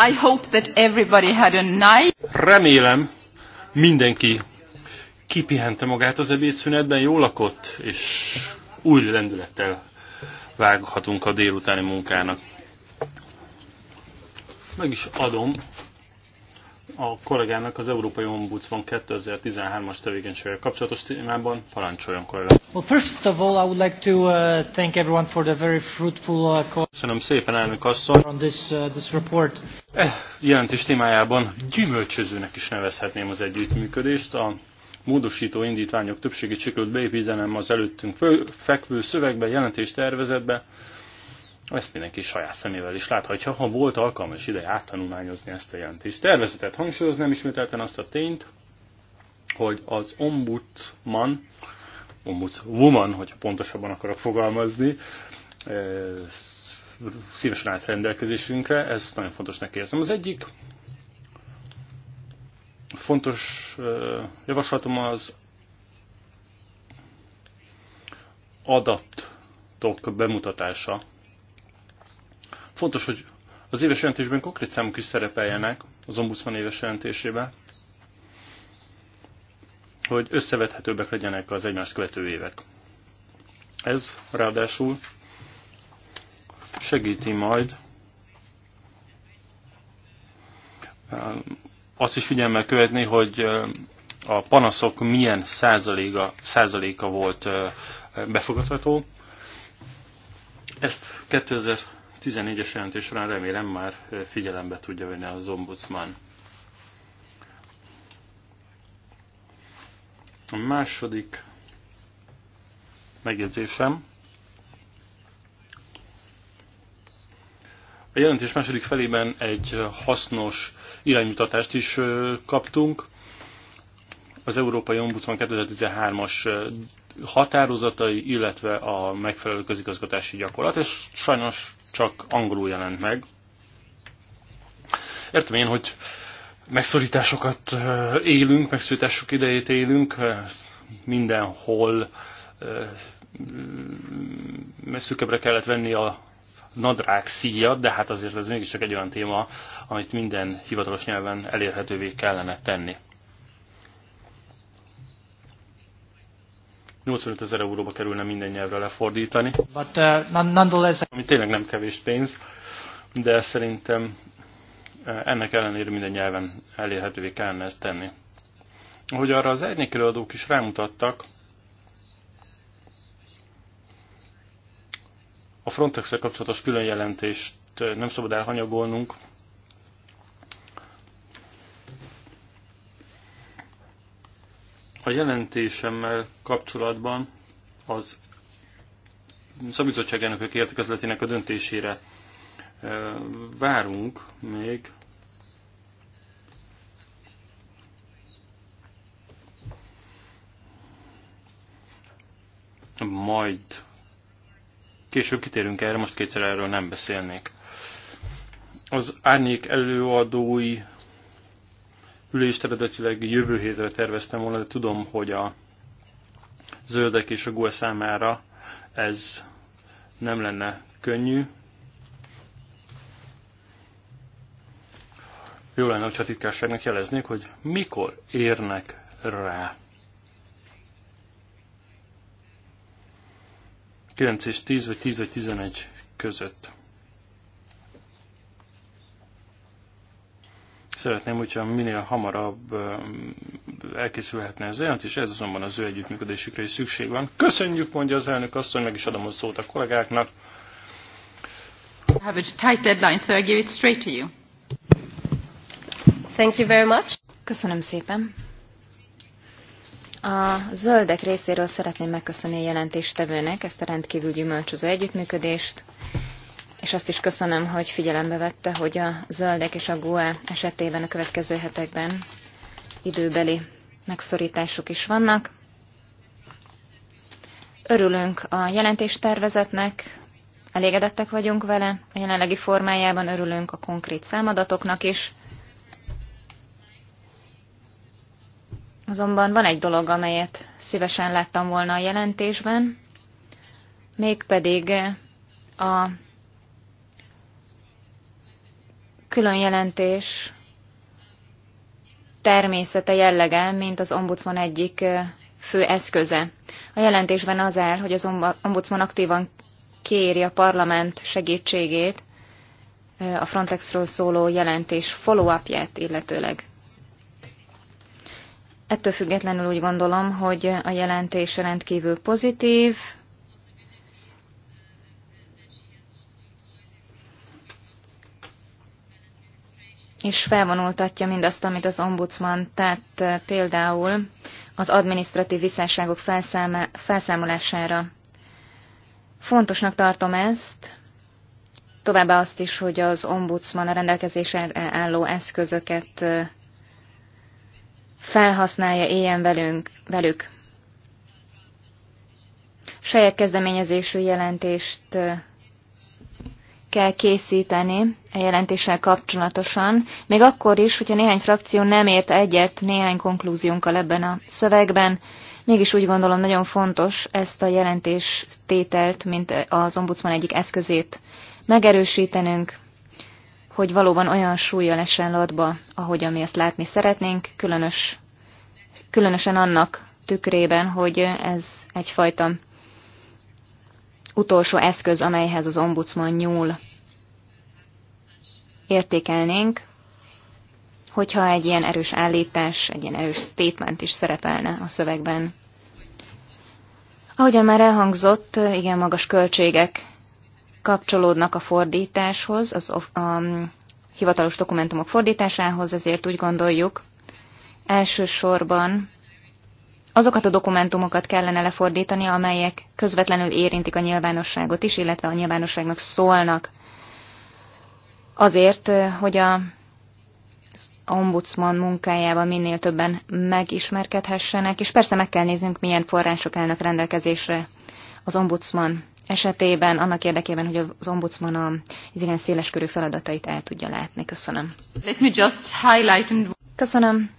I hope that everybody had a night. Remélem, mindenki kipihente magát az ebédszünetben, jól lakott, és új lendülettel vághatunk a délutáni munkának. Meg is adom a kollégának az Európai Ombudsman 2013-as tevékenységgel kapcsolatos témában. Parancsoljon, kollega! Well, first of all, I would like to uh, thank everyone for the very fruitful uh, Köszönöm szépen, elnök asszony! On this, uh, this report. Eh, jelentés témájában gyümölcsözőnek is nevezhetném az együttműködést. A módosító indítványok többségét sikerült beépítenem az előttünk fekvő szövegbe, jelentés tervezetbe. Ezt mindenki saját szemével is láthatja, ha volt alkalmas és ideje áttanulmányozni ezt a jelentést. Tervezetet nem ismételten azt a tényt, hogy az ombudsman, ombudswoman, hogyha pontosabban akarok fogalmazni, eh, szívesen állt rendelkezésünkre, ez nagyon fontosnak érzem. Az egyik fontos eh, javaslatom az adatok bemutatása Fontos, hogy az éves jelentésben konkrét számok is szerepeljenek, az ombudsman éves jelentésében, hogy összevethetőbbek legyenek az egymást követő évek. Ez ráadásul segíti majd um, azt is figyelmel követni, hogy um, a panaszok milyen százaléka, százaléka volt uh, befogadható. Ezt 2000 14-es jelentés során remélem már figyelembe tudja venni az ombudsman. A második megjegyzésem. A jelentés második felében egy hasznos iránymutatást is kaptunk. Az Európai Ombudsman 2013-as határozatai, illetve a megfelelő közigazgatási gyakorlat, és sajnos csak angolul jelent meg. Értem én, hogy megszorításokat élünk, megszorítások idejét élünk, mindenhol messzükebbre kellett venni a nadrág szíjat, de hát azért ez mégiscsak egy olyan téma, amit minden hivatalos nyelven elérhetővé kellene tenni. 85 ezer euróba kerülne minden nyelvre lefordítani. But, uh, nonetheless... Ami tényleg nem kevés pénz, de szerintem uh, ennek ellenére minden nyelven elérhetővé kellene ezt tenni. Ahogy arra az előadók is rámutattak, a frontex kapcsolatos külön jelentést uh, nem szabad elhanyagolnunk, A jelentésemmel kapcsolatban az szabizottság elnökök értekezletének a döntésére várunk még. Majd később kitérünk erre, most kétszer erről nem beszélnék. Az árnyék előadói ülést eredetileg jövő hétre terveztem volna, de tudom, hogy a zöldek és a GUE számára ez nem lenne könnyű. Jó lenne, hogyha a titkárságnak jeleznék, hogy mikor érnek rá. 9 és 10, vagy 10 vagy 11 között. Szeretném, hogyha minél hamarabb um, elkészülhetne ez olyan is, ez azonban az ő együttműködésükre is szükség van. Köszönjük, mondja az elnök azt, hogy meg is adom a szót a kollégáknak. I have a tight deadline, so I give it straight to you. Thank you very much. Köszönöm szépen. A zöldek részéről szeretném megköszönni a jelentéstevőnek ezt a rendkívül gyümölcsöző együttműködést és azt is köszönöm, hogy figyelembe vette, hogy a zöldek és a GUE esetében a következő hetekben időbeli megszorítások is vannak. Örülünk a jelentéstervezetnek, elégedettek vagyunk vele, a jelenlegi formájában örülünk a konkrét számadatoknak is. Azonban van egy dolog, amelyet szívesen láttam volna a jelentésben, mégpedig a külön jelentés természete jellege, mint az ombudsman egyik fő eszköze. A jelentésben az áll, hogy az ombudsman aktívan kéri a parlament segítségét a Frontexről szóló jelentés follow-upját illetőleg. Ettől függetlenül úgy gondolom, hogy a jelentés rendkívül pozitív, és felvonultatja mindazt, amit az ombudsman tett eh, például az adminisztratív visszáságok felszámolására. Fontosnak tartom ezt, továbbá azt is, hogy az ombudsman a rendelkezésre álló eszközöket eh, felhasználja, éljen velünk, velük. Saját kezdeményezésű jelentést eh, kell készíteni a jelentéssel kapcsolatosan, még akkor is, hogyha néhány frakció nem ért egyet néhány konklúziónkkal ebben a szövegben, mégis úgy gondolom nagyon fontos ezt a jelentés tételt, mint az ombudsman egyik eszközét megerősítenünk, hogy valóban olyan súlya lesen latba, ahogy mi azt látni szeretnénk, különös, különösen annak tükrében, hogy ez egyfajta utolsó eszköz, amelyhez az ombudsman nyúl. Értékelnénk, hogyha egy ilyen erős állítás, egy ilyen erős statement is szerepelne a szövegben. Ahogyan már elhangzott, igen magas költségek kapcsolódnak a fordításhoz, az a mm, hivatalos dokumentumok fordításához, ezért úgy gondoljuk, elsősorban azokat a dokumentumokat kellene lefordítani, amelyek közvetlenül érintik a nyilvánosságot is, illetve a nyilvánosságnak szólnak. Azért, hogy a ombudsman munkájával minél többen megismerkedhessenek, és persze meg kell néznünk, milyen források állnak rendelkezésre az ombudsman esetében, annak érdekében, hogy az ombudsman az igen széleskörű feladatait el tudja látni. Köszönöm. Let me just highlight and... Köszönöm.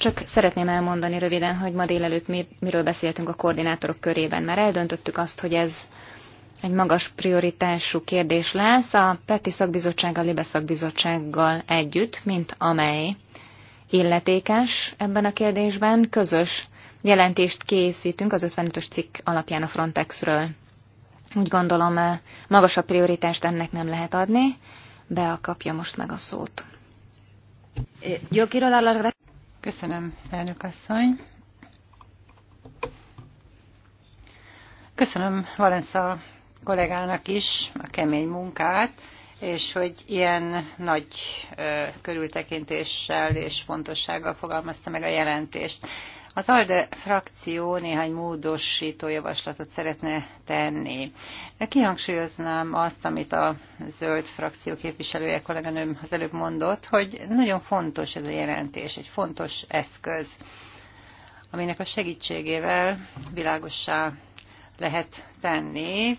Csak szeretném elmondani röviden, hogy ma délelőtt mi, miről beszéltünk a koordinátorok körében. Már eldöntöttük azt, hogy ez egy magas prioritású kérdés lesz a PETI a LIBE szakbizottsággal együtt, mint amely illetékes ebben a kérdésben. Közös jelentést készítünk az 55-ös cikk alapján a Frontexről. Úgy gondolom, eh, magasabb prioritást ennek nem lehet adni. Bea kapja most meg a szót. Jó eh, Köszönöm, elnök asszony. Köszönöm Valensza kollégának is a kemény munkát, és hogy ilyen nagy körültekintéssel és fontossággal fogalmazta meg a jelentést. Az ALDE frakció néhány módosító javaslatot szeretne tenni. Kihangsúlyoznám azt, amit a zöld frakció képviselője kolléganőm az előbb mondott, hogy nagyon fontos ez a jelentés, egy fontos eszköz, aminek a segítségével világossá lehet tenni,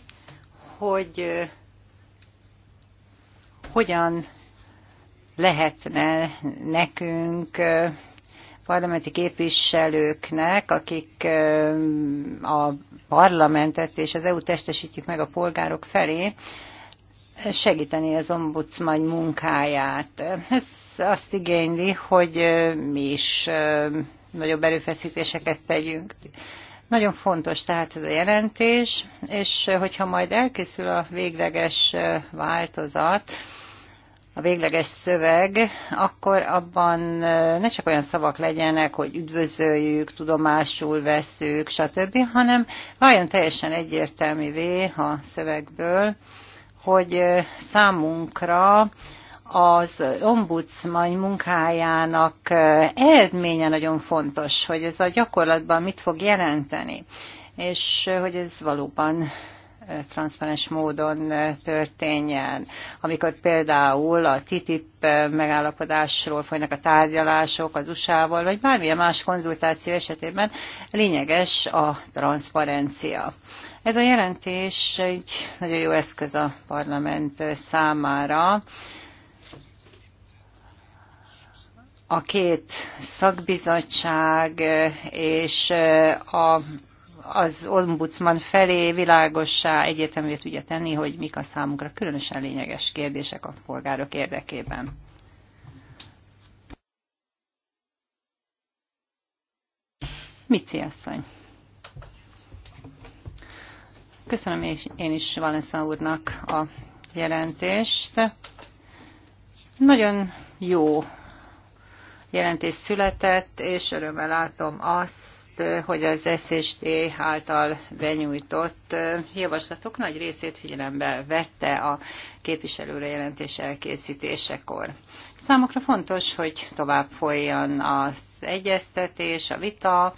hogy hogyan lehetne nekünk parlamenti képviselőknek, akik a parlamentet és az EU testesítjük meg a polgárok felé, segíteni az ombudsman munkáját. Ez azt igényli, hogy mi is nagyobb erőfeszítéseket tegyünk. Nagyon fontos tehát ez a jelentés, és hogyha majd elkészül a végleges változat, a végleges szöveg, akkor abban ne csak olyan szavak legyenek, hogy üdvözöljük, tudomásul veszük, stb., hanem váljon teljesen egyértelművé a szövegből, hogy számunkra az ombudsman munkájának eredménye nagyon fontos, hogy ez a gyakorlatban mit fog jelenteni, és hogy ez valóban transzparens módon eh, történjen. Amikor például a TTIP eh, megállapodásról folynak a tárgyalások az USA-val, vagy bármilyen más konzultáció esetében lényeges a transzparencia. Ez a jelentés egy nagyon jó eszköz a parlament eh, számára. A két szakbizottság és a az ombudsman felé világossá egyértelművé tudja tenni, hogy mik a számunkra különösen lényeges kérdések a polgárok érdekében. Mici asszony. Köszönöm én is Valensza úrnak a jelentést. Nagyon jó jelentés született, és örömmel látom azt, hogy az SSD által benyújtott javaslatok nagy részét figyelembe vette a képviselőre jelentés elkészítésekor. Számokra fontos, hogy tovább folyjon az egyeztetés, a vita,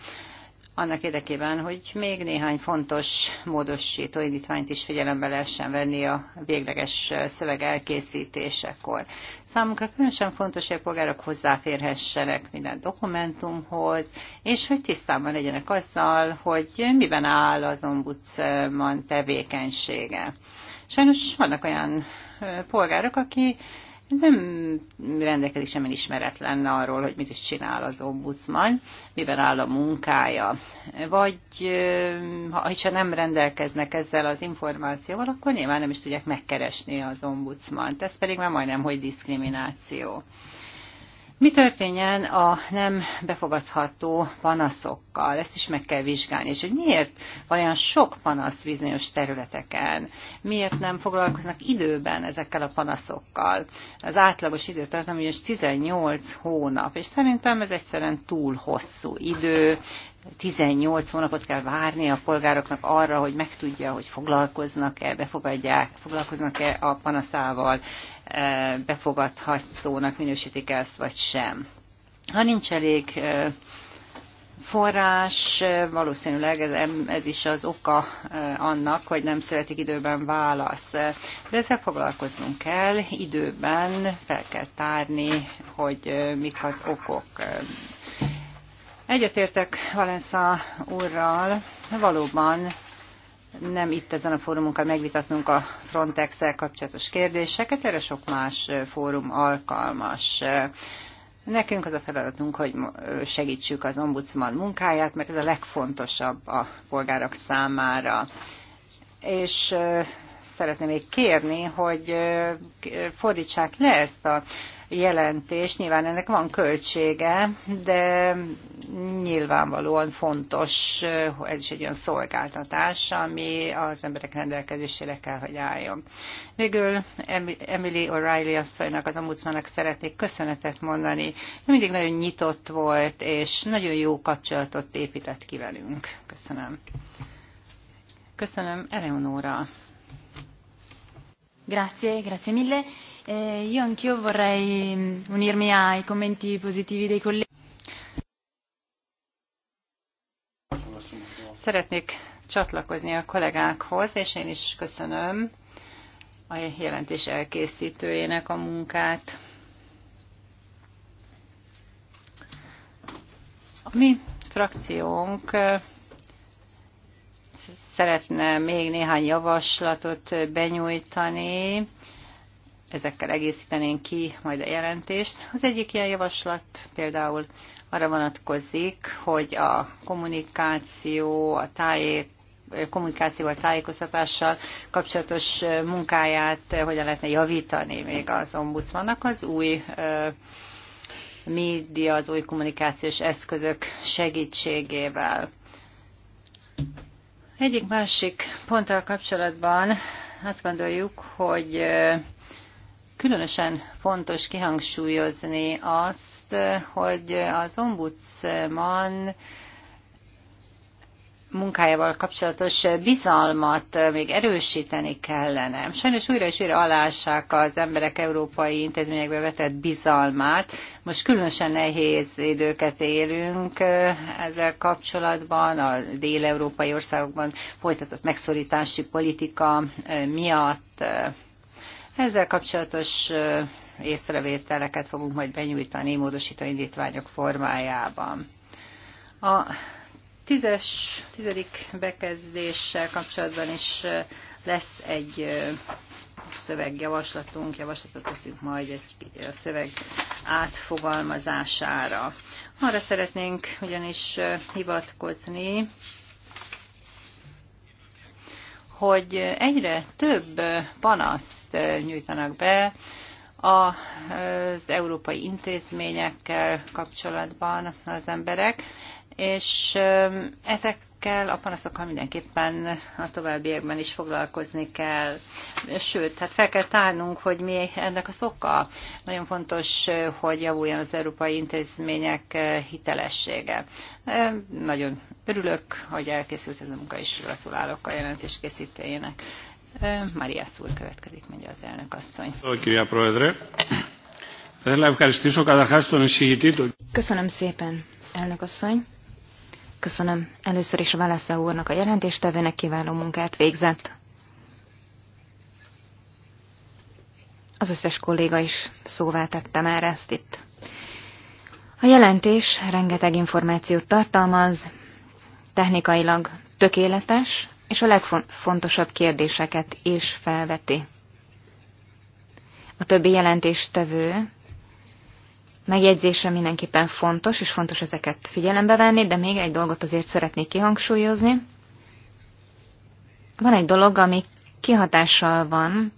annak érdekében, hogy még néhány fontos módosító indítványt is figyelembe lehessen venni a végleges szöveg elkészítésekor. Számunkra különösen fontos, hogy a polgárok hozzáférhessenek minden dokumentumhoz, és hogy tisztában legyenek azzal, hogy miben áll az ombudsman tevékenysége. Sajnos vannak olyan polgárok, aki ez nem rendelkezésemen semmi ismeretlen arról, hogy mit is csinál az ombudsman, miben áll a munkája. Vagy ha se nem rendelkeznek ezzel az információval, akkor nyilván nem is tudják megkeresni az ombudsmant. Ez pedig már majdnem, hogy diszkrimináció. Mi történjen a nem befogadható panaszokkal? Ezt is meg kell vizsgálni, és hogy miért olyan sok panasz bizonyos területeken? Miért nem foglalkoznak időben ezekkel a panaszokkal? Az átlagos időtartam ugye 18 hónap, és szerintem ez egyszerűen túl hosszú idő, 18 hónapot kell várni a polgároknak arra, hogy megtudja, hogy foglalkoznak-e, befogadják, foglalkoznak-e a panaszával befogadhatónak minősítik ezt, vagy sem. Ha nincs elég forrás, valószínűleg ez, ez is az oka annak, hogy nem szeretik időben válasz. De ezzel foglalkoznunk kell, időben fel kell tárni, hogy mik az okok. Egyetértek Valensza úrral, valóban nem itt ezen a fórumunkkal megvitatnunk a frontex kapcsolatos kérdéseket, erre sok más fórum alkalmas. Nekünk az a feladatunk, hogy segítsük az ombudsman munkáját, mert ez a legfontosabb a polgárok számára. És szeretném még kérni, hogy fordítsák le ezt a jelentés, nyilván ennek van költsége, de nyilvánvalóan fontos, ez is egy olyan szolgáltatás, ami az emberek rendelkezésére kell, hogy álljon. Végül Emily O'Reilly asszonynak, az ombudsmannak szeretnék köszönetet mondani. Mindig nagyon nyitott volt, és nagyon jó kapcsolatot épített ki velünk. Köszönöm. Köszönöm, Eleonora. Grazie, grazie mille. Eh, io anch'io vorrei mm, unirmi ai commenti positivi dei colleghi. Szeretnék csatlakozni a kollégákhoz, és én is köszönöm a jelentés elkészítőjének a munkát. A mi frakciónk eh, szeretne még néhány javaslatot benyújtani ezekkel egészítenénk ki majd a jelentést. Az egyik ilyen javaslat például arra vonatkozik, hogy a kommunikáció, a tájék, kommunikációval, tájékoztatással kapcsolatos munkáját hogyan lehetne javítani még az ombudsmannak az új média, az új kommunikációs eszközök segítségével. Egyik másik ponttal kapcsolatban azt gondoljuk, hogy Különösen fontos kihangsúlyozni azt, hogy az ombudsman munkájával kapcsolatos bizalmat még erősíteni kellene. Sajnos újra és újra alássák az emberek európai intézményekbe vetett bizalmát. Most különösen nehéz időket élünk ezzel kapcsolatban, a dél-európai országokban folytatott megszorítási politika miatt ezzel kapcsolatos észrevételeket fogunk majd benyújtani módosító indítványok formájában. A tízes, tizedik bekezdéssel kapcsolatban is lesz egy szövegjavaslatunk, javaslatot teszünk majd egy a szöveg átfogalmazására. Arra szeretnénk ugyanis hivatkozni, hogy egyre több panaszt nyújtanak be az európai intézményekkel kapcsolatban az emberek, és ezek kell, a panaszokkal mindenképpen a továbbiakban is foglalkozni kell. Sőt, hát fel kell tárnunk, hogy mi ennek a szoka. Nagyon fontos, hogy javuljon az európai intézmények hitelessége. Nagyon örülök, hogy elkészült ez a munka, és gratulálok a jelentés készítőjének. Maria Szúr következik, mondja az elnök asszony. Köszönöm szépen, elnök asszony. Köszönöm. Először is Valesza úrnak a jelentéstevőnek kiváló munkát végzett. Az összes kolléga is szóvá tette már ezt itt. A jelentés rengeteg információt tartalmaz, technikailag tökéletes, és a legfontosabb kérdéseket is felveti. A többi jelentéstevő megjegyzése mindenképpen fontos, és fontos ezeket figyelembe venni, de még egy dolgot azért szeretnék kihangsúlyozni. Van egy dolog, ami kihatással van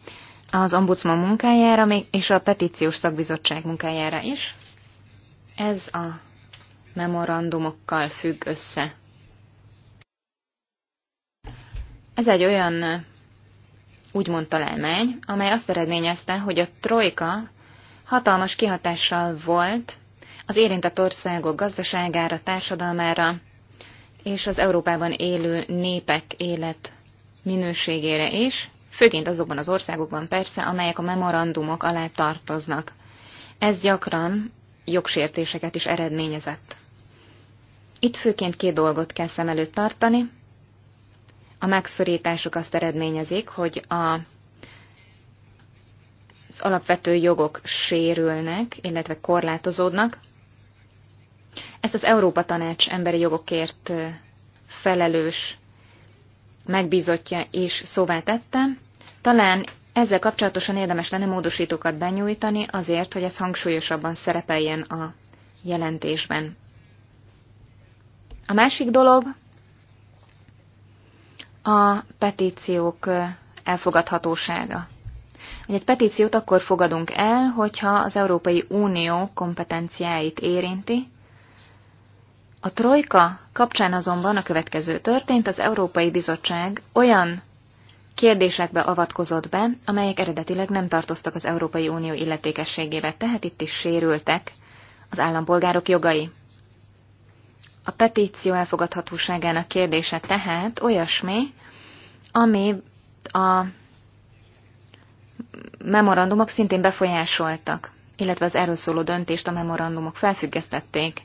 az ombudsman munkájára és a petíciós szakbizottság munkájára is. Ez a memorandumokkal függ össze. Ez egy olyan úgymond találmány, amely azt eredményezte, hogy a trojka hatalmas kihatással volt az érintett országok gazdaságára, társadalmára és az Európában élő népek élet minőségére is, főként azokban az országokban persze, amelyek a memorandumok alá tartoznak. Ez gyakran jogsértéseket is eredményezett. Itt főként két dolgot kell szem előtt tartani. A megszorítások azt eredményezik, hogy a az alapvető jogok sérülnek, illetve korlátozódnak. Ezt az Európa Tanács emberi jogokért felelős megbízottja is szóvá tette. Talán ezzel kapcsolatosan érdemes lenne módosítókat benyújtani azért, hogy ez hangsúlyosabban szerepeljen a jelentésben. A másik dolog a petíciók elfogadhatósága hogy egy petíciót akkor fogadunk el, hogyha az Európai Unió kompetenciáit érinti. A trojka kapcsán azonban a következő történt, az Európai Bizottság olyan kérdésekbe avatkozott be, amelyek eredetileg nem tartoztak az Európai Unió illetékességébe, tehát itt is sérültek az állampolgárok jogai. A petíció elfogadhatóságának kérdése tehát olyasmi, ami a memorandumok szintén befolyásoltak, illetve az erről szóló döntést a memorandumok felfüggesztették.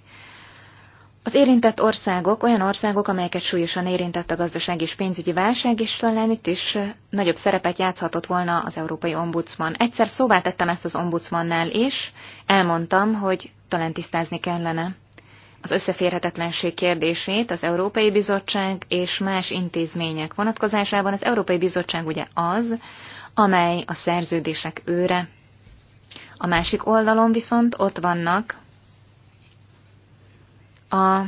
Az érintett országok olyan országok, amelyeket súlyosan érintett a gazdaság és pénzügyi válság, és talán itt is eh, nagyobb szerepet játszhatott volna az Európai Ombudsman. Egyszer szóvá tettem ezt az ombudsmannál is, elmondtam, hogy talán tisztázni kellene az összeférhetetlenség kérdését az Európai Bizottság és más intézmények vonatkozásában. Az Európai Bizottság ugye az, amely a szerződések őre. A másik oldalon viszont ott vannak a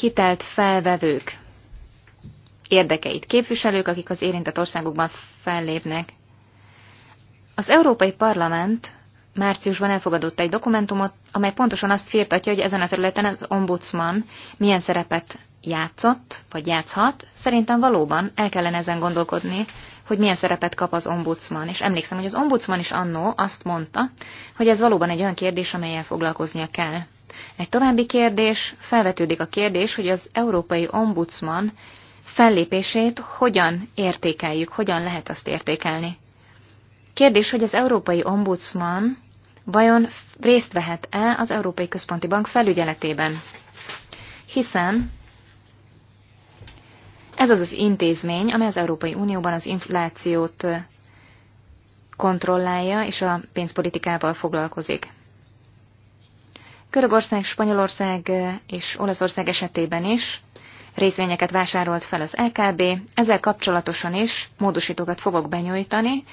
hitelt felvevők érdekeit képviselők, akik az érintett országokban fellépnek. Az Európai Parlament márciusban elfogadott egy dokumentumot, amely pontosan azt firtatja, hogy ezen a területen az ombudsman milyen szerepet játszott, vagy játszhat, szerintem valóban el kellene ezen gondolkodni, hogy milyen szerepet kap az ombudsman. És emlékszem, hogy az ombudsman is annó azt mondta, hogy ez valóban egy olyan kérdés, amelyel foglalkoznia kell. Egy további kérdés, felvetődik a kérdés, hogy az európai ombudsman fellépését hogyan értékeljük, hogyan lehet azt értékelni. Kérdés, hogy az európai ombudsman vajon részt vehet-e az Európai Központi Bank felügyeletében? Hiszen ez az az intézmény, amely az Európai Unióban az inflációt kontrollálja és a pénzpolitikával foglalkozik. Körögország, Spanyolország és Olaszország esetében is részvényeket vásárolt fel az LKB, ezzel kapcsolatosan is módosítókat fogok benyújtani,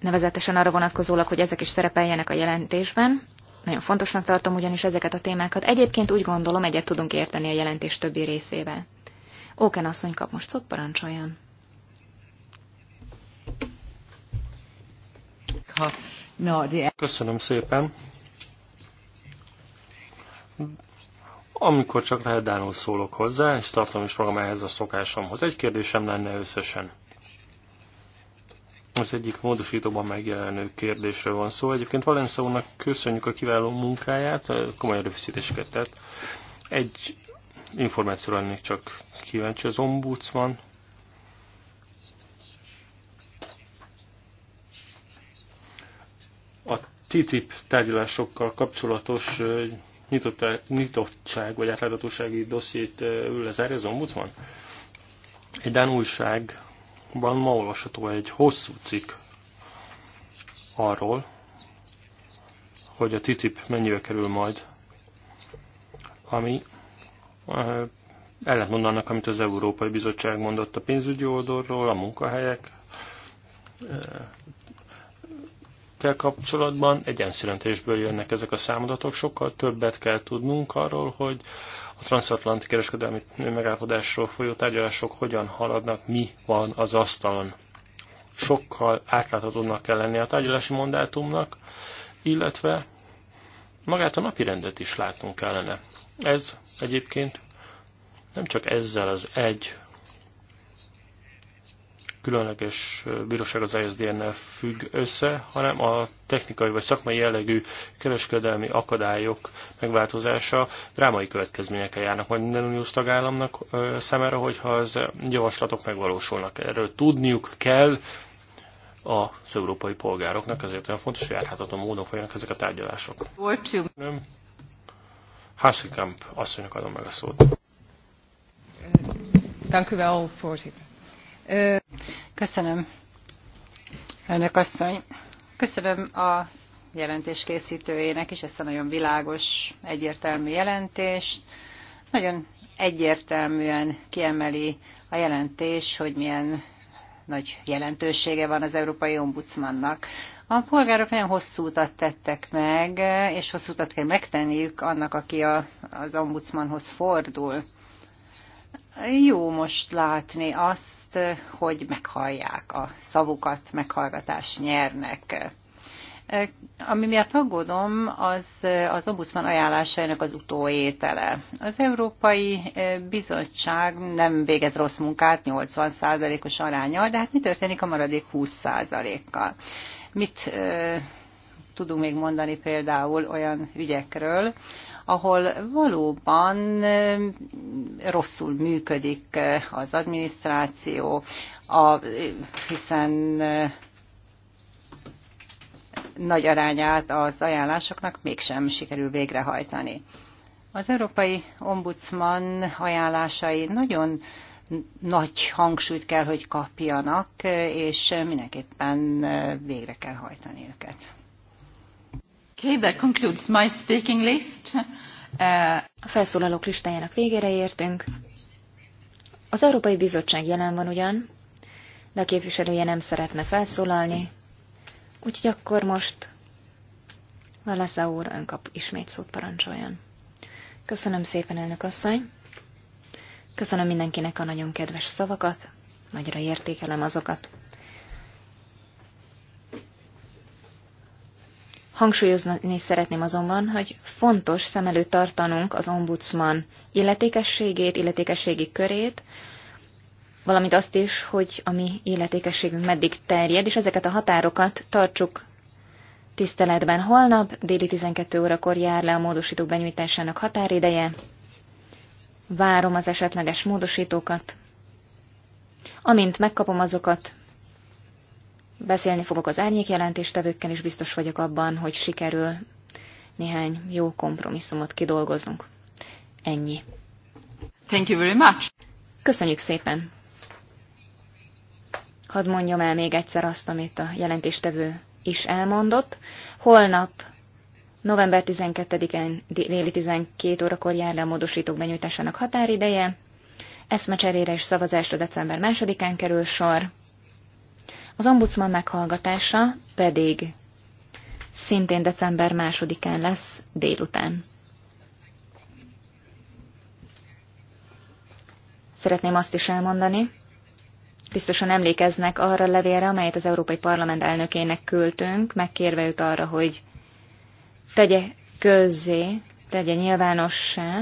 nevezetesen arra vonatkozólag, hogy ezek is szerepeljenek a jelentésben. Nagyon fontosnak tartom ugyanis ezeket a témákat. Egyébként úgy gondolom, egyet tudunk érteni a jelentés többi részével. Óken asszony kap most szót, parancsoljon. Köszönöm szépen. Amikor csak lehet Dánul szólok hozzá, és tartom is magam ehhez a szokásomhoz. Egy kérdésem lenne összesen. Az egyik módosítóban megjelenő kérdésről van szó. Egyébként Valensza úrnak köszönjük a kiváló munkáját, komoly erőfeszítéseket tett. Egy információra lennék csak kíváncsi. Az ombudsman a TTIP tárgyalásokkal kapcsolatos nyitott, nyitottság vagy átláthatósági dossziét lezárja az ombudsman? Egy Dán újságban ma olvasható egy hosszú cikk arról, hogy a TTIP mennyibe kerül majd, ami ellentmondanak, amit az Európai Bizottság mondott a pénzügyi oldalról, a munkahelyek kell kapcsolatban. Egyenszülentésből jönnek ezek a számadatok, sokkal többet kell tudnunk arról, hogy a transatlanti kereskedelmi megállapodásról folyó tárgyalások hogyan haladnak, mi van az asztalon. Sokkal átláthatóbbnak kell lenni a tárgyalási mandátumnak, illetve magát a napi rendet is látnunk kellene. Ez egyébként nem csak ezzel az egy különleges bíróság az ISDN-nel függ össze, hanem a technikai vagy szakmai jellegű kereskedelmi akadályok megváltozása drámai következményekkel járnak majd minden uniós tagállamnak szemére, hogyha az javaslatok megvalósulnak. Erről tudniuk kell az európai polgároknak, ezért olyan fontos, hogy járhatatlan módon folynak ezek a tárgyalások. Nem. Hasselkamp, asszonynak adom meg a szót. Eh, Köszönöm, önök asszony. Köszönöm a jelentés készítőjének is ezt a nagyon világos, egyértelmű jelentést. Nagyon egyértelműen kiemeli a jelentés, hogy milyen nagy jelentősége van az Európai Ombudsmannak. A polgárok nagyon hosszú utat tettek meg, és hosszú utat kell megtenniük annak, aki a, az ombudsmanhoz fordul. Jó most látni azt, hogy meghallják a szavukat, meghallgatást nyernek. E, ami miatt aggódom, az az ombudsman ajánlásainak az utóétele. Az Európai e, Bizottság nem végez rossz munkát 80%-os arányal, de hát mi történik a maradék 20%-kal? Mit e, tudunk még mondani például olyan ügyekről, ahol valóban e, rosszul működik az adminisztráció, a, hiszen nagy arányát az ajánlásoknak mégsem sikerül végrehajtani. Az Európai Ombudsman ajánlásai nagyon nagy hangsúlyt kell, hogy kapjanak, és mindenképpen végre kell hajtani őket. Okay, that concludes my speaking list. Uh... A felszólalók listájának végére értünk. Az Európai Bizottság jelen van ugyan, de a képviselője nem szeretne felszólalni, Úgyhogy akkor most Valesza úr ön kap ismét szót parancsoljon. Köszönöm szépen, elnök asszony. Köszönöm mindenkinek a nagyon kedves szavakat, nagyra értékelem azokat. Hangsúlyozni szeretném azonban, hogy fontos szem előtt tartanunk az ombudsman illetékességét, illetékességi körét, valamint azt is, hogy a mi életékességünk meddig terjed, és ezeket a határokat tartsuk tiszteletben. Holnap déli 12 órakor jár le a módosítók benyújtásának határideje. Várom az esetleges módosítókat. Amint megkapom azokat, beszélni fogok az árnyékjelentéstevőkkel, és biztos vagyok abban, hogy sikerül néhány jó kompromisszumot kidolgozunk. Ennyi. Thank you very much. Köszönjük szépen! Hadd mondjam el még egyszer azt, amit a jelentéstevő is elmondott. Holnap November 12-én déli 12 órakor jár le a módosítók benyújtásának határideje. Eszmecserére és szavazásra december 2-án kerül sor. Az ombudsman meghallgatása pedig szintén december 2-án lesz délután. Szeretném azt is elmondani, Biztosan emlékeznek arra a levélre, amelyet az Európai Parlament elnökének küldtünk, megkérve őt arra, hogy tegye közzé, tegye nyilvánossá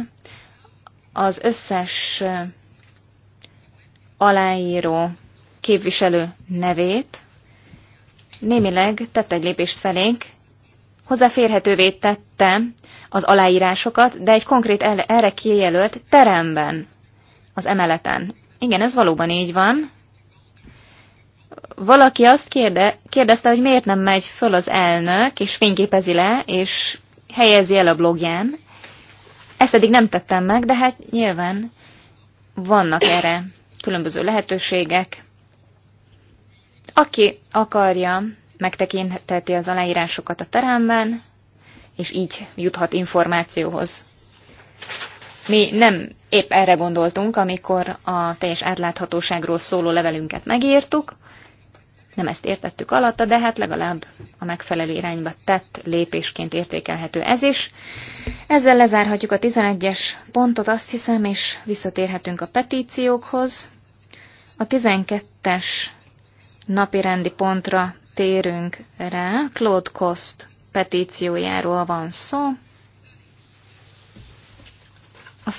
az összes aláíró képviselő nevét, némileg tett egy lépést felénk, hozzáférhetővé tette az aláírásokat, de egy konkrét erre kijelölt teremben, az emeleten. Igen, ez valóban így van valaki azt kérde, kérdezte, hogy miért nem megy föl az elnök, és fényképezi le, és helyezi el a blogján. Ezt eddig nem tettem meg, de hát nyilván vannak erre különböző lehetőségek. Aki akarja, megtekintheti az aláírásokat a teremben, és így juthat információhoz. Mi nem épp erre gondoltunk, amikor a teljes átláthatóságról szóló levelünket megírtuk, nem ezt értettük alatta, de hát legalább a megfelelő irányba tett lépésként értékelhető ez is. Ezzel lezárhatjuk a 11-es pontot, azt hiszem, és visszatérhetünk a petíciókhoz. A 12-es napi rendi pontra térünk rá. Claude Cost petíciójáról van szó. A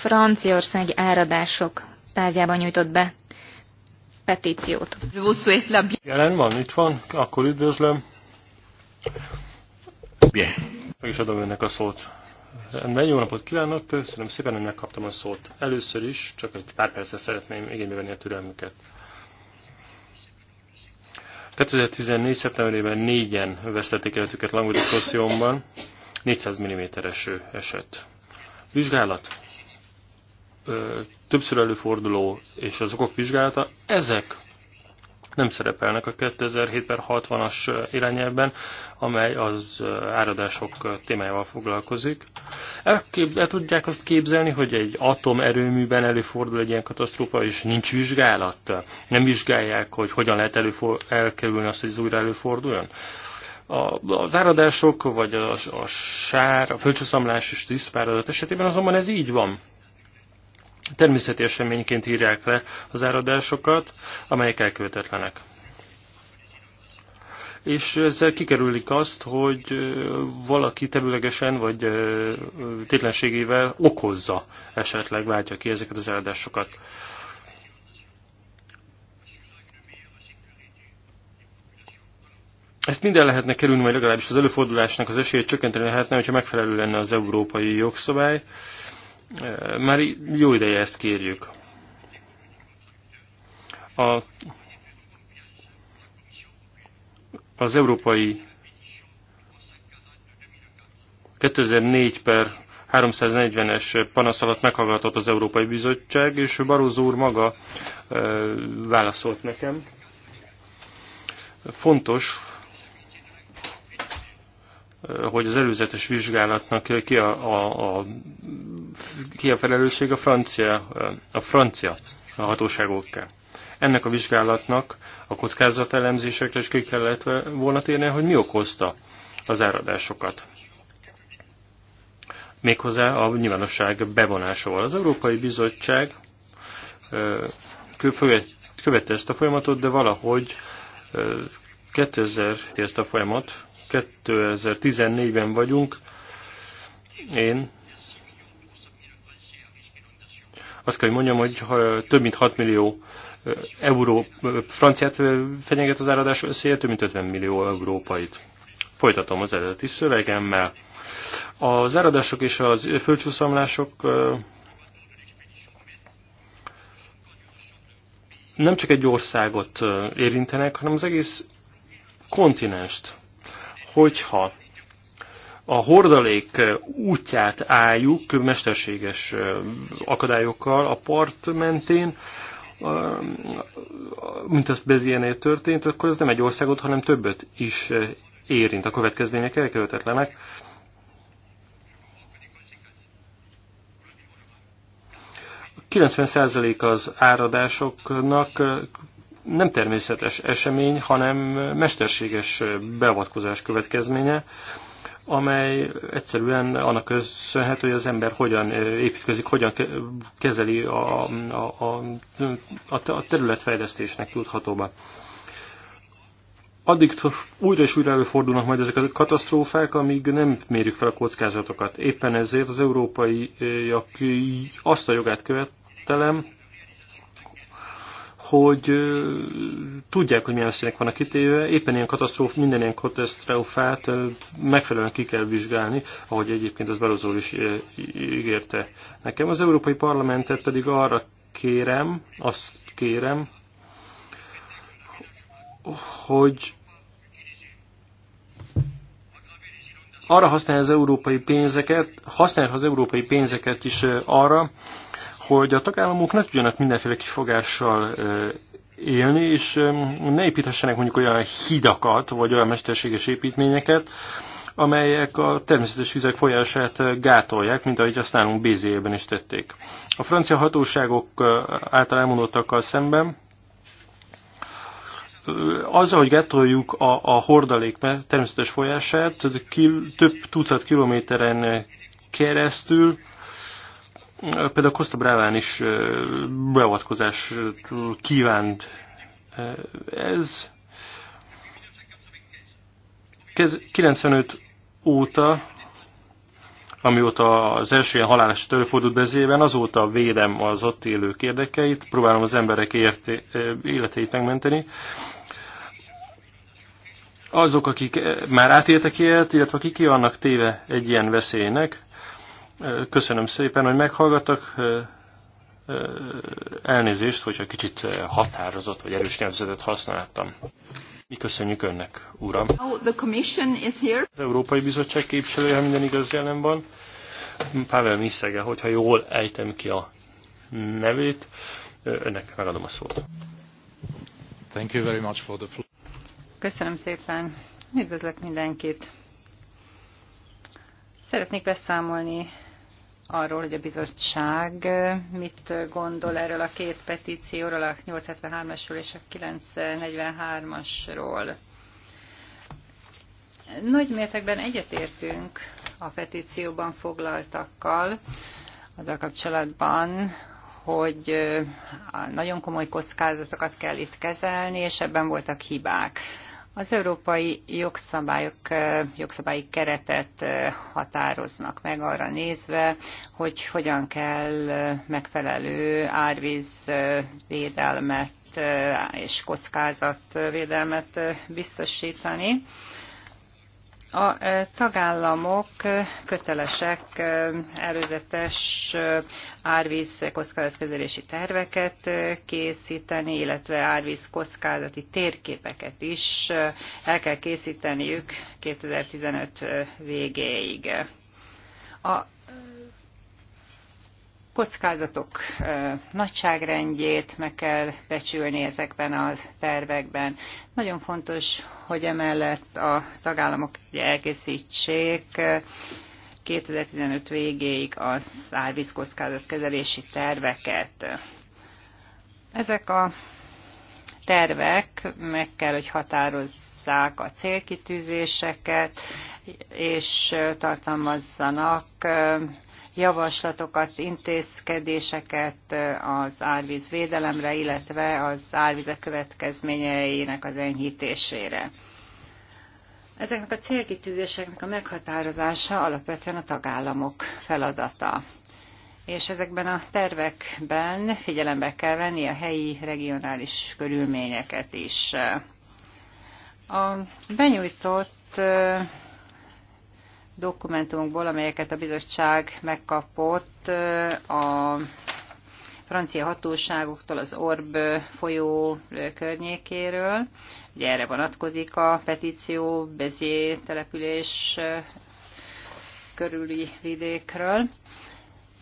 franciaországi áradások tárgyában nyújtott be petíciót. Jelen van, itt van, akkor üdvözlöm. Meg is adom önnek a szót. Rendben, jó napot kívánok, köszönöm szépen, hogy megkaptam a szót. Először is, csak egy pár percre szeretném igénybe venni a türelmüket. 2014. szeptemberében négyen vesztették el őket roussillonban 400 mm eső esett. Vizsgálat többször előforduló és az okok vizsgálata, ezek nem szerepelnek a 2007 60-as irányelben, amely az eh, áradások eh, témájával foglalkozik. El, el tudják azt képzelni, hogy egy atomerőműben előfordul egy ilyen katasztrófa, és nincs vizsgálat? Nem vizsgálják, hogy hogyan lehet előfor, elkerülni azt, hogy ez újra előforduljon? A, az áradások, vagy a, a sár, a földcsúszamlás és tisztpáradat esetében azonban ez így van természeti eseményként írják le az áradásokat, amelyek elkövetetlenek. És ezzel kikerülik azt, hogy valaki tevőlegesen vagy tétlenségével okozza esetleg, váltja ki ezeket az áradásokat. Ezt minden lehetne kerülni, vagy legalábbis az előfordulásnak az esélyét csökkenteni lehetne, hogyha megfelelő lenne az európai jogszabály. Eh, már jó ideje ezt kérjük. A, az európai 2004 per 340-es panasz alatt meghallgatott az Európai Bizottság, és Barózó úr maga eh, válaszolt nekem. Fontos, hogy az előzetes vizsgálatnak ki a, a, a, ki a felelősség a francia, a francia hatóságokkal. Ennek a vizsgálatnak a kockázatelemzésekre is ki kellett volna térni, hogy mi okozta az áradásokat. Méghozzá a nyilvánosság bevonásával. Az Európai Bizottság követte ezt a folyamatot, de valahogy 2000 ezt a folyamat, 2014-ben vagyunk. Én azt kell, hogy mondjam, hogy több mint 6 millió euró franciát fenyeget az áradás összeje, több mint 50 millió európait. Folytatom az eredeti szövegemmel. Az áradások és az földcsúszamlások nem csak egy országot érintenek, hanem az egész kontinenst hogyha a hordalék útját álljuk mesterséges akadályokkal a part mentén, mint azt Bezienél történt, akkor ez nem egy országot, hanem többet is érint. A következmények elkövetetlenek. A 90% az áradásoknak nem természetes esemény, hanem mesterséges beavatkozás következménye, amely egyszerűen annak köszönhető, hogy az ember hogyan eh, építkezik, hogyan kezeli a, a, a, a területfejlesztésnek tudhatóba. Addig újra és újra előfordulnak majd ezek a katasztrófák, amíg nem mérjük fel a kockázatokat. Éppen ezért az európaiak eh, azt a jogát követelem, hogy tudják, hogy milyen veszélynek vannak kitéve. Éppen ilyen katasztróf, minden ilyen katasztrófát megfelelően ki kell vizsgálni, ahogy egyébként az Barozó is ígérte nekem. Az Európai Parlamentet pedig arra kérem, azt kérem, hogy arra használja az európai pénzeket, használja az európai pénzeket is arra, hogy a tagállamok ne tudjanak mindenféle kifogással élni, és ne építhessenek mondjuk olyan hidakat, vagy olyan mesterséges építményeket, amelyek a természetes vizek folyását gátolják, mint ahogy azt nálunk Bézéjében is tették. A francia hatóságok által elmondottakkal szemben azzal, hogy gátoljuk a, a hordalék természetes folyását, több tucat kilométeren keresztül Például Costa Braván is beavatkozás kívánt. Ez 95 óta, amióta az első ilyen haláleset előfordult bezében, azóta védem az ott élők érdekeit, próbálom az emberek érté, életeit megmenteni. Azok, akik már átéltek ilyet, illetve akik ki vannak téve egy ilyen veszélynek, Köszönöm szépen, hogy meghallgattak. Elnézést, hogyha kicsit határozott vagy erős nyelvzetet használtam. Mi köszönjük önnek, uram. The commission is here. Az Európai Bizottság képviselője, ha minden igaz, jelen van. Pável Miszege, hogyha jól ejtem ki a nevét, önnek megadom a szót. Thank you very much for the floor. Köszönöm szépen. Üdvözlök mindenkit. Szeretnék beszámolni arról, hogy a bizottság mit gondol erről a két petícióról, a 873-asról és a 943-asról. Nagy mértékben egyetértünk a petícióban foglaltakkal azzal kapcsolatban, hogy nagyon komoly kockázatokat kell itt kezelni, és ebben voltak hibák. Az európai jogszabályok, jogszabályi keretet határoznak meg arra nézve, hogy hogyan kell megfelelő árvíz védelmet és kockázatvédelmet biztosítani. A e, tagállamok e, kötelesek e, előzetes árvíz kockázatkezelési terveket készíteni, illetve árvíz kockázati térképeket is el kell készíteniük 2015 végéig. A kockázatok nagyságrendjét meg kell becsülni ezekben a tervekben. Nagyon fontos, hogy emellett a tagállamok elkészítsék 2015 végéig az árvíz kezelési terveket. Ezek a tervek meg kell, hogy határozzák a célkitűzéseket, és tartalmazzanak javaslatokat, intézkedéseket az árvíz védelemre, illetve az árvizek következményeinek az enyhítésére. Ezeknek a célkitűzéseknek a meghatározása alapvetően a tagállamok feladata. És ezekben a tervekben figyelembe kell venni a helyi, regionális körülményeket is. A benyújtott dokumentumokból, amelyeket a bizottság megkapott a francia hatóságoktól az Orb folyó környékéről. Ugye erre vonatkozik a petíció Bezé település körüli vidékről.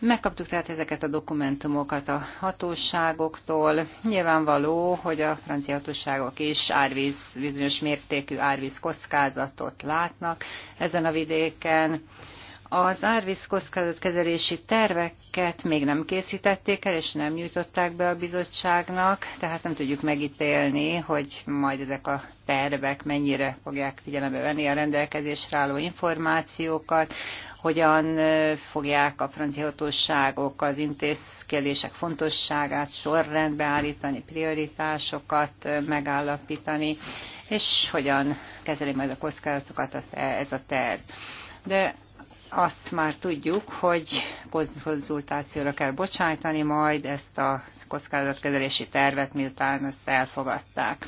Megkaptuk tehát ezeket a dokumentumokat a hatóságoktól. Nyilvánvaló, hogy a francia hatóságok is árvíz, bizonyos mértékű árvíz kockázatot látnak ezen a vidéken. Az árvíz kezelési terveket még nem készítették el, és nem nyújtották be a bizottságnak, tehát nem tudjuk megítélni, hogy majd ezek a tervek mennyire fogják figyelembe venni a rendelkezésre álló információkat, hogyan fogják a francia hatóságok az intézkedések fontosságát sorrendbe állítani, prioritásokat megállapítani, és hogyan kezeli majd a kockázatokat ez a terv. De azt már tudjuk, hogy konzultációra kell bocsájtani majd ezt a kockázatkezelési tervet, miután ezt elfogadták.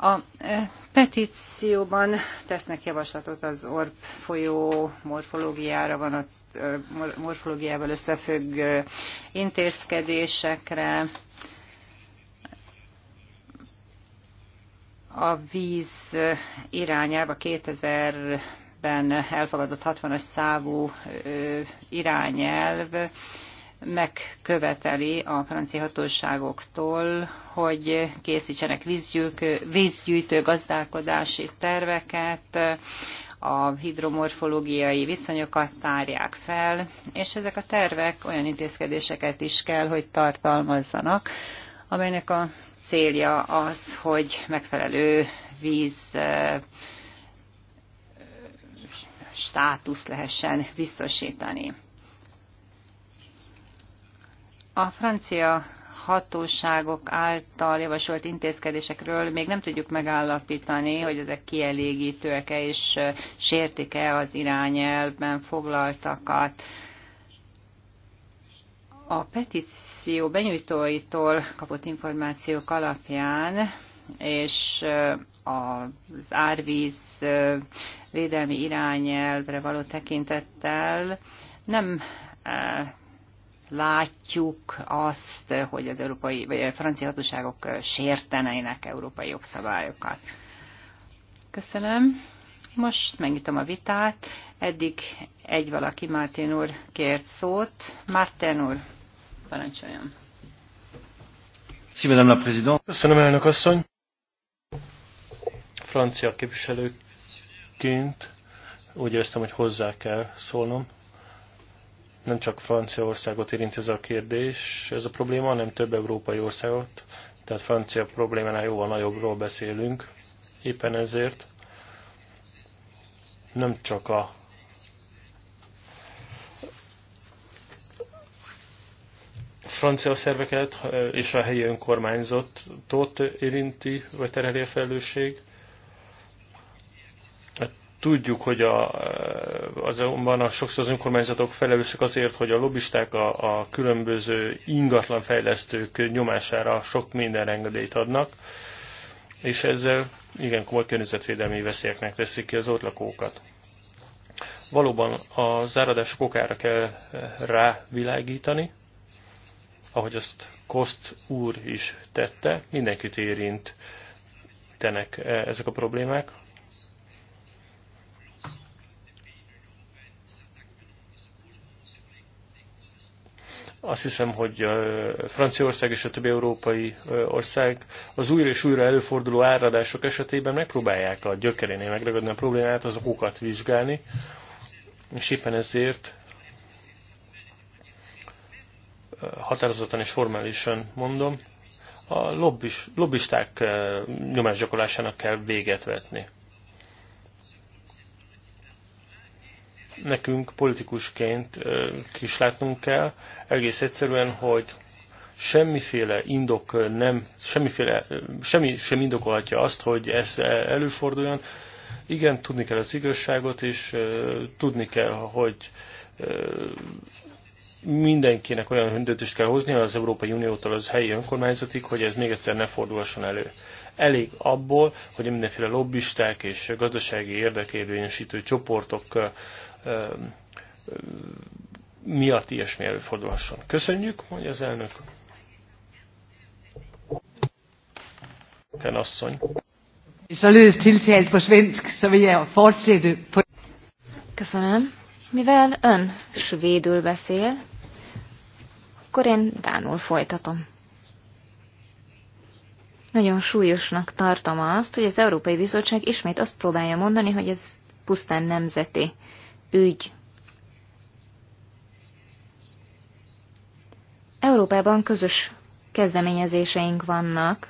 A e, petícióban tesznek javaslatot az orb folyó morfológiára van, az e, morfológiával összefügg e, intézkedésekre, a víz irányába 2000-ben elfogadott 60-as szávú irányelv megköveteli a francia hatóságoktól, hogy készítsenek vízgyűjtő, vízgyűjtő gazdálkodási terveket, a hidromorfológiai viszonyokat tárják fel, és ezek a tervek olyan intézkedéseket is kell, hogy tartalmazzanak, amelynek a célja az, hogy megfelelő víz státuszt lehessen biztosítani. A francia hatóságok által javasolt intézkedésekről még nem tudjuk megállapítani, hogy ezek kielégítőek-e és sértik-e az irányelben foglaltakat. A petíció benyújtóitól kapott információk alapján és az árvíz védelmi irányelvre való tekintettel nem látjuk azt, hogy az európai, vagy a francia hatóságok sértenének európai jogszabályokat. Köszönöm. Most megnyitom a vitát. Eddig egy valaki, Mártin úr, kért szót. Mártin úr, parancsoljon. Köszönöm, elnök asszony. Francia képviselőként úgy éreztem, hogy hozzá kell szólnom. Nem csak Franciaországot érint ez a kérdés, ez a probléma, hanem több európai országot, tehát francia problémánál jóval nagyobbról beszélünk. Éppen ezért nem csak a francia szerveket és a helyi önkormányzatot érinti, vagy tereli a felelősség, Tudjuk, hogy a, azonban a sokszor az önkormányzatok felelősek azért, hogy a lobbisták a, a különböző ingatlanfejlesztők nyomására sok minden engedélyt adnak, és ezzel igen komoly környezetvédelmi veszélyeknek teszik ki az ott lakókat. Valóban a záradások okára kell rávilágítani, ahogy azt Koszt úr is tette, mindenkit érintenek e, ezek a problémák, Azt hiszem, hogy Franciaország és a többi európai ország az újra és újra előforduló áradások esetében megpróbálják a gyökerénél megragadni a problémát, az okokat vizsgálni, és éppen ezért határozottan és formálisan mondom, a lobbis, lobbisták nyomásgyakorlásának kell véget vetni. nekünk politikusként kislátnunk kell, egész egyszerűen, hogy semmiféle indok nem, semmiféle, semmi sem indokolhatja azt, hogy ez előforduljon. Igen, tudni kell az igazságot, és tudni kell, hogy mindenkinek olyan döntést kell hozni az Európai Uniótól az helyi önkormányzatig, hogy ez még egyszer ne fordulhasson elő. Elég abból, hogy mindenféle lobbisták és gazdasági érdekérvényesítő csoportok miatt ilyesmi előfordulhasson. Köszönjük, mondja az elnök. Ken asszony. Således tiltalt a svensk, szóval Köszönöm. Mivel ön svédül beszél, akkor én dánul folytatom. Nagyon súlyosnak tartom azt, hogy az Európai Bizottság ismét azt próbálja mondani, hogy ez pusztán nemzeti ügy. Európában közös kezdeményezéseink vannak,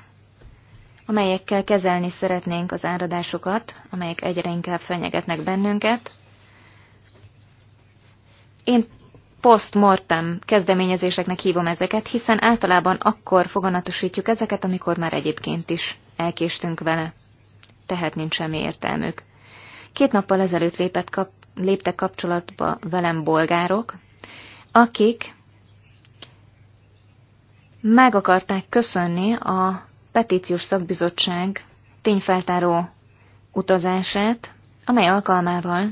amelyekkel kezelni szeretnénk az áradásokat, amelyek egyre inkább fenyegetnek bennünket. Én post-mortem kezdeményezéseknek hívom ezeket, hiszen általában akkor foganatosítjuk ezeket, amikor már egyébként is elkéstünk vele. Tehát nincs semmi értelmük. Két nappal ezelőtt lépett kap léptek kapcsolatba velem bolgárok, akik meg akarták köszönni a petíciós szakbizottság tényfeltáró utazását, amely alkalmával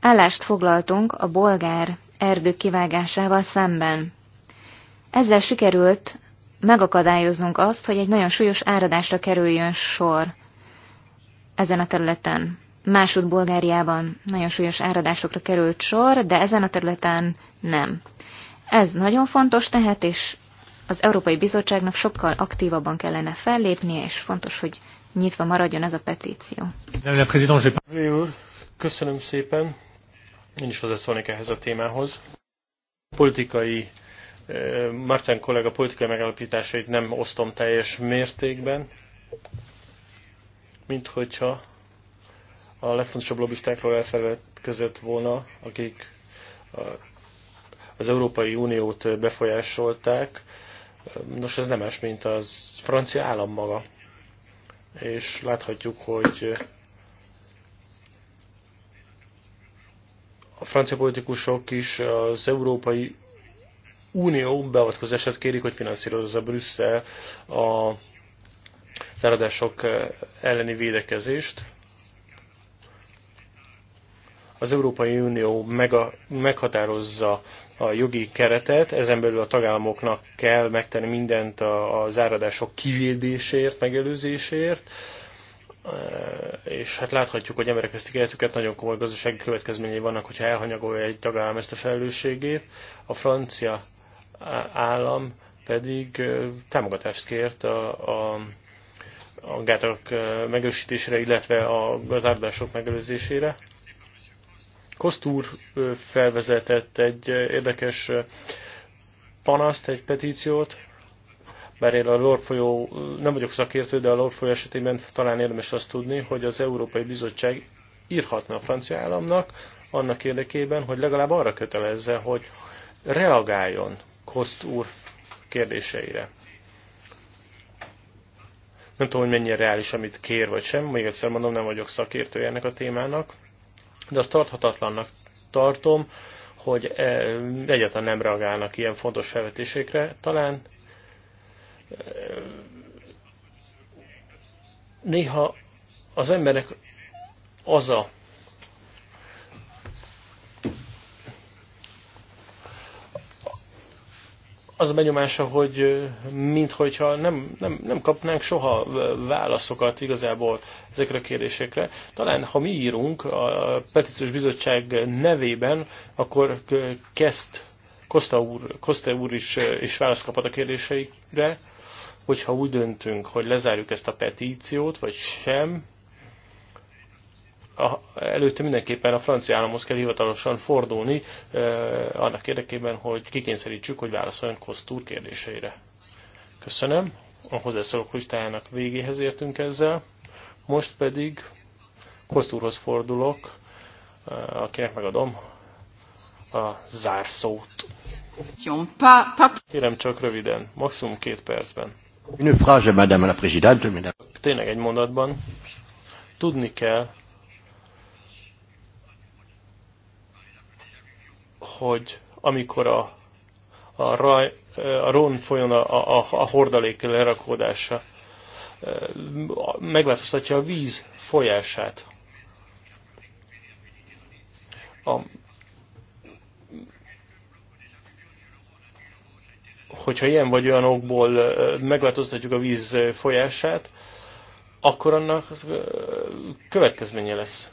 állást foglaltunk a bolgár erdő kivágásával szemben. Ezzel sikerült megakadályoznunk azt, hogy egy nagyon súlyos áradásra kerüljön sor ezen a területen másod Bulgáriában nagyon súlyos áradásokra került sor, de ezen a területen nem. Ez nagyon fontos tehát, és az Európai Bizottságnak sokkal aktívabban kellene fellépnie, és fontos, hogy nyitva maradjon ez a petíció. Köszönöm szépen. Én is hozzászólnék ehhez a témához. Politikai, eh, Martin kollega politikai megállapításait nem osztom teljes mértékben, mint hogyha a legfontosabb lobbistákról elfeledkezett volna, akik az Európai Uniót befolyásolták. Nos, ez nem más, mint az francia állam maga. És láthatjuk, hogy a francia politikusok is az Európai Unió beavatkozását kérik, hogy finanszírozza Brüsszel a záradások elleni védekezést. Az Európai Unió meghatározza a jogi keretet, ezen belül a tagállamoknak kell megtenni mindent az áradások kivédésért, megelőzésért, e, és hát láthatjuk, hogy emberek ezt életüket, nagyon komoly gazdasági következményei vannak, hogyha elhanyagolja egy tagállam ezt a felelősségét. A francia állam pedig e, támogatást kért a, a, a gátak e, megősítésére, illetve a, az áradások megelőzésére. Kostúr felvezetett egy érdekes panaszt, egy petíciót, bár én a Lord folyó, nem vagyok szakértő, de a Lord folyó esetében talán érdemes azt tudni, hogy az Európai Bizottság írhatna a francia államnak annak érdekében, hogy legalább arra kötelezze, hogy reagáljon Koszt úr kérdéseire. Nem tudom, hogy mennyire reális, amit kér vagy sem, még egyszer mondom, nem vagyok szakértő ennek a témának, de azt tarthatatlannak tartom, hogy e, egyáltalán nem reagálnak ilyen fontos felvetésekre. Talán e, néha az emberek az a az a benyomása, hogy minthogyha nem, nem, nem kapnánk soha válaszokat igazából ezekre a kérdésekre. Talán, ha mi írunk a Petíciós Bizottság nevében, akkor kezd Kosta úr, Kosta úr is, is választ kaphat a kérdéseikre, hogyha úgy döntünk, hogy lezárjuk ezt a petíciót, vagy sem, a, előtte mindenképpen a francia államhoz kell hivatalosan fordulni, e, annak érdekében, hogy kikényszerítsük, hogy válaszoljon Kosztúr kérdéseire. Köszönöm. A hozzászólók listájának végéhez értünk ezzel. Most pedig Kosztúrhoz fordulok, akinek megadom a zárszót. Kérem csak röviden, maximum két percben. Une phrase, madame la présidente, mesdames. Tényleg egy mondatban. Tudni kell, hogy amikor a, a, raj, a Ron folyon a, a, a hordalék lerakódása megváltoztatja a víz folyását. A, hogyha ilyen vagy olyan okból megváltoztatjuk a víz folyását, akkor annak következménye lesz.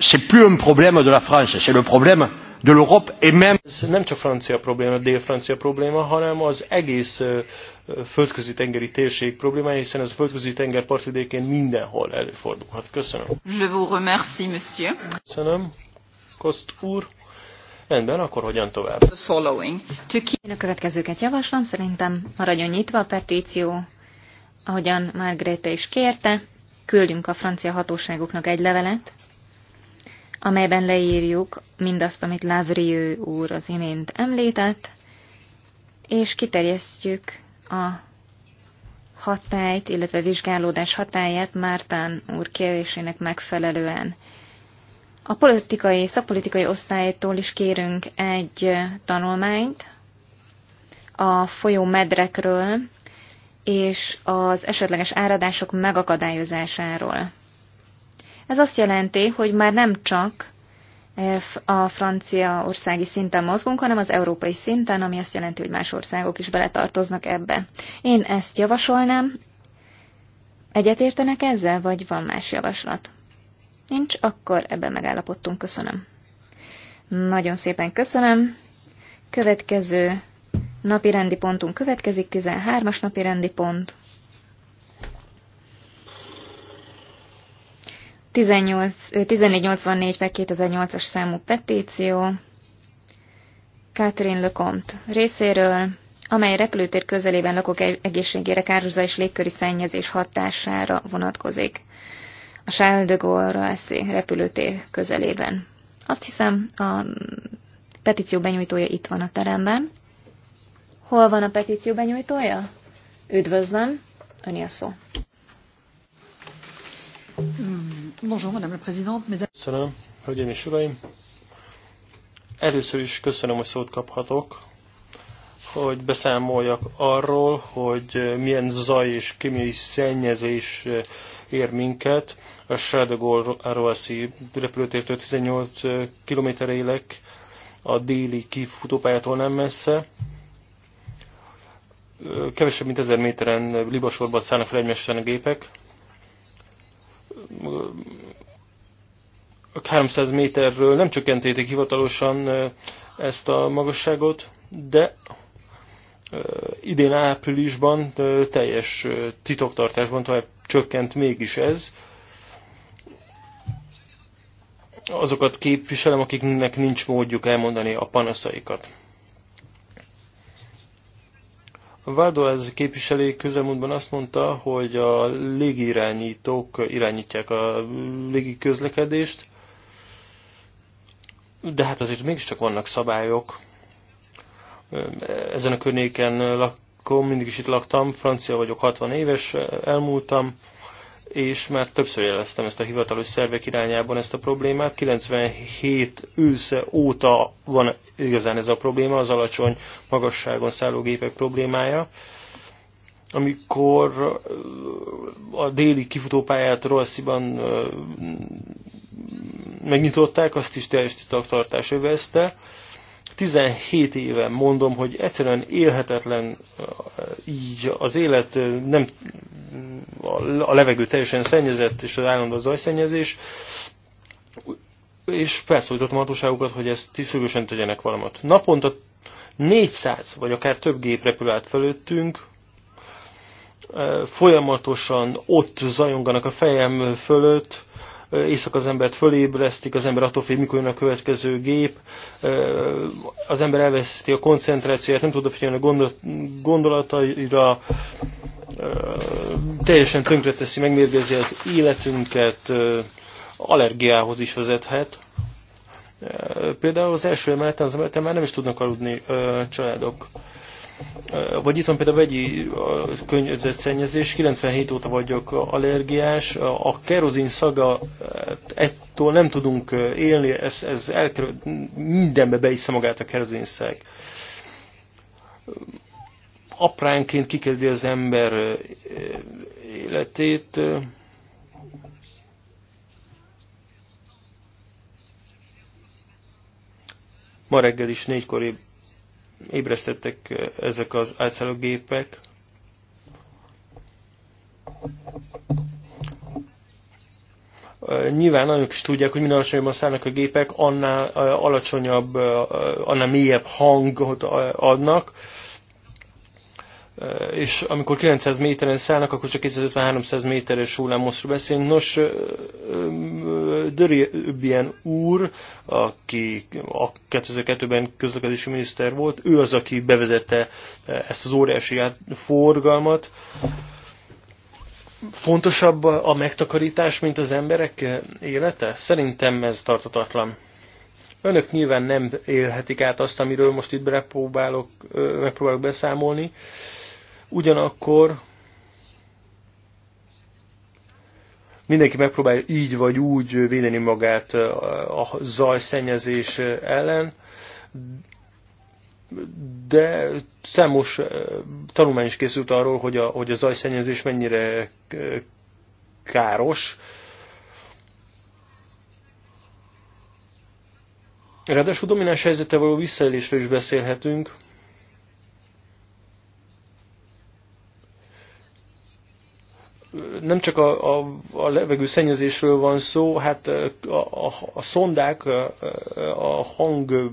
C'est plus un problème de la France, c'est le problème de l'Europe et même... Ez nem csak francia probléma, dél-francia probléma, hanem az egész földközi tengeri térség problémája, hiszen ez a földközi tenger partvidékén mindenhol előfordulhat. Köszönöm. Je vous remercie, monsieur. Köszönöm. Kost úr. Rendben, akkor hogyan tovább? The following. Én a következőket javaslom, szerintem maradjon nyitva a petíció, ahogyan Margréte is kérte, küldjünk a francia hatóságoknak egy levelet, amelyben leírjuk mindazt, amit Lavrieu úr az imént említett, és kiterjesztjük a hatályt, illetve vizsgálódás hatályát Mártán úr kérésének megfelelően. A politikai, szakpolitikai osztálytól is kérünk egy tanulmányt a folyó medrekről és az esetleges áradások megakadályozásáról. Ez azt jelenti, hogy már nem csak eh, a francia országi szinten mozgunk, hanem az európai szinten, ami azt jelenti, hogy más országok is beletartoznak ebbe. Én ezt javasolnám. Egyetértenek ezzel, vagy van más javaslat? Nincs, akkor ebben megállapodtunk. Köszönöm. Nagyon szépen köszönöm. Következő napi rendi pontunk következik, 13-as napi rendi pont. 1484 per 2008-as számú petíció Catherine Lecomte részéről, amely repülőtér közelében lakók e- egészségére kárhúza és légköri szennyezés hatására vonatkozik. A Charles de gaulle repülőtér közelében. Azt hiszem, a petíció benyújtója itt van a teremben. Hol van a petíció benyújtója? Üdvözlöm, öni a szó. Hmm. Köszönöm, Hölgyeim és Uraim. Először is köszönöm, hogy szót kaphatok, hogy beszámoljak arról, hogy milyen zaj és kémiai szennyezés eh, ér minket. A sádogol Aroasi repülőtértől 18 eh, km élek, a déli kifutópályától nem messze. Eh, kevesebb mint 1000 méteren libasorban szállnak fel egymásra a gépek. 300 méterről nem csökkentették hivatalosan ezt a magasságot, de idén áprilisban teljes titoktartásban tovább csökkent mégis ez. Azokat képviselem, akiknek nincs módjuk elmondani a panaszaikat. Valdoáz képviselő közelmúltban azt mondta, hogy a légirányítók irányítják a légi közlekedést, de hát azért mégiscsak vannak szabályok. Ezen a környéken lakom, mindig is itt laktam, francia vagyok, 60 éves, elmúltam, és már többször jeleztem ezt a hivatalos szervek irányában ezt a problémát. 97 ősze óta van igazán ez a probléma, az alacsony magasságon szálló gépek problémája. Amikor a déli kifutópályát Rossziban megnyitották, azt is teljes tartás övezte, 17 éve mondom, hogy egyszerűen élhetetlen eh, így az élet, eh, nem a levegő teljesen szennyezett, és az állandó zajszennyezés, és felszólítottam a hatóságokat, hogy ezt sürgősen tegyenek valamit. Naponta 400 vagy akár több gép repül át fölöttünk, eh, folyamatosan ott zajonganak a fejem fölött, éjszaka az embert fölébresztik, az ember attól fél, mikor jön a következő gép, az ember elveszti a koncentrációját, nem tud figyelni a gondolataira, teljesen tönkreteszi, megmérgezi az életünket, allergiához is vezethet. Például az első emeleten, az emeleten már nem is tudnak aludni családok vagy itt van például a vegyi környezetszennyezés, 97 óta vagyok allergiás, a kerozin szaga, ettől nem tudunk élni, ez, ez elkerül, mindenbe beissza magát a szeg. Apránként kikezdi az ember életét, Ma reggel is négykor ébresztettek eh, ezek az átszállógépek. Eh, nyilván nagyon is tudják, hogy minél alacsonyabban szállnak a gépek, annál eh, alacsonyabb, annál mélyebb hangot adnak és amikor 900 méteren szállnak, akkor csak 250-300 méteres hullámoszról beszélünk. Nos, Döribien úr, aki a 2002-ben közlekedési miniszter volt, ő az, aki bevezette ezt az óriási forgalmat. Fontosabb a megtakarítás, mint az emberek élete? Szerintem ez tartatatlan. Önök nyilván nem élhetik át azt, amiről most itt megpróbálok, megpróbálok beszámolni, Ugyanakkor mindenki megpróbálja így vagy úgy védeni magát a zajszennyezés ellen, de számos tanulmány is készült arról, hogy a, hogy a zajszennyezés mennyire káros. Ráadásul domináns helyzete való visszaélésről is beszélhetünk. nem csak a, a, a levegő szennyezésről van szó, hát a, a, a szondák, a, a hang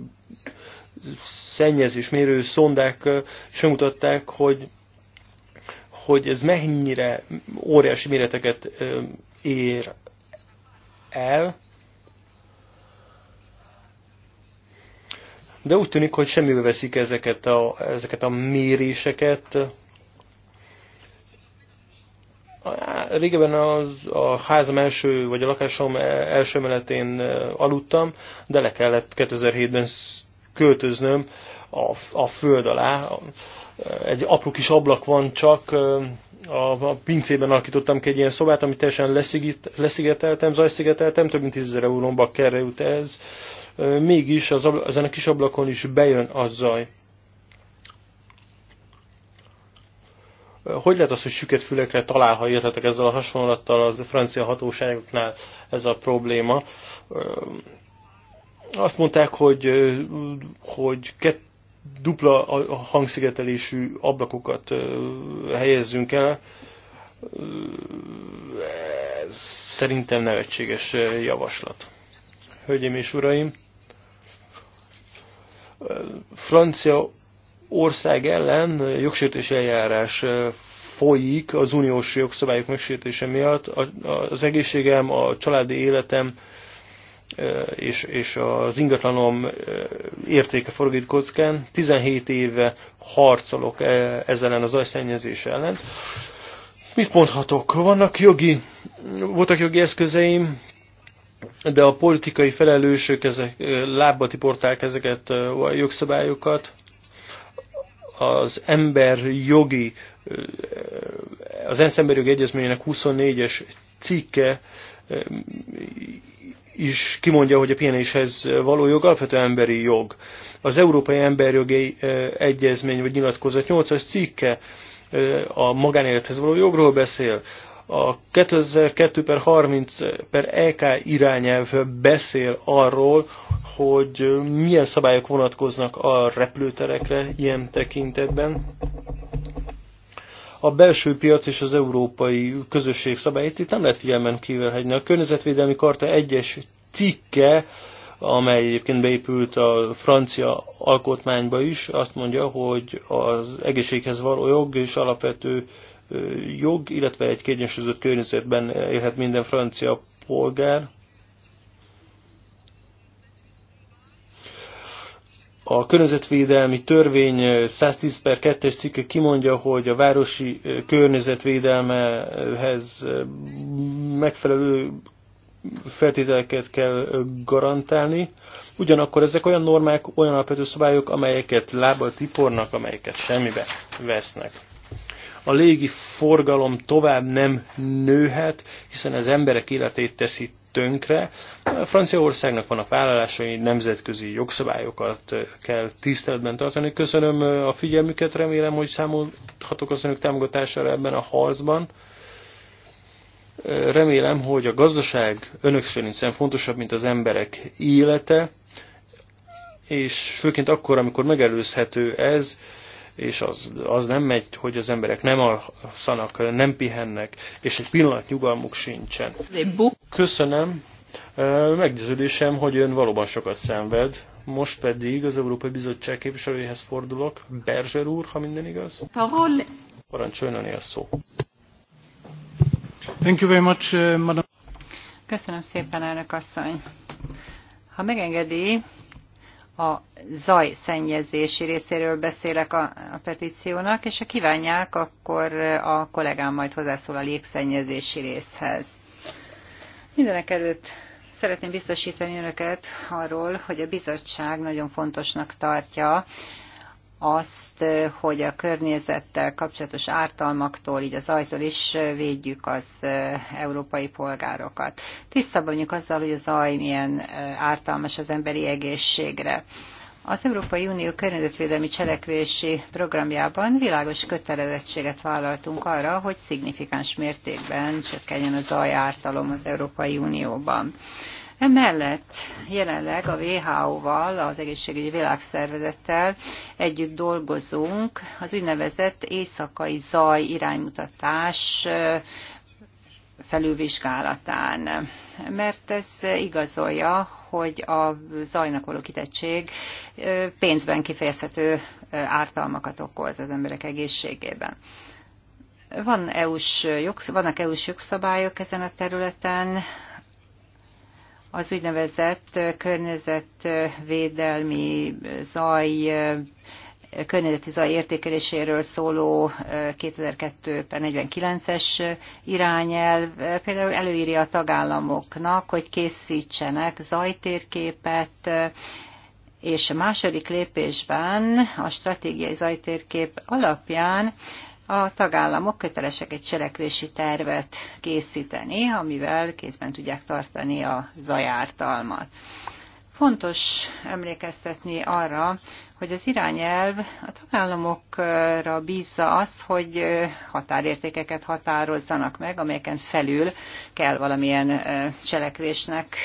szennyezés mérő szondák sem mutatták, hogy, hogy ez mennyire óriási méreteket ér el. De úgy tűnik, hogy semmibe veszik ezeket a, ezeket a méréseket, Régebben az, a házam első, vagy a lakásom e, első emeletén e, aludtam, de le kellett 2007-ben költöznöm a, a föld alá. Egy apró kis ablak van csak, e, a, a pincében alakítottam ki egy ilyen szobát, amit teljesen leszigit, leszigeteltem, zajszigeteltem, több mint 10 euróba került ez. Mégis az, ezen a kis ablakon is bejön a zaj. Hogy lehet az, hogy süket fülekre talál, ha értetek ezzel a hasonlattal az francia hatóságoknál ez a probléma? Azt mondták, hogy, hogy két dupla hangszigetelésű ablakokat helyezzünk el. Ez szerintem nevetséges javaslat. Hölgyeim és uraim, Francia ország ellen jogsértés eljárás folyik az uniós jogszabályok megsértése miatt. Az egészségem, a családi életem és, és az ingatlanom értéke forgít kockán. 17 éve harcolok ezzel ellen az ajszennyezés ellen. Mit mondhatok? Vannak jogi, voltak jogi eszközeim, de a politikai felelősök ezek, lábba tiporták ezeket a jogszabályokat az jogi az ENSZ emberjogi egyezményének 24-es cikke is kimondja, hogy a pihenéshez való jog alapvető emberi jog. Az Európai Emberjogi Egyezmény vagy nyilatkozat 8-as cikke a magánélethez való jogról beszél, a 2002 per 30 per EK irányelv beszél arról, hogy milyen szabályok vonatkoznak a repülőterekre ilyen tekintetben. A belső piac és az európai közösség szabályait itt nem lehet figyelmen kívül hagyni. A környezetvédelmi karta egyes cikke amely egyébként beépült a francia alkotmányba is, azt mondja, hogy az egészséghez való jog és alapvető jog, illetve egy kényesült környezetben élhet minden francia polgár. A környezetvédelmi törvény 110 per 2-es cikke kimondja, hogy a városi környezetvédelmehez megfelelő feltételeket kell garantálni. Ugyanakkor ezek olyan normák, olyan alapvető szabályok, amelyeket lába tipornak, amelyeket semmibe vesznek a légi forgalom tovább nem nőhet, hiszen az emberek életét teszi tönkre. Franciaországnak vannak vállalásai, nemzetközi jogszabályokat kell tiszteletben tartani. Köszönöm a figyelmüket, remélem, hogy számolhatok az önök támogatására ebben a harcban. Remélem, hogy a gazdaság önök szerint fontosabb, mint az emberek élete, és főként akkor, amikor megelőzhető ez, és az, az nem megy, hogy az emberek nem alszanak, nem pihennek, és egy pillanat nyugalmuk sincsen. Köszönöm. Meggyőződésem, hogy ön valóban sokat szenved, most pedig az Európai Bizottság képviselőjéhez fordulok, Berzser úr, ha minden igaz. Parancsoljon Parancsoljon a szó. Thank you very much, uh, madam. Köszönöm szépen, elnök asszony. Ha megengedi, a zajszennyezési részéről beszélek a, a petíciónak, és ha kívánják, akkor a kollégám majd hozzászól a légszennyezési részhez. Mindenek előtt szeretném biztosítani önöket arról, hogy a bizottság nagyon fontosnak tartja azt, hogy a környezettel kapcsolatos ártalmaktól, így az ajtól is védjük az európai polgárokat. Tisztában vagyunk azzal, hogy az aj milyen ártalmas az emberi egészségre. Az Európai Unió környezetvédelmi cselekvési programjában világos kötelezettséget vállaltunk arra, hogy szignifikáns mértékben csökkenjen az zajártalom az Európai Unióban. Emellett jelenleg a WHO-val, az Egészségügyi Világszervezettel együtt dolgozunk az úgynevezett éjszakai zaj iránymutatás felülvizsgálatán, mert ez igazolja, hogy a zajnak való kitettség pénzben kifejezhető ártalmakat okoz az emberek egészségében. Van EU-s vannak EU-s jogszabályok ezen a területen, az úgynevezett környezetvédelmi zaj környezeti zaj értékeléséről szóló 2002-49-es eh, irányelv például előírja a tagállamoknak, hogy készítsenek zajtérképet, eh, és a második lépésben a stratégiai zajtérkép alapján a tagállamok kötelesek egy cselekvési tervet készíteni, amivel kézben tudják tartani a zajártalmat. Fontos emlékeztetni arra, hogy az irányelv a tagállamokra bízza azt, hogy határértékeket határozzanak meg, amelyeken felül kell valamilyen cselekvésnek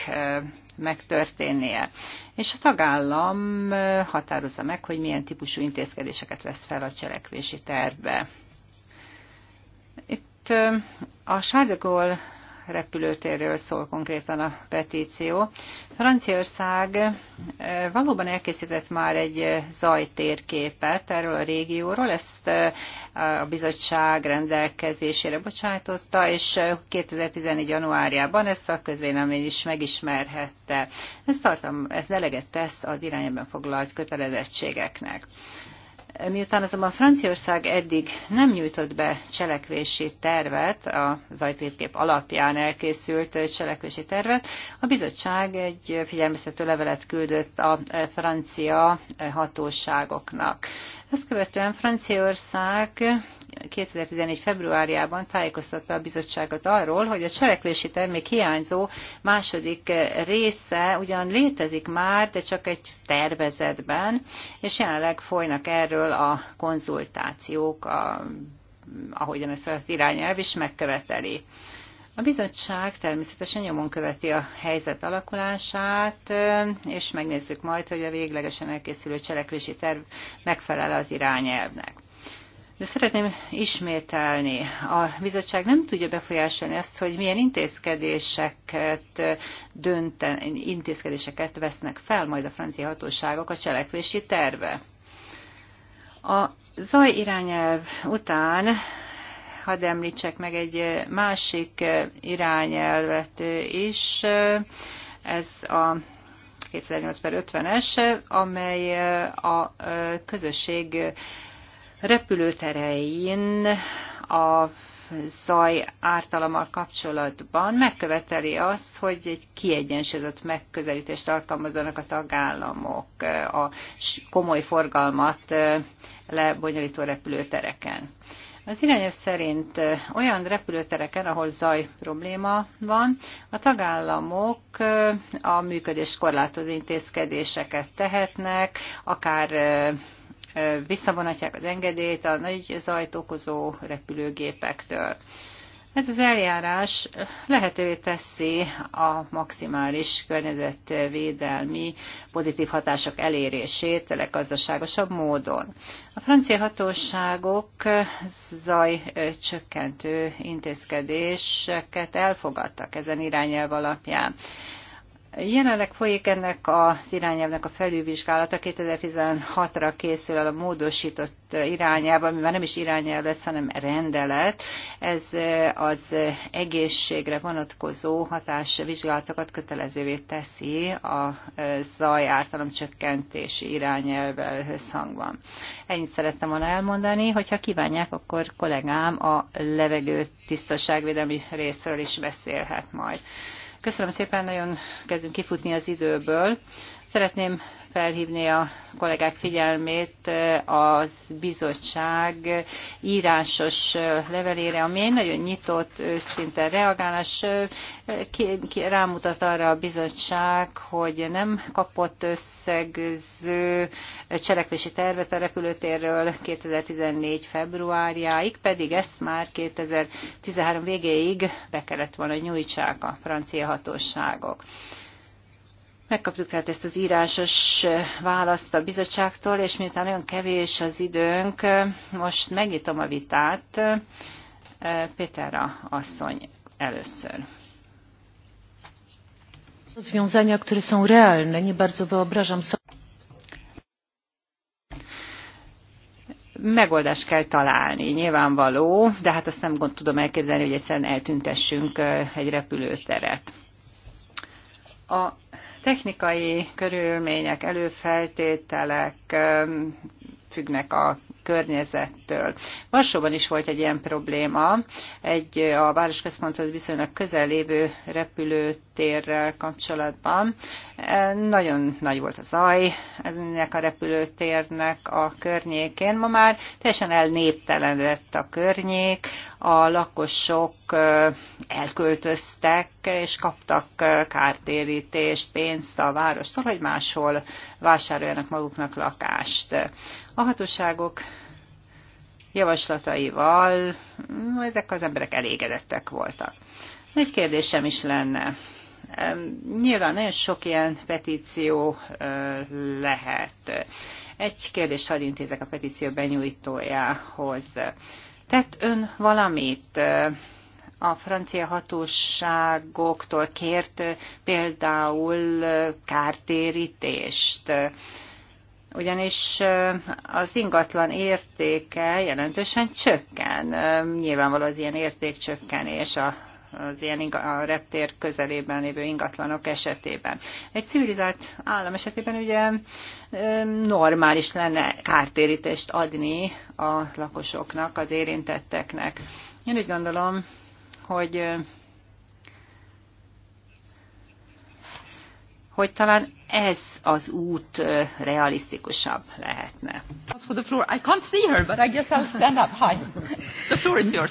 megtörténnie. És a tagállam határozza meg, hogy milyen típusú intézkedéseket vesz fel a cselekvési tervbe. Itt a Sárgagol repülőtérről szól konkrétan a petíció. Franciaország valóban elkészített már egy zajtérképet erről a régióról, ezt a bizottság rendelkezésére bocsájtotta, és 2014. januárjában ezt a közvélemény is megismerhette. Ez, tartom, ez deleget tesz az irányában foglalt kötelezettségeknek. Miután azonban Franciaország eddig nem nyújtott be cselekvési tervet, a zajtérkép alapján elkészült cselekvési tervet, a bizottság egy figyelmeztető levelet küldött a francia hatóságoknak. Ezt követően Franciaország 2014. februárjában tájékoztatta a bizottságot arról, hogy a cselekvési termék hiányzó második része ugyan létezik már, de csak egy tervezetben, és jelenleg folynak erről a konzultációk, a, ahogyan ezt az irányelv is megköveteli. A bizottság természetesen nyomon követi a helyzet alakulását, és megnézzük majd, hogy a véglegesen elkészülő cselekvési terv megfelel az irányelvnek. De szeretném ismételni, a bizottság nem tudja befolyásolni azt, hogy milyen intézkedéseket, dönten, intézkedéseket vesznek fel majd a francia hatóságok a cselekvési terve. A zaj irányelv után hadd említsek meg egy másik eh, irányelvet eh, is, eh, ez a 2850 es amely a közösség repülőterein a zaj ártalommal kapcsolatban megköveteli azt, hogy egy kiegyensúlyozott megközelítést alkalmazzanak a tagállamok a komoly forgalmat lebonyolító repülőtereken. Az irányos szerint olyan repülőtereken, ahol zaj probléma van, a tagállamok a működés korlátozó intézkedéseket tehetnek, akár visszavonatják az engedélyt a nagy zajt okozó repülőgépektől. Ez az eljárás lehetővé teszi a maximális környezetvédelmi pozitív hatások elérését leggazdaságosabb módon. A francia hatóságok zajcsökkentő intézkedéseket elfogadtak ezen irányelv alapján. Jelenleg folyik ennek az irányelvnek a felülvizsgálata, 2016-ra készül el a módosított irányelv, ami már nem is irányelv lesz, hanem rendelet. Ez az egészségre vonatkozó hatásvizsgálatokat kötelezővé teszi a zaj csökkentési irányelvvel összhangban. Ennyit szerettem volna elmondani, hogyha kívánják, akkor kollégám a levegő tisztaságvédelmi részről is beszélhet majd. Köszönöm szépen, nagyon kezdünk kifutni az időből. Szeretném felhívni a kollégák figyelmét az bizottság írásos levelére, ami egy nagyon nyitott, őszinte reagálás. rámutat arra a bizottság, hogy nem kapott összegző cselekvési tervet a repülőtérről 2014. februárjáig, pedig ezt már 2013 végéig be kellett volna nyújtsák a francia hatóságok. Megkaptuk tehát ezt az írásos választ a bizottságtól, és miután nagyon kevés az időnk, most megnyitom a vitát. Péterra asszony először. Rozwiązania, które są realne, nie bardzo wyobrażam sobie. Megoldást kell találni, nyilvánvaló, de hát azt nem tudom elképzelni, hogy egyszerűen eltüntessünk egy repülőteret. A technikai körülmények, előfeltételek függnek a környezettől. Varsóban is volt egy ilyen probléma, egy a városközponthoz viszonylag közel lévő repülőtérrel kapcsolatban. E, nagyon nagy volt a zaj ennek a repülőtérnek a környékén. Ma már teljesen elnéptelenedett a környék, a lakosok e, elköltöztek, és kaptak e, kártérítést, pénzt a várostól, hogy máshol vásároljanak maguknak lakást. A hatóságok javaslataival mm, ezek az emberek elégedettek voltak. Egy kérdésem is lenne. Nyilván nagyon sok ilyen petíció lehet. Egy kérdés hadd intézek a petíció benyújtójához. Tett ön valamit a francia hatóságoktól kért például kártérítést, ugyanis az ingatlan értéke jelentősen csökken. Nyilvánvaló az ilyen értékcsökkenés a az ilyen a reptér közelében lévő ingatlanok esetében. Egy civilizált állam esetében ugye normális lenne kártérítést adni a lakosoknak, az érintetteknek. Én úgy gondolom, hogy hogy talán ez az út realisztikusabb lehetne. For the floor. I can't see her, but I guess I'll stand up Hi, The floor is yours.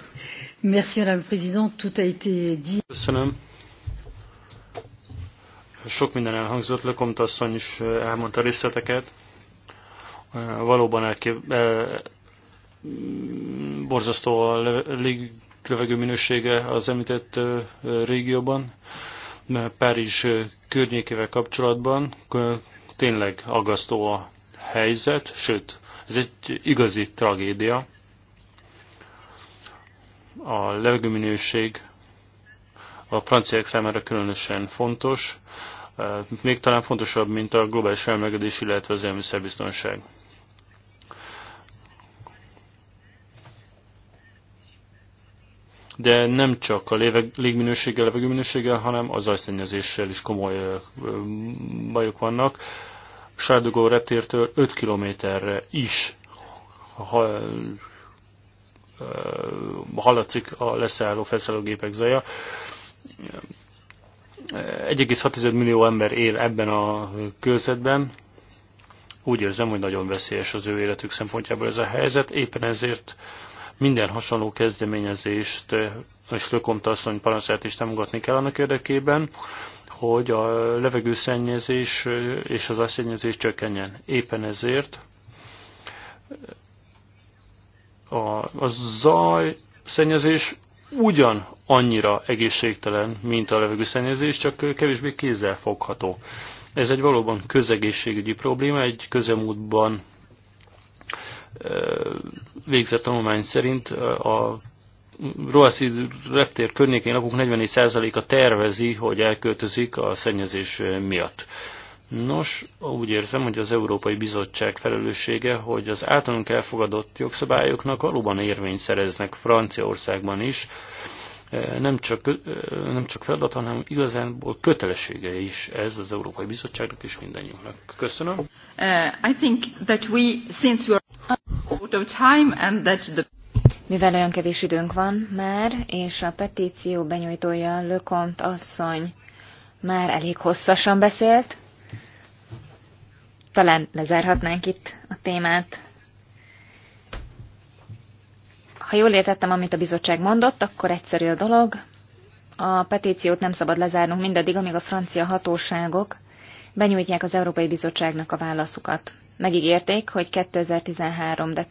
Merci, Madame la Présidente. Tout a été dit. Köszönöm. Sok minden elhangzott, Lekomta asszony is elmondta részleteket. Valóban elkép... borzasztó a levegő minősége az említett régióban. Párizs környékével kapcsolatban tényleg aggasztó a helyzet, sőt, ez egy igazi tragédia. A levegőminőség a franciák számára különösen fontos, még talán fontosabb, mint a globális felmelegedés, illetve az élelmiszerbiztonság. de nem csak a légminőséggel, levegőminőséggel, hanem az zajszennyezéssel is komoly bajok vannak. Sárdugó reptértől 5 kilométerre is ha, hallatszik a leszálló felszállógépek zaja. 1,6 millió ember él ebben a körzetben. Úgy érzem, hogy nagyon veszélyes az ő életük szempontjából ez a helyzet. Éppen ezért minden hasonló kezdeményezést eh, és Lökomta asszony panaszát is támogatni kell annak érdekében, hogy a levegőszennyezés eh, és az asszennyezés csökkenjen. Éppen ezért eh, a, a zaj szennyezés ugyan annyira egészségtelen, mint a levegőszennyezés, csak kevésbé kézzel fogható. Ez egy valóban közegészségügyi probléma, egy közelmúltban végzett tanulmány szerint a Roaszi reptér környékén lakók 44%-a tervezi, hogy elköltözik a szennyezés miatt. Nos, úgy érzem, hogy az Európai Bizottság felelőssége, hogy az általunk elfogadott jogszabályoknak valóban érvényt szereznek Franciaországban is, nem csak, nem csak feladat, hanem igazából kötelessége is ez az Európai Bizottságnak és mindannyiunknak. Köszönöm. Uh, I think that we, since we are... Mivel olyan kevés időnk van már, és a petíció benyújtója Lökont asszony már elég hosszasan beszélt, talán lezárhatnánk itt a témát. Ha jól értettem, amit a bizottság mondott, akkor egyszerű a dolog. A petíciót nem szabad lezárnunk mindaddig, amíg a francia hatóságok benyújtják az Európai Bizottságnak a válaszukat megígérték, hogy 2013, de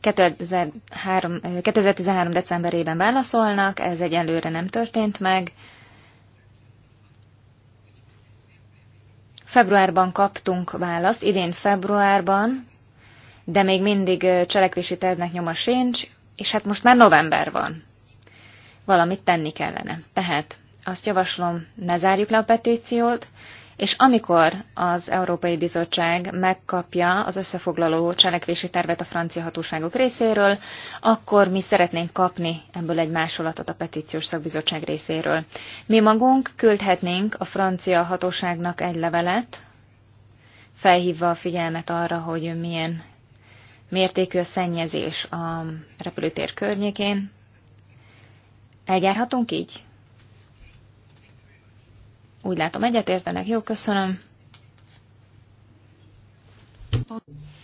2003, 2013 eh, decemberében válaszolnak, ez egyelőre nem történt meg. Februárban kaptunk választ, idén februárban, de még mindig eh, cselekvési tervnek nyoma sincs, és hát most már november van. Valamit tenni kellene. Tehát azt javaslom, ne zárjuk le a petíciót, és amikor az Európai Bizottság megkapja az összefoglaló cselekvési tervet a francia hatóságok részéről, akkor mi szeretnénk kapni ebből egy másolatot a petíciós szakbizottság részéről. Mi magunk küldhetnénk a francia hatóságnak egy levelet, felhívva a figyelmet arra, hogy milyen mértékű a szennyezés a repülőtér környékén. Eljárhatunk így? Úgy látom, egyetértenek. Jó, köszönöm.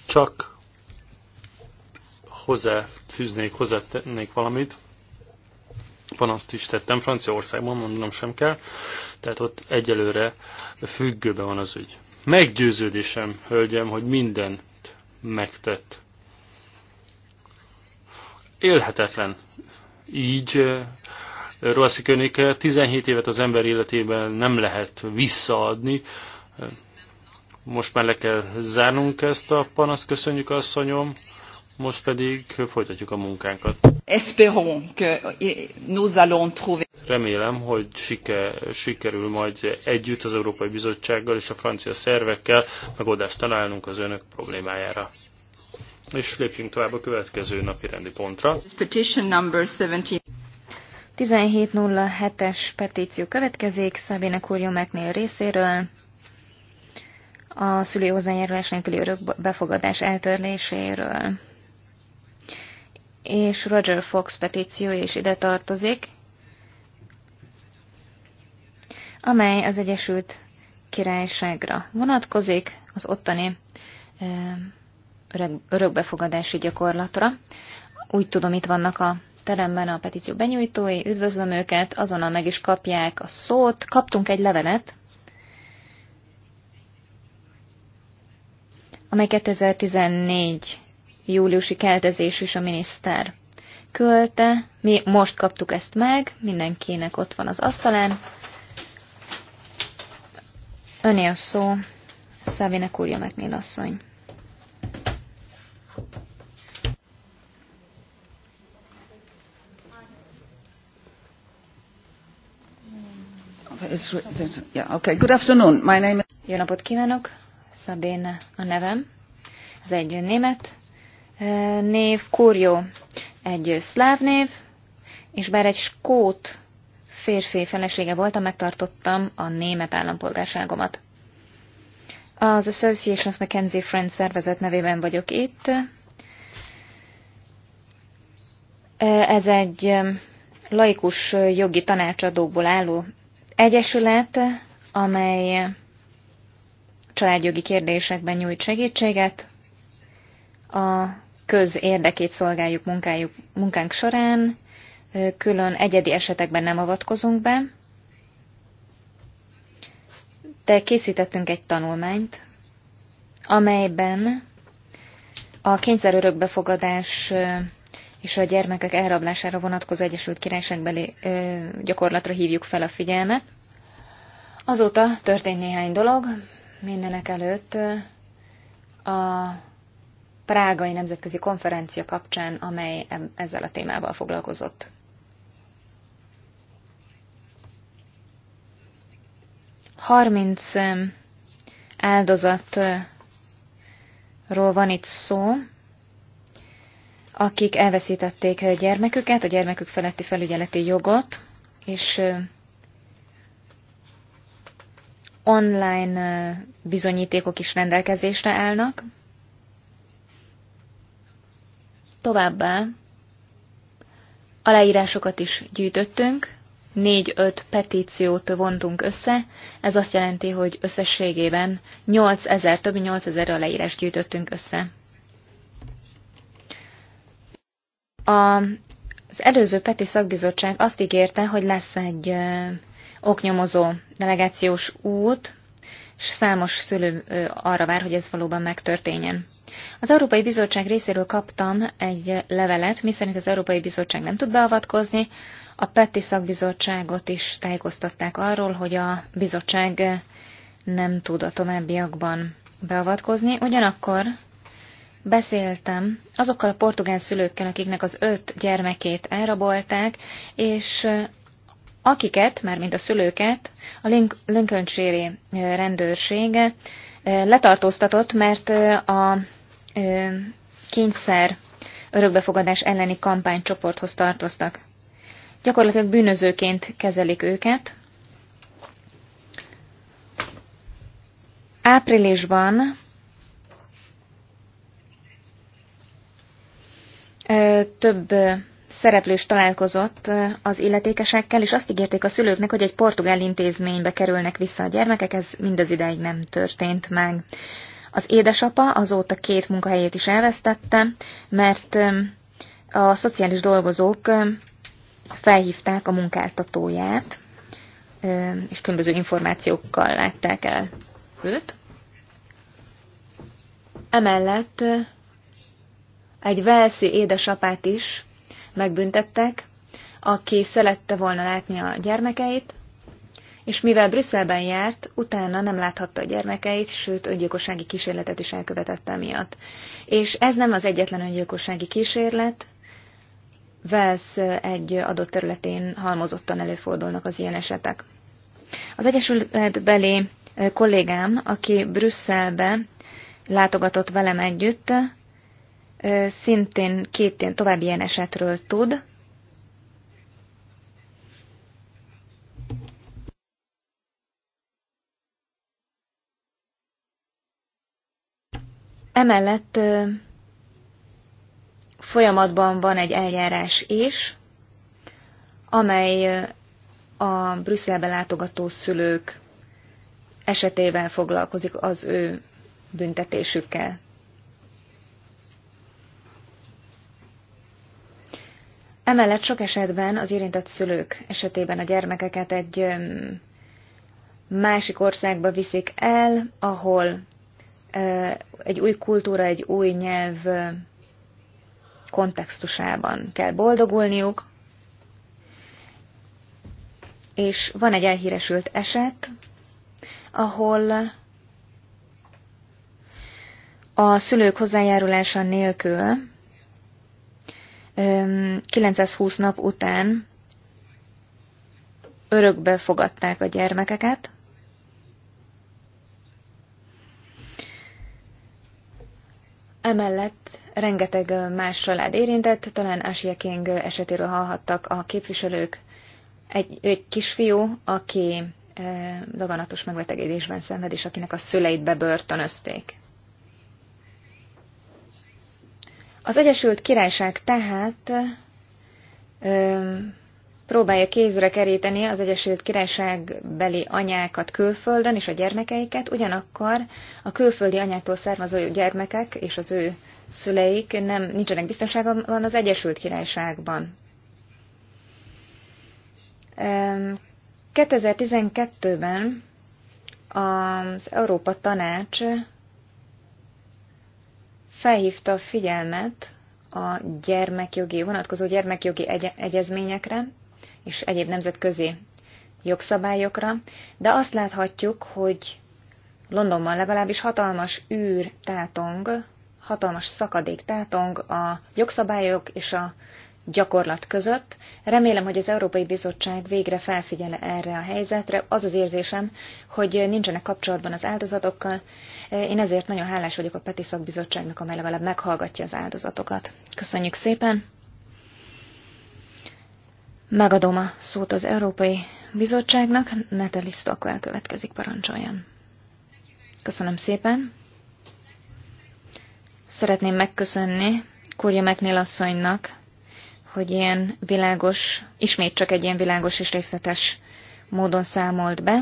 Csak hozzáfűznék, hozzátennék valamit. Van azt is tettem Franciaországban, mondanom sem kell. Tehát ott egyelőre függőben van az ügy. Meggyőződésem, hölgyem, hogy mindent megtett. Élhetetlen így Rosszi König, 17 évet az ember életében nem lehet visszaadni. Most már le kell zárnunk ezt a panaszt, köszönjük asszonyom, most pedig folytatjuk a munkánkat. Remélem, hogy siker, sikerül majd együtt az Európai Bizottsággal és a francia szervekkel megoldást találnunk az önök problémájára. És lépjünk tovább a következő napi rendi pontra. 1707-es petíció következik Szabina Kurjó Meknél részéről. A szülő hozzájárulás nélküli örök befogadás eltörléséről. És Roger Fox petíciója is ide tartozik, amely az Egyesült Királyságra vonatkozik, az ottani örökbefogadási gyakorlatra. Úgy tudom, itt vannak a teremben a petíció benyújtói, üdvözlöm őket, azonnal meg is kapják a szót. Kaptunk egy levelet, amely 2014 júliusi keltezés is a miniszter küldte. Mi most kaptuk ezt meg, mindenkinek ott van az asztalán. Öné a szó, Szávének úrja megnél asszony. Good afternoon. My name... Jó napot kívánok! Szabéne a nevem. Ez egy német név, Kurjó egy szláv név, és bár egy skót férfi felesége voltam, megtartottam a német állampolgárságomat. Az Association of Mackenzie Friends szervezet nevében vagyok itt. Ez egy laikus jogi tanácsadókból álló egyesület, amely családjogi kérdésekben nyújt segítséget, a köz érdekét szolgáljuk munkájuk, munkánk során, külön egyedi esetekben nem avatkozunk be, de készítettünk egy tanulmányt, amelyben a kényszerörökbefogadás és a gyermekek elrablására vonatkozó Egyesült Királyságbeli ö, gyakorlatra hívjuk fel a figyelmet. Azóta történt néhány dolog, mindenek előtt a Prágai Nemzetközi Konferencia kapcsán, amely ezzel a témával foglalkozott. Harminc áldozatról van itt szó, akik elveszítették gyermeküket, a gyermekük feletti felügyeleti jogot, és online bizonyítékok is rendelkezésre állnak. Továbbá aláírásokat is gyűjtöttünk, négy-öt petíciót vontunk össze, ez azt jelenti, hogy összességében 8000, több mint 8000 aláírás gyűjtöttünk össze. A, az előző Peti Szakbizottság azt ígérte, hogy lesz egy ö, oknyomozó delegációs út, és számos szülő ö, arra vár, hogy ez valóban megtörténjen. Az Európai Bizottság részéről kaptam egy levelet, miszerint az Európai Bizottság nem tud beavatkozni. A Peti Szakbizottságot is tájékoztatták arról, hogy a bizottság nem tud a továbbiakban beavatkozni. Ugyanakkor beszéltem azokkal a portugál szülőkkel, akiknek az öt gyermekét elrabolták, és eh, akiket, már mint a szülőket, a Lincolnshire eh, rendőrsége eh, letartóztatott, mert a kényszer örökbefogadás elleni kampánycsoporthoz tartoztak. Gyakorlatilag bűnözőként kezelik őket. Áprilisban több szereplős találkozott az illetékesekkel, és azt ígérték a szülőknek, hogy egy portugál intézménybe kerülnek vissza a gyermekek, ez mindez ideig nem történt meg. Az édesapa azóta két munkahelyét is elvesztette, mert a szociális dolgozók felhívták a munkáltatóját, és különböző információkkal látták el őt. Emellett egy velszi édesapát is megbüntettek, aki szerette volna látni a gyermekeit, és mivel Brüsszelben járt, utána nem láthatta a gyermekeit, sőt öngyilkossági kísérletet is elkövetette miatt. És ez nem az egyetlen öngyilkossági kísérlet, Wales egy adott területén halmozottan előfordulnak az ilyen esetek. Az egyesületbeli kollégám, aki Brüsszelbe látogatott velem együtt, szintén két további ilyen esetről tud. Emellett folyamatban van egy eljárás is, amely a Brüsszelbe látogató szülők esetével foglalkozik az ő büntetésükkel. Emellett sok esetben az érintett szülők esetében a gyermekeket egy másik országba viszik el, ahol egy új kultúra, egy új nyelv kontextusában kell boldogulniuk. És van egy elhíresült eset, ahol a szülők hozzájárulása nélkül 920 nap után örökbe fogadták a gyermekeket, Emellett rengeteg más család érintett, talán Asia King esetéről hallhattak a képviselők. Egy, egy kisfiú, aki e, daganatos megbetegedésben szenved, és akinek a szüleit bebörtönözték. Az Egyesült Királyság tehát ö, próbálja kézre keríteni az Egyesült Királyság beli anyákat külföldön és a gyermekeiket, ugyanakkor a külföldi anyáktól származó gyermekek és az ő szüleik nem, nincsenek biztonságban az Egyesült Királyságban. 2012-ben az Európa Tanács felhívta a figyelmet a gyermekjogi, vonatkozó gyermekjogi egy- egyezményekre és egyéb nemzetközi jogszabályokra, de azt láthatjuk, hogy Londonban legalábbis hatalmas űr tátong, hatalmas szakadék tátong a jogszabályok és a gyakorlat között. Remélem, hogy az Európai Bizottság végre felfigyel erre a helyzetre. Az az érzésem, hogy nincsenek kapcsolatban az áldozatokkal. Én ezért nagyon hálás vagyok a Peti Szakbizottságnak, amely legalább meghallgatja az áldozatokat. Köszönjük szépen! Megadom a szót az Európai Bizottságnak. Natalie Stockwell következik, parancsoljon. Köszönöm szépen! Szeretném megköszönni Kurja McNeil asszonynak, hogy ilyen világos, ismét csak egy ilyen világos és részletes módon számolt be.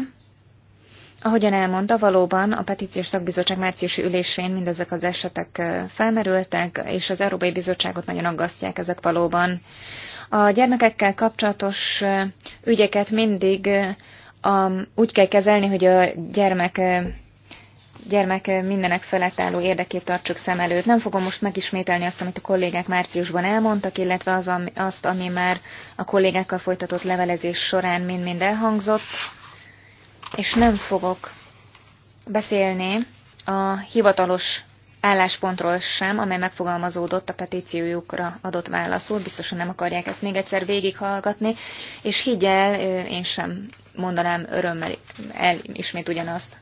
Ahogyan elmondta, valóban a petíciós szakbizottság márciusi ülésén mindezek az esetek felmerültek, és az Európai Bizottságot nagyon aggasztják ezek valóban. A gyermekekkel kapcsolatos ügyeket mindig a, úgy kell kezelni, hogy a gyermek gyermek mindenek felett álló érdekét tartsuk szem előtt. Nem fogom most megismételni azt, amit a kollégák márciusban elmondtak, illetve az, ami, azt, ami már a kollégákkal folytatott levelezés során mind-mind elhangzott, és nem fogok beszélni a hivatalos álláspontról sem, amely megfogalmazódott a petíciójukra adott válaszul. Biztosan nem akarják ezt még egyszer végighallgatni, és higgyel, én sem mondanám örömmel el ismét ugyanazt.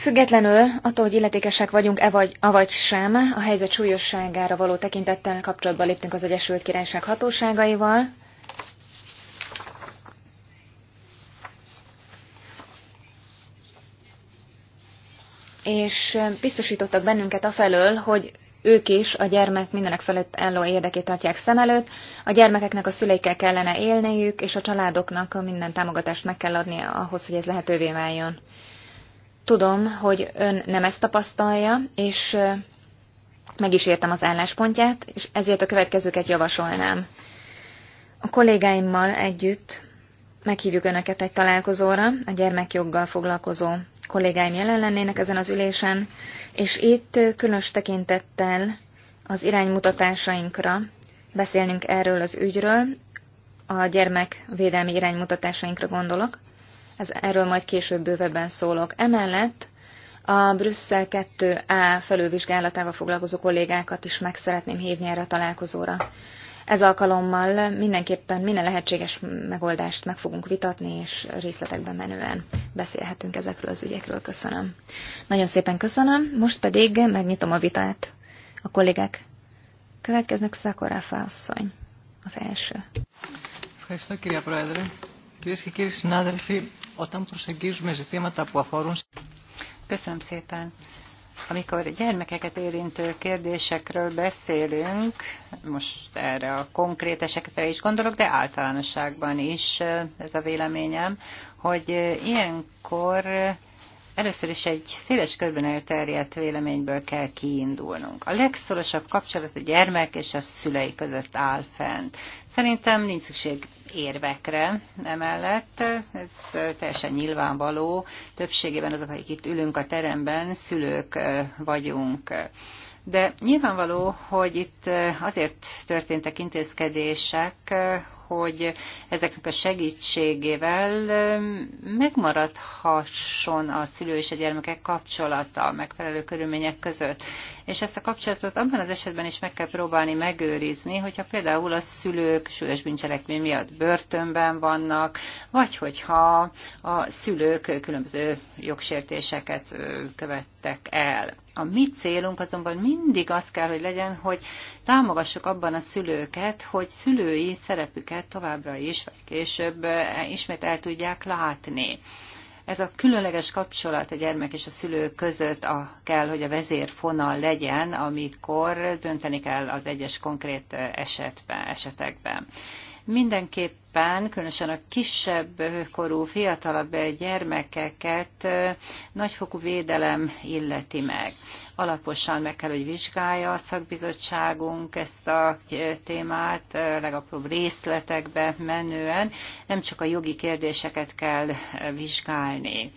Függetlenül attól, hogy illetékesek vagyunk-e vagy, avagy sem, a helyzet súlyosságára való tekintettel kapcsolatban léptünk az Egyesült Királyság hatóságaival. És biztosítottak bennünket afelől, hogy ők is a gyermek mindenek felett álló érdekét tartják szem előtt, a gyermekeknek a szüleikkel kellene élniük, és a családoknak minden támogatást meg kell adni ahhoz, hogy ez lehetővé váljon. Tudom, hogy ön nem ezt tapasztalja, és meg is értem az álláspontját, és ezért a következőket javasolnám. A kollégáimmal együtt meghívjuk önöket egy találkozóra, a gyermekjoggal foglalkozó kollégáim jelen lennének ezen az ülésen, és itt különös tekintettel az iránymutatásainkra beszélnünk erről az ügyről, a gyermekvédelmi iránymutatásainkra gondolok ez, erről majd később bővebben szólok. Emellett a Brüsszel 2A felülvizsgálatával foglalkozó kollégákat is meg szeretném hívni erre a találkozóra. Ez alkalommal mindenképpen minden lehetséges megoldást meg fogunk vitatni, és részletekben menően beszélhetünk ezekről az ügyekről. Köszönöm. Nagyon szépen köszönöm. Most pedig megnyitom a vitát. A kollégák következnek, Szakoráfa asszony az első. Köszönöm, Κυρίες και κύριοι συνάδελφοι, όταν προσεγγίζουμε ζητήματα που αφορούν... Köszönöm szépen. Amikor gyermekeket érintő kérdésekről beszélünk, most erre a konkrét esetre is gondolok, de általánosságban is eh, ez a véleményem, hogy eh, ilyenkor Először is egy széles körben elterjedt véleményből kell kiindulnunk. A legszorosabb kapcsolat a gyermek és a szülei között áll fent. Szerintem nincs szükség érvekre emellett, ez teljesen nyilvánvaló. Többségében azok, akik itt ülünk a teremben, szülők vagyunk. De nyilvánvaló, hogy itt azért történtek intézkedések, hogy ezeknek a segítségével um, megmaradhasson a szülő és a gyermekek kapcsolata megfelelő körülmények között és ezt a kapcsolatot abban az esetben is meg kell próbálni megőrizni, hogyha például a szülők súlyos bűncselekmény miatt börtönben vannak, vagy hogyha a szülők különböző jogsértéseket követtek el. A mi célunk azonban mindig az kell, hogy legyen, hogy támogassuk abban a szülőket, hogy szülői szerepüket továbbra is, vagy később ismét el tudják látni. Ez a különleges kapcsolat a gyermek és a szülő között a, kell, hogy a vezérfonal legyen, amikor dönteni kell az egyes konkrét esetben, esetekben. Mindenképpen, különösen a kisebb korú, fiatalabb gyermekeket nagyfokú védelem illeti meg. Alaposan meg kell, hogy vizsgálja a szakbizottságunk ezt a témát, legapróbb részletekbe menően. Nem csak a jogi kérdéseket kell vizsgálni.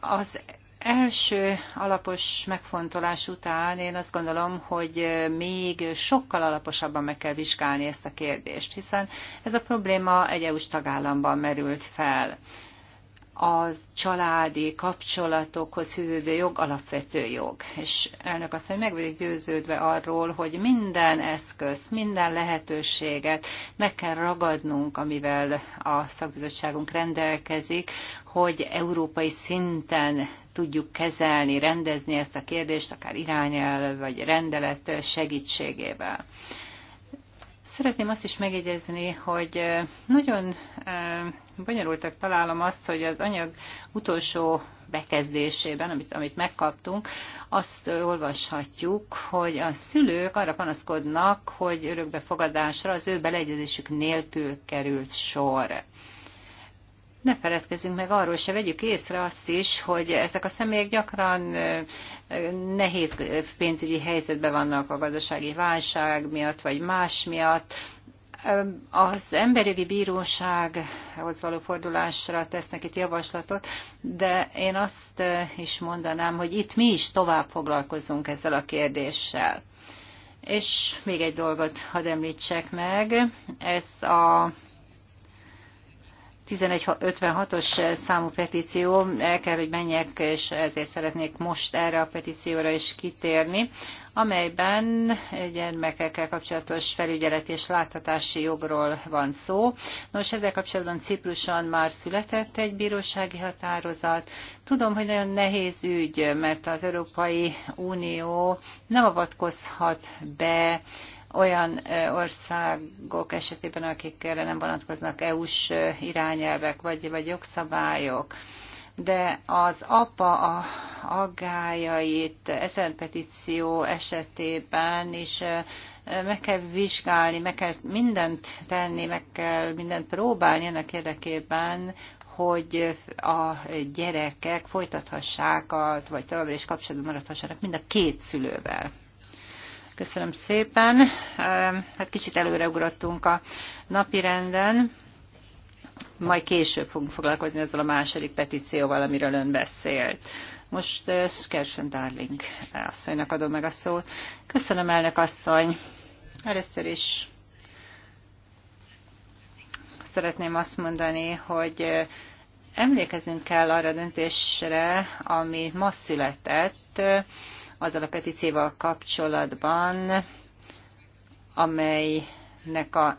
Az első alapos megfontolás után én azt gondolom, hogy még sokkal alaposabban meg kell vizsgálni ezt a kérdést, hiszen ez a probléma egy EU-s tagállamban merült fel az családi kapcsolatokhoz fűződő jog alapvető jog. És elnök azt, hogy meg vagyok győződve arról, hogy minden eszköz, minden lehetőséget meg kell ragadnunk, amivel a szakbizottságunk rendelkezik, hogy európai szinten tudjuk kezelni, rendezni ezt a kérdést, akár irányel vagy rendelet segítségével. Szeretném azt is megjegyezni, hogy eh, nagyon eh, bonyolultak találom azt, hogy az anyag utolsó bekezdésében, amit, amit megkaptunk, azt olvashatjuk, hogy a szülők arra panaszkodnak, hogy örökbefogadásra az ő beleegyezésük nélkül került sor. Ne feledkezzünk meg arról se, vegyük észre azt is, hogy ezek a személyek gyakran nehéz pénzügyi helyzetben vannak a gazdasági válság miatt, vagy más miatt, az emberi bírósághoz való fordulásra tesznek itt javaslatot, de én azt is mondanám, hogy itt mi is tovább foglalkozunk ezzel a kérdéssel. És még egy dolgot hadd említsek meg, ez a 1156-os számú petíció, el kell, hogy menjek, és ezért szeretnék most erre a petícióra is kitérni amelyben gyermekekkel kapcsolatos felügyelet és láthatási jogról van szó. Nos, ezzel kapcsolatban Cipruson már született egy bírósági határozat. Tudom, hogy nagyon nehéz ügy, mert az Európai Unió nem avatkozhat be olyan országok esetében, akikre nem vonatkoznak EU-s irányelvek vagy, vagy jogszabályok de az apa a aggájait ezen petíció esetében is meg kell vizsgálni, meg kell mindent tenni, meg kell mindent próbálni ennek érdekében, hogy a gyerekek folytathassák, a, vagy továbbra is kapcsolatban maradhassanak mind a két szülővel. Köszönöm szépen. Hát kicsit előreugrottunk a renden majd később fogunk foglalkozni ezzel a második petícióval, amiről ön beszélt. Most uh, eh, Skersen Darling asszonynak adom meg a szót. Köszönöm, elnök asszony. Először is szeretném azt mondani, hogy eh, emlékezünk kell arra a döntésre, ami ma született eh, azzal a petícióval kapcsolatban, amelynek a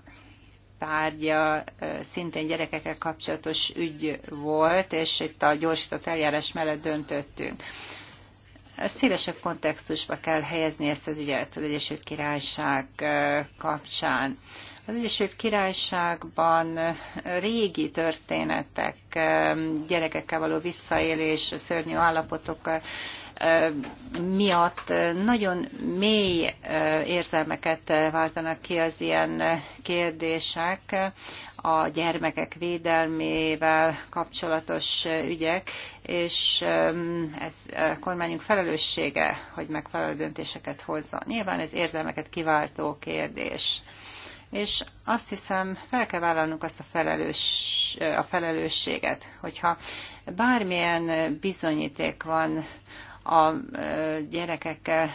tárgya szintén gyerekekkel kapcsolatos ügy volt, és itt a gyorsított eljárás mellett döntöttünk. Szélesebb kontextusba kell helyezni ezt az ügyet az Egyesült Királyság kapcsán. Az Egyesült Királyságban régi történetek, gyerekekkel való visszaélés, szörnyű állapotok miatt nagyon mély érzelmeket váltanak ki az ilyen kérdések, a gyermekek védelmével kapcsolatos ügyek, és ez a kormányunk felelőssége, hogy megfelelő döntéseket hozza. Nyilván ez érzelmeket kiváltó kérdés. És azt hiszem, fel kell vállalnunk azt a, felelős, a felelősséget, hogyha bármilyen bizonyíték van a gyerekekkel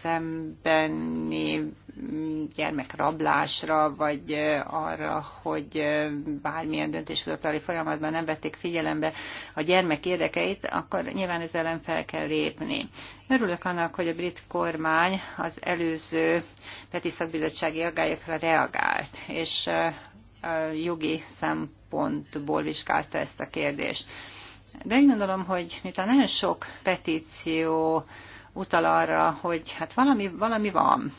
szembeni mm, gyermekrablásra, vagy arra, hogy bármilyen döntéshozatali folyamatban nem vették figyelembe a gyermek érdekeit, akkor nyilván ez ellen fel kell lépni. Örülök annak, hogy a brit kormány az előző Peti Szakbizottsági aggályokra reagált, és jogi szempontból vizsgálta ezt a kérdést. De én gondolom, hogy miután nagyon sok petíció utal arra, hogy hát valami, valami van,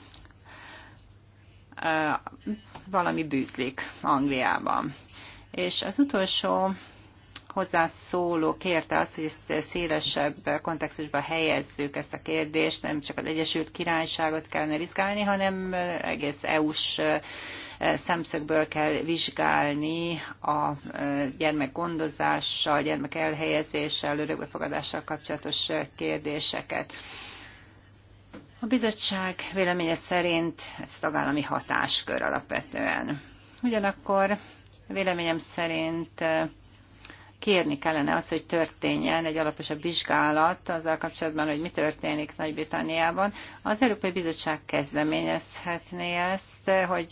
valami bűzlik Angliában. És az utolsó hozzászóló kérte azt, hogy ezt szélesebb kontextusba helyezzük ezt a kérdést, nem csak az Egyesült Királyságot kellene vizsgálni, hanem egész EU-s szemszögből kell vizsgálni a gyermekgondozással, gyermek elhelyezéssel, örökbefogadással kapcsolatos kérdéseket. A bizottság véleménye szerint ez tagállami hatáskör alapvetően. Ugyanakkor véleményem szerint kérni kellene az, hogy történjen egy alaposabb vizsgálat azzal kapcsolatban, hogy mi történik Nagy-Britanniában. Az Európai Bizottság kezdeményezhetné ezt, hogy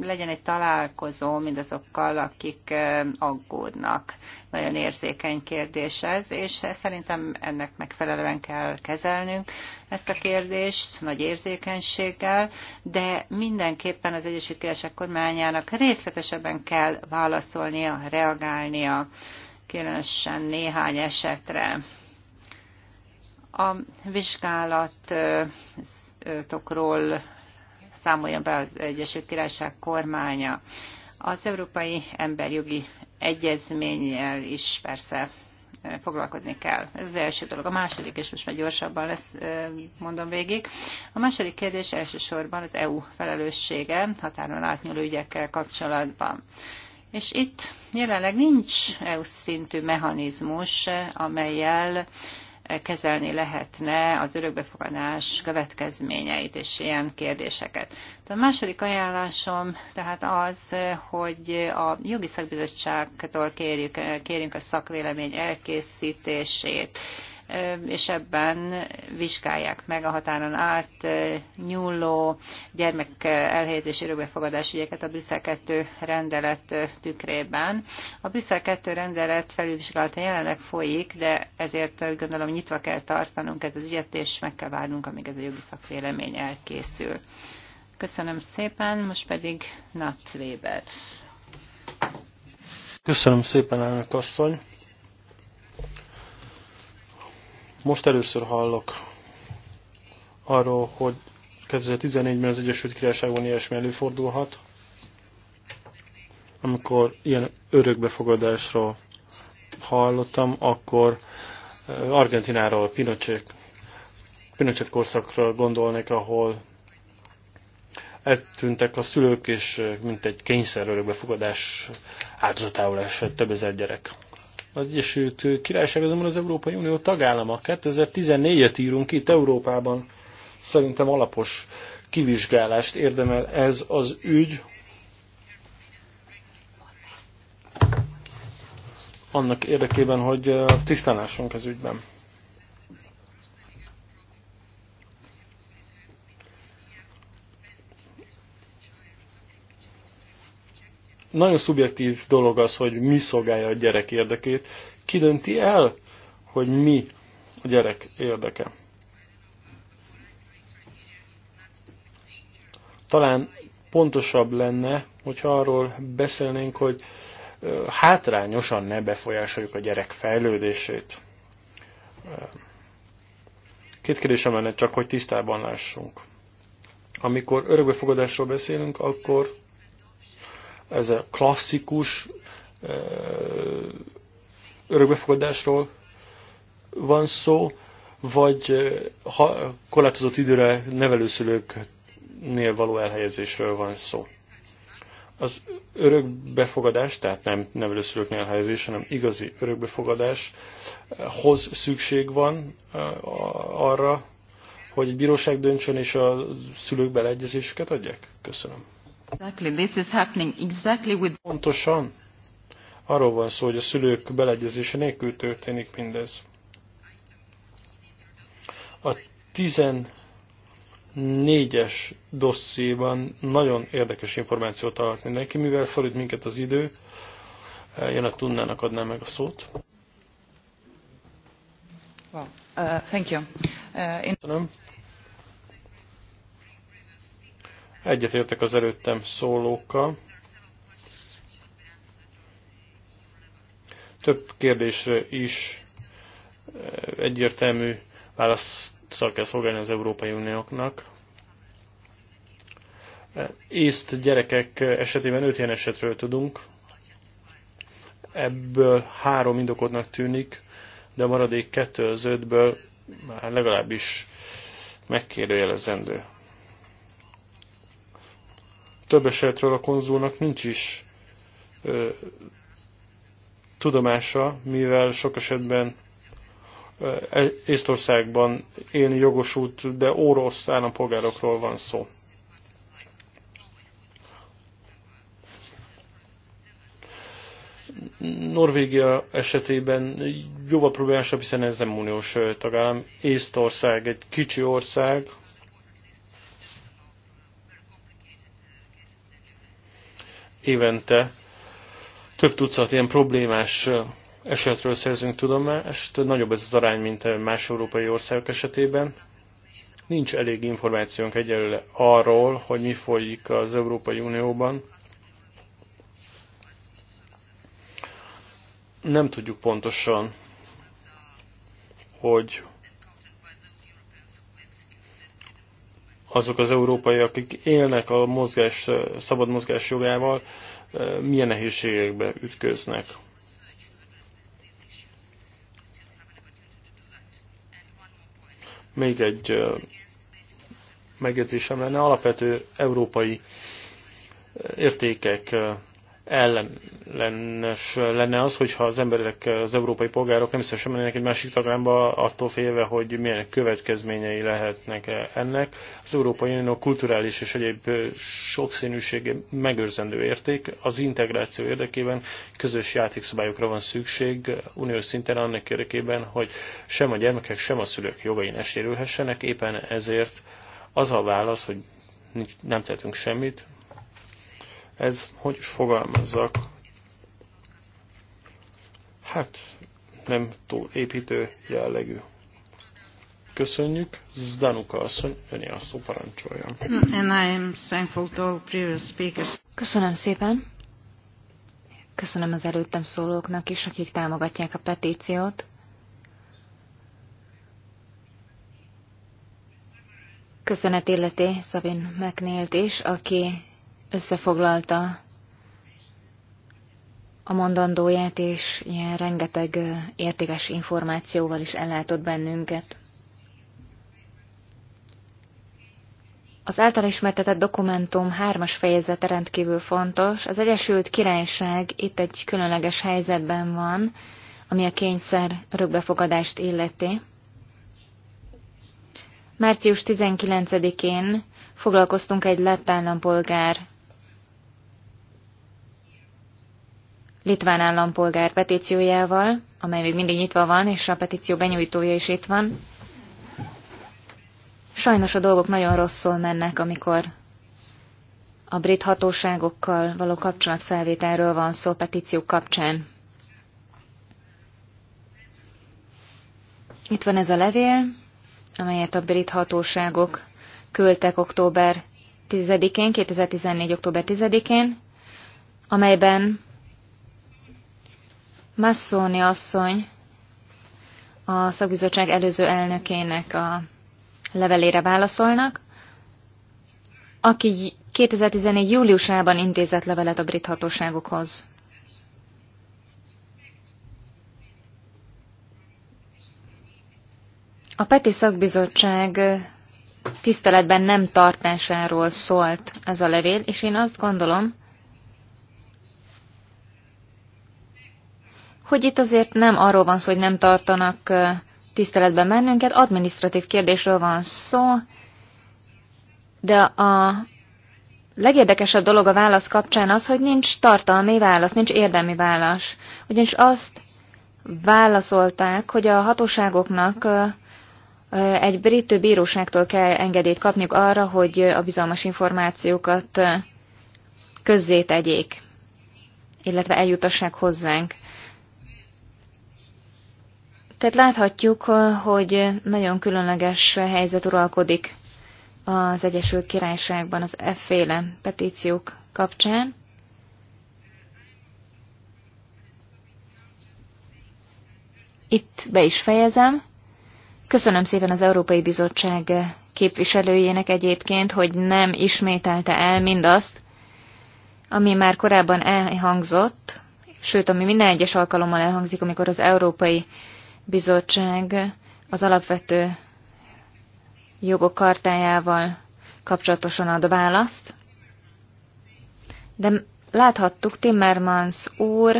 legyen egy találkozó mindazokkal, akik aggódnak. Nagyon érzékeny kérdés ez, és szerintem ennek megfelelően kell kezelnünk ezt a kérdést nagy érzékenységgel, de mindenképpen az Egyesült Királyság kormányának részletesebben kell válaszolnia, reagálnia különösen néhány esetre. A vizsgálatokról számolja be az Egyesült Királyság kormánya. Az Európai Emberjogi Egyezménnyel is persze foglalkozni kell. Ez az első dolog. A második, és most már gyorsabban lesz, mondom végig. A második kérdés elsősorban az EU felelőssége határon átnyúló ügyekkel kapcsolatban. És itt jelenleg nincs EU szintű mechanizmus, amelyel kezelni lehetne az örökbefogadás következményeit és ilyen kérdéseket. De a második ajánlásom tehát az, hogy a jogi szakbizottságtól kérjük, kérjünk a szakvélemény elkészítését, és ebben vizsgálják meg a határon át nyúló gyermek elhelyezés örökbefogadás ügyeket a Brüsszel 2 rendelet tükrében. A Brüsszel 2 rendelet felülvizsgálata jelenleg folyik, de ezért gondolom nyitva kell tartanunk ez az ügyet, és meg kell várnunk, amíg ez a jogi szakvélemény elkészül. Köszönöm szépen, most pedig Nat Weber. Köszönöm szépen, elnök asszony. Most először hallok arról, hogy 2014-ben az Egyesült Királyságban ilyesmi előfordulhat, amikor ilyen örökbefogadásról hallottam, akkor eh, Argentináról, Pinochet, Pinochet korszakra gondolnék, ahol eltűntek a szülők, és eh, mint egy kényszer örökbefogadás áldozatául esett több ezer gyerek. Az Egyesült Királyság azonban az Európai Unió tagállama. 2014-et írunk itt Európában. Szerintem alapos kivizsgálást érdemel ez az ügy. Annak érdekében, hogy eh, tisztánásunk ez ügyben. nagyon szubjektív dolog az, hogy mi szolgálja a gyerek érdekét. Ki dönti el, hogy mi a gyerek érdeke? Talán pontosabb lenne, hogyha arról beszélnénk, hogy hátrányosan ne befolyásoljuk a gyerek fejlődését. Két kérdésem lenne csak, hogy tisztában lássunk. Amikor örökbefogadásról beszélünk, akkor ez a klasszikus örökbefogadásról van szó, vagy ha, korlátozott időre nevelőszülőknél való elhelyezésről van szó. Az örökbefogadás, tehát nem nevelőszülőknél elhelyezés, hanem igazi örökbefogadáshoz szükség van arra, hogy egy bíróság döntsön és a szülők beleegyezésüket adják? Köszönöm. Exactly, this is happening exactly with... Pontosan arról van szó, hogy a szülők beleegyezése nélkül történik mindez. A 14-es dosszéban nagyon érdekes információt talált mindenki, mivel szorít minket az idő, jön a tunnának adnám meg a szót. Well, uh, thank you. Uh, in... Egyetértek az előttem szólókkal. Több kérdésre is eh, egyértelmű választ kell szolgálni az Európai Unióknak. Eh, észt gyerekek esetében öt ilyen esetről tudunk. Ebből három indokodnak tűnik, de a maradék kettő az ötből már legalábbis megkérdőjelezendő. Több esetről a konzulnak nincs is ö, tudomása, mivel sok esetben e- Észtországban élni jogosult, de orosz állampolgárokról van szó. Norvégia esetében jóval problémásabb, hiszen ez nem uniós tagállam. Észtország egy kicsi ország, évente több tucat ilyen problémás esetről szerzünk tudomást, nagyobb ez az arány, mint más európai országok esetében. Nincs elég információnk egyelőre arról, hogy mi folyik az Európai Unióban. Nem tudjuk pontosan, hogy azok az európaiak, akik élnek a mozgás, szabad mozgás jogával, milyen nehézségekbe ütköznek. Még egy megjegyzésem lenne, alapvető európai értékek ellenes lenne az, hogyha az emberek, az európai polgárok nem szívesen mennének egy másik tagállamba, attól félve, hogy milyen következményei lehetnek -e ennek. Az Európai Unió kulturális és egyéb sokszínűsége megőrzendő érték. Az integráció érdekében közös játékszabályokra van szükség uniós szinten annak érdekében, hogy sem a gyermekek, sem a szülők jogai ne sérülhessenek. Éppen ezért az a válasz, hogy nem tehetünk semmit, ez, hogy is fogalmazzak, hát nem túl építő jellegű. Köszönjük. Zdanuka asszony, öné a szó parancsolja. And I am thankful to all previous speakers. Köszönöm szépen. Köszönöm az előttem szólóknak is, akik támogatják a petíciót. Köszönet illeti Szabin McNeilt is, aki összefoglalta a mondandóját, és ilyen rengeteg értékes információval is ellátott bennünket. Az által ismertetett dokumentum hármas fejezete rendkívül fontos. Az Egyesült Királyság itt egy különleges helyzetben van, ami a kényszer örökbefogadást illeti. Március 19-én foglalkoztunk egy lett állampolgár litván állampolgár petíciójával, amely még mindig nyitva van, és a petíció benyújtója is itt van. Sajnos a dolgok nagyon rosszul mennek, amikor a brit hatóságokkal való kapcsolatfelvételről van szó petíció kapcsán. Itt van ez a levél, amelyet a brit hatóságok küldtek október 10-én, 2014. október 10-én, amelyben Masszóni asszony a szakbizottság előző elnökének a levelére válaszolnak, aki 2014. júliusában intézett levelet a brit hatóságokhoz. A Peti Szakbizottság tiszteletben nem tartásáról szólt ez a levél, és én azt gondolom, hogy itt azért nem arról van szó, hogy nem tartanak tiszteletben bennünket, administratív kérdésről van szó, de a legérdekesebb dolog a válasz kapcsán az, hogy nincs tartalmi válasz, nincs érdemi válasz. Ugyanis azt válaszolták, hogy a hatóságoknak egy brit bíróságtól kell engedélyt kapniuk arra, hogy a bizalmas információkat közzétegyék, illetve eljutassák hozzánk. Tehát láthatjuk, hogy nagyon különleges helyzet uralkodik az Egyesült Királyságban az efféle petíciók kapcsán. Itt be is fejezem. Köszönöm szépen az Európai Bizottság képviselőjének egyébként, hogy nem ismételte el mindazt, ami már korábban elhangzott, sőt, ami minden egyes alkalommal elhangzik, amikor az Európai bizottság az alapvető jogok kartájával kapcsolatosan ad választ, de láthattuk Timmermans úr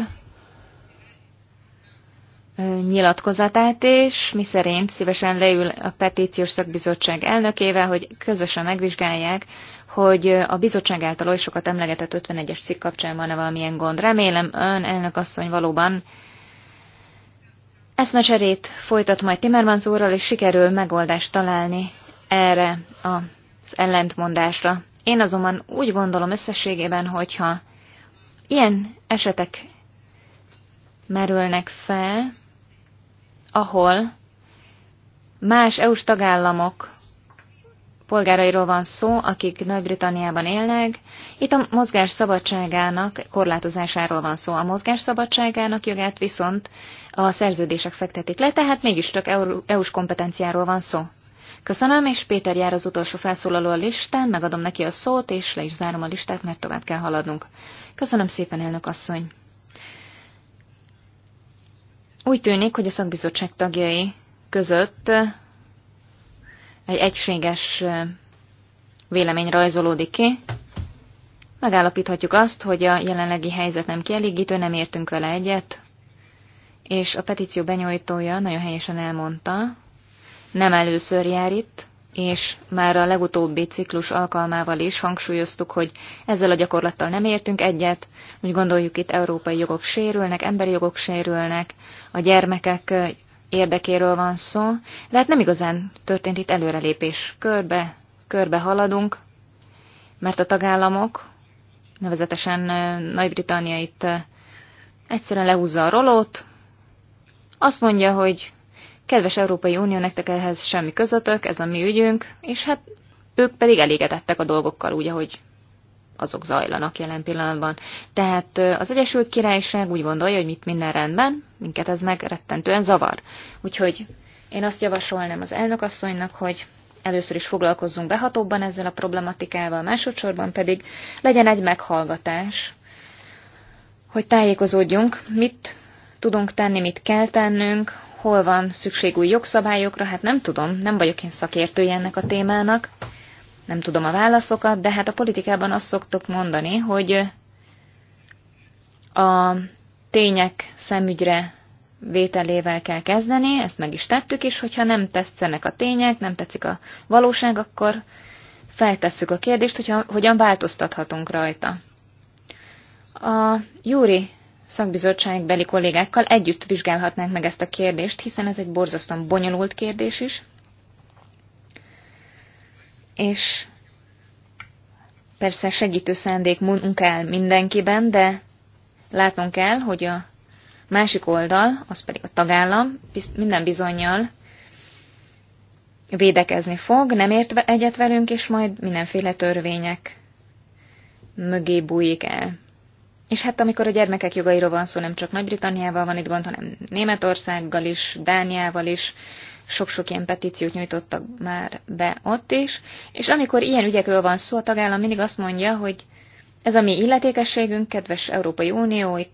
nyilatkozatát is, miszerint szívesen leül a petíciós szakbizottság elnökével, hogy közösen megvizsgálják, hogy a bizottság által oly sokat emlegetett 51-es cikk kapcsán van-e valamilyen gond. Remélem ön, elnök asszony, valóban Eszmecserét folytat majd Timmermans úrral, és sikerül megoldást találni erre az ellentmondásra. Én azonban úgy gondolom összességében, hogyha ilyen esetek merülnek fel, ahol más EU-s tagállamok polgárairól van szó, akik Nagy-Britanniában élnek. Itt a mozgás szabadságának korlátozásáról van szó. A mozgás szabadságának jogát viszont a szerződések fektetik le, tehát mégis csak EU-s kompetenciáról van szó. Köszönöm, és Péter jár az utolsó felszólaló a listán, megadom neki a szót, és le is zárom a listát, mert tovább kell haladnunk. Köszönöm szépen, elnök asszony! Úgy tűnik, hogy a szakbizottság tagjai között egy egységes vélemény rajzolódik ki. Megállapíthatjuk azt, hogy a jelenlegi helyzet nem kielégítő, nem értünk vele egyet, és a petíció benyújtója nagyon helyesen elmondta, nem először jár itt, és már a legutóbbi ciklus alkalmával is hangsúlyoztuk, hogy ezzel a gyakorlattal nem értünk egyet, úgy gondoljuk itt európai jogok sérülnek, emberi jogok sérülnek, a gyermekek érdekéről van szó, de hát nem igazán történt itt előrelépés. Körbe, körbe haladunk, mert a tagállamok, nevezetesen Nagy-Britannia itt egyszerűen lehúzza a rolót, azt mondja, hogy kedves Európai Unió, nektek ehhez semmi közötök, ez a mi ügyünk, és hát ők pedig elégedettek a dolgokkal úgy, ahogy azok zajlanak jelen pillanatban. Tehát az Egyesült Királyság úgy gondolja, hogy mit minden rendben, minket ez meg rettentően zavar. Úgyhogy én azt javasolnám az elnökasszonynak, hogy először is foglalkozzunk behatóbban ezzel a problematikával, másodszorban pedig legyen egy meghallgatás, hogy tájékozódjunk, mit tudunk tenni, mit kell tennünk, hol van szükség új jogszabályokra, hát nem tudom, nem vagyok én szakértője ennek a témának, nem tudom a válaszokat, de hát a politikában azt szoktok mondani, hogy a tények szemügyre vételével kell kezdeni, ezt meg is tettük, is, hogyha nem tetszenek a tények, nem tetszik a valóság, akkor feltesszük a kérdést, hogy hogyan változtathatunk rajta. A Júri szakbizottságbeli kollégákkal együtt vizsgálhatnánk meg ezt a kérdést, hiszen ez egy borzasztóan bonyolult kérdés is. És persze segítő szándék el mindenkiben, de látnunk kell, hogy a másik oldal, az pedig a tagállam, minden bizonyal védekezni fog, nem ért egyet velünk, és majd mindenféle törvények mögé bújik el. És hát amikor a gyermekek jogairól van szó, nem csak Nagy-Britanniával van itt gond, hanem Németországgal is, Dániával is, sok-sok ilyen petíciót nyújtottak már be ott is, és amikor ilyen ügyekről van szó, a tagállam mindig azt mondja, hogy ez a mi illetékességünk, kedves Európai Unió, itt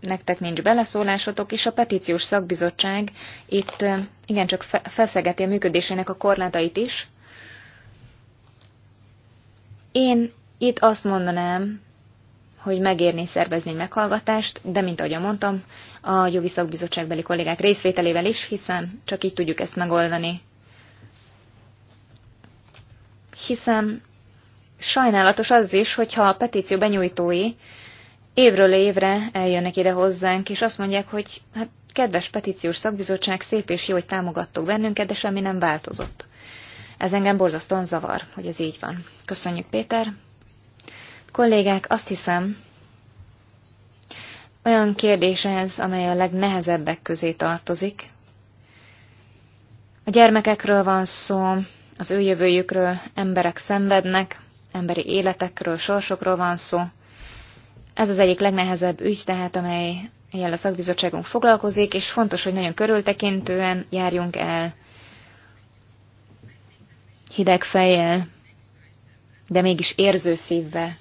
nektek nincs beleszólásotok, és a petíciós szakbizottság itt igencsak feszegeti a működésének a korlátait is. Én itt azt mondanám, hogy megérni szervezni egy meghallgatást, de mint ahogy mondtam, a jogi szakbizottságbeli kollégák részvételével is, hiszen csak így tudjuk ezt megoldani. Hiszen sajnálatos az is, hogyha a petíció benyújtói évről évre eljönnek ide hozzánk, és azt mondják, hogy hát kedves petíciós szakbizottság, szép és jó, hogy támogattok bennünket, de semmi nem változott. Ez engem borzasztóan zavar, hogy ez így van. Köszönjük, Péter! Kollégák, azt hiszem, olyan kérdés ez, amely a legnehezebbek közé tartozik. A gyermekekről van szó, az ő jövőjükről emberek szenvednek, emberi életekről, sorsokról van szó. Ez az egyik legnehezebb ügy, tehát amely jel a szakbizottságunk foglalkozik, és fontos, hogy nagyon körültekintően járjunk el hideg fejjel, de mégis érző szívvel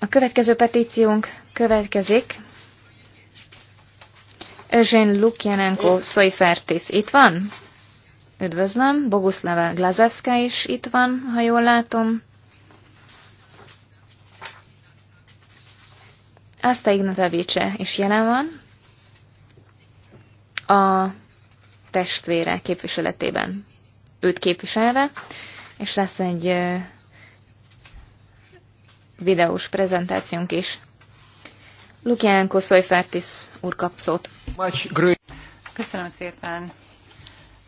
a következő petíciónk következik. Eugene Lukjanenko Szojfertis itt van? Üdvözlöm, Boguslava Glazevska is itt van, ha jól látom. Asta Ignatevice is jelen van a testvére képviseletében, őt képviselve, és lesz egy videós prezentációnk is. Lukjánko Szojfertis úr kap szót. Köszönöm szépen.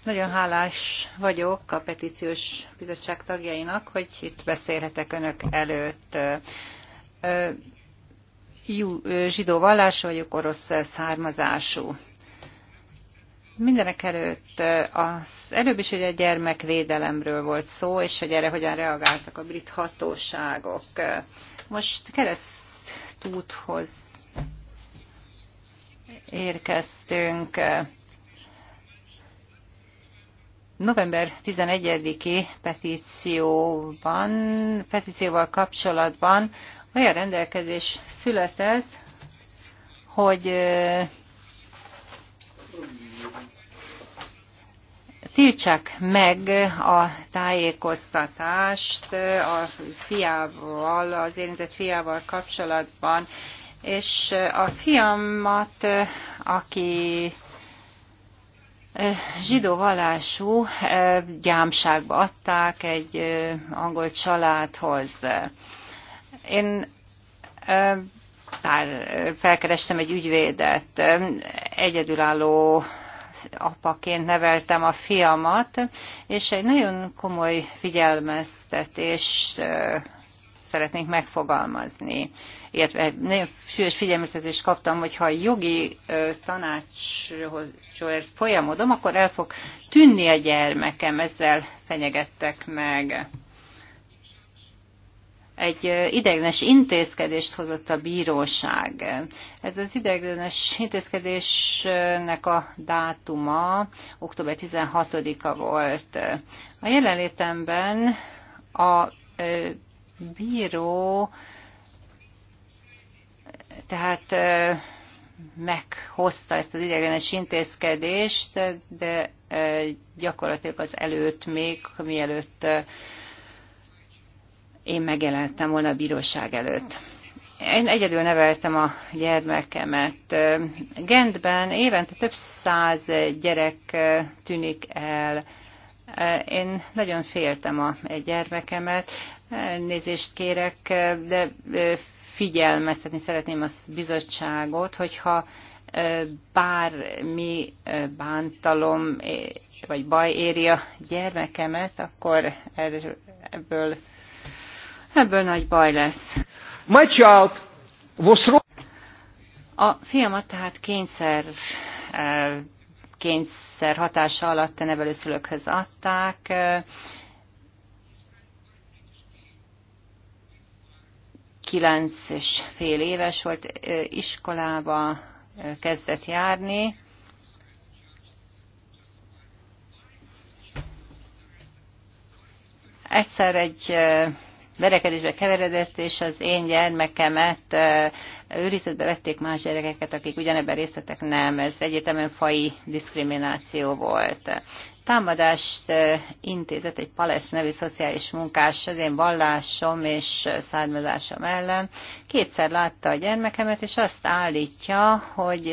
Nagyon hálás vagyok a petíciós bizottság tagjainak, hogy itt beszélhetek önök előtt. Zsidó vallás vagyok, orosz származású. Mindenek előtt az előbb is hogy a gyermekvédelemről volt szó, és hogy erre hogyan reagáltak a brit hatóságok. Most keresztúthoz érkeztünk. November 11-i petícióban, petícióval kapcsolatban olyan rendelkezés született, hogy tiltsák meg a tájékoztatást a fiával, az érintett fiával kapcsolatban, és a fiamat, aki zsidó vallású gyámságba adták egy angol családhoz. Én felkerestem egy ügyvédet, egyedülálló apaként neveltem a fiamat, és egy nagyon komoly figyelmeztetés szeretnénk megfogalmazni. Illetve nagyon súlyos figyelmeztetést kaptam, hogy ha jogi tanácshoz folyamodom, akkor el fog tűnni a gyermekem, ezzel fenyegettek meg egy ideiglenes intézkedést hozott a bíróság. Ez az ideiglenes intézkedésnek a dátuma október 16-a volt. A jelenlétemben a bíró tehát meghozta ezt az ideiglenes intézkedést, de gyakorlatilag az előtt még, mielőtt én megjelentem volna a bíróság előtt. Én egyedül neveltem a gyermekemet. Gentben évente több száz gyerek tűnik el. Én nagyon féltem a gyermekemet. Nézést kérek, de figyelmeztetni szeretném a bizottságot, hogyha bármi bántalom vagy baj éri a gyermekemet, akkor ebből Ebből nagy baj lesz. My child was a fiamat tehát kényszer, kényszer hatása alatt a nevelőszülőkhöz adták. Kilenc és fél éves volt, iskolába kezdett járni. Egyszer egy verekedésbe keveredett, és az én gyermekemet őrizetbe vették más gyerekeket, akik ugyanebben részletek nem. Ez egyetemen fai diszkrimináció volt. Támadást intézett egy palesz nevű szociális munkás az én vallásom és származásom ellen. Kétszer látta a gyermekemet, és azt állítja, hogy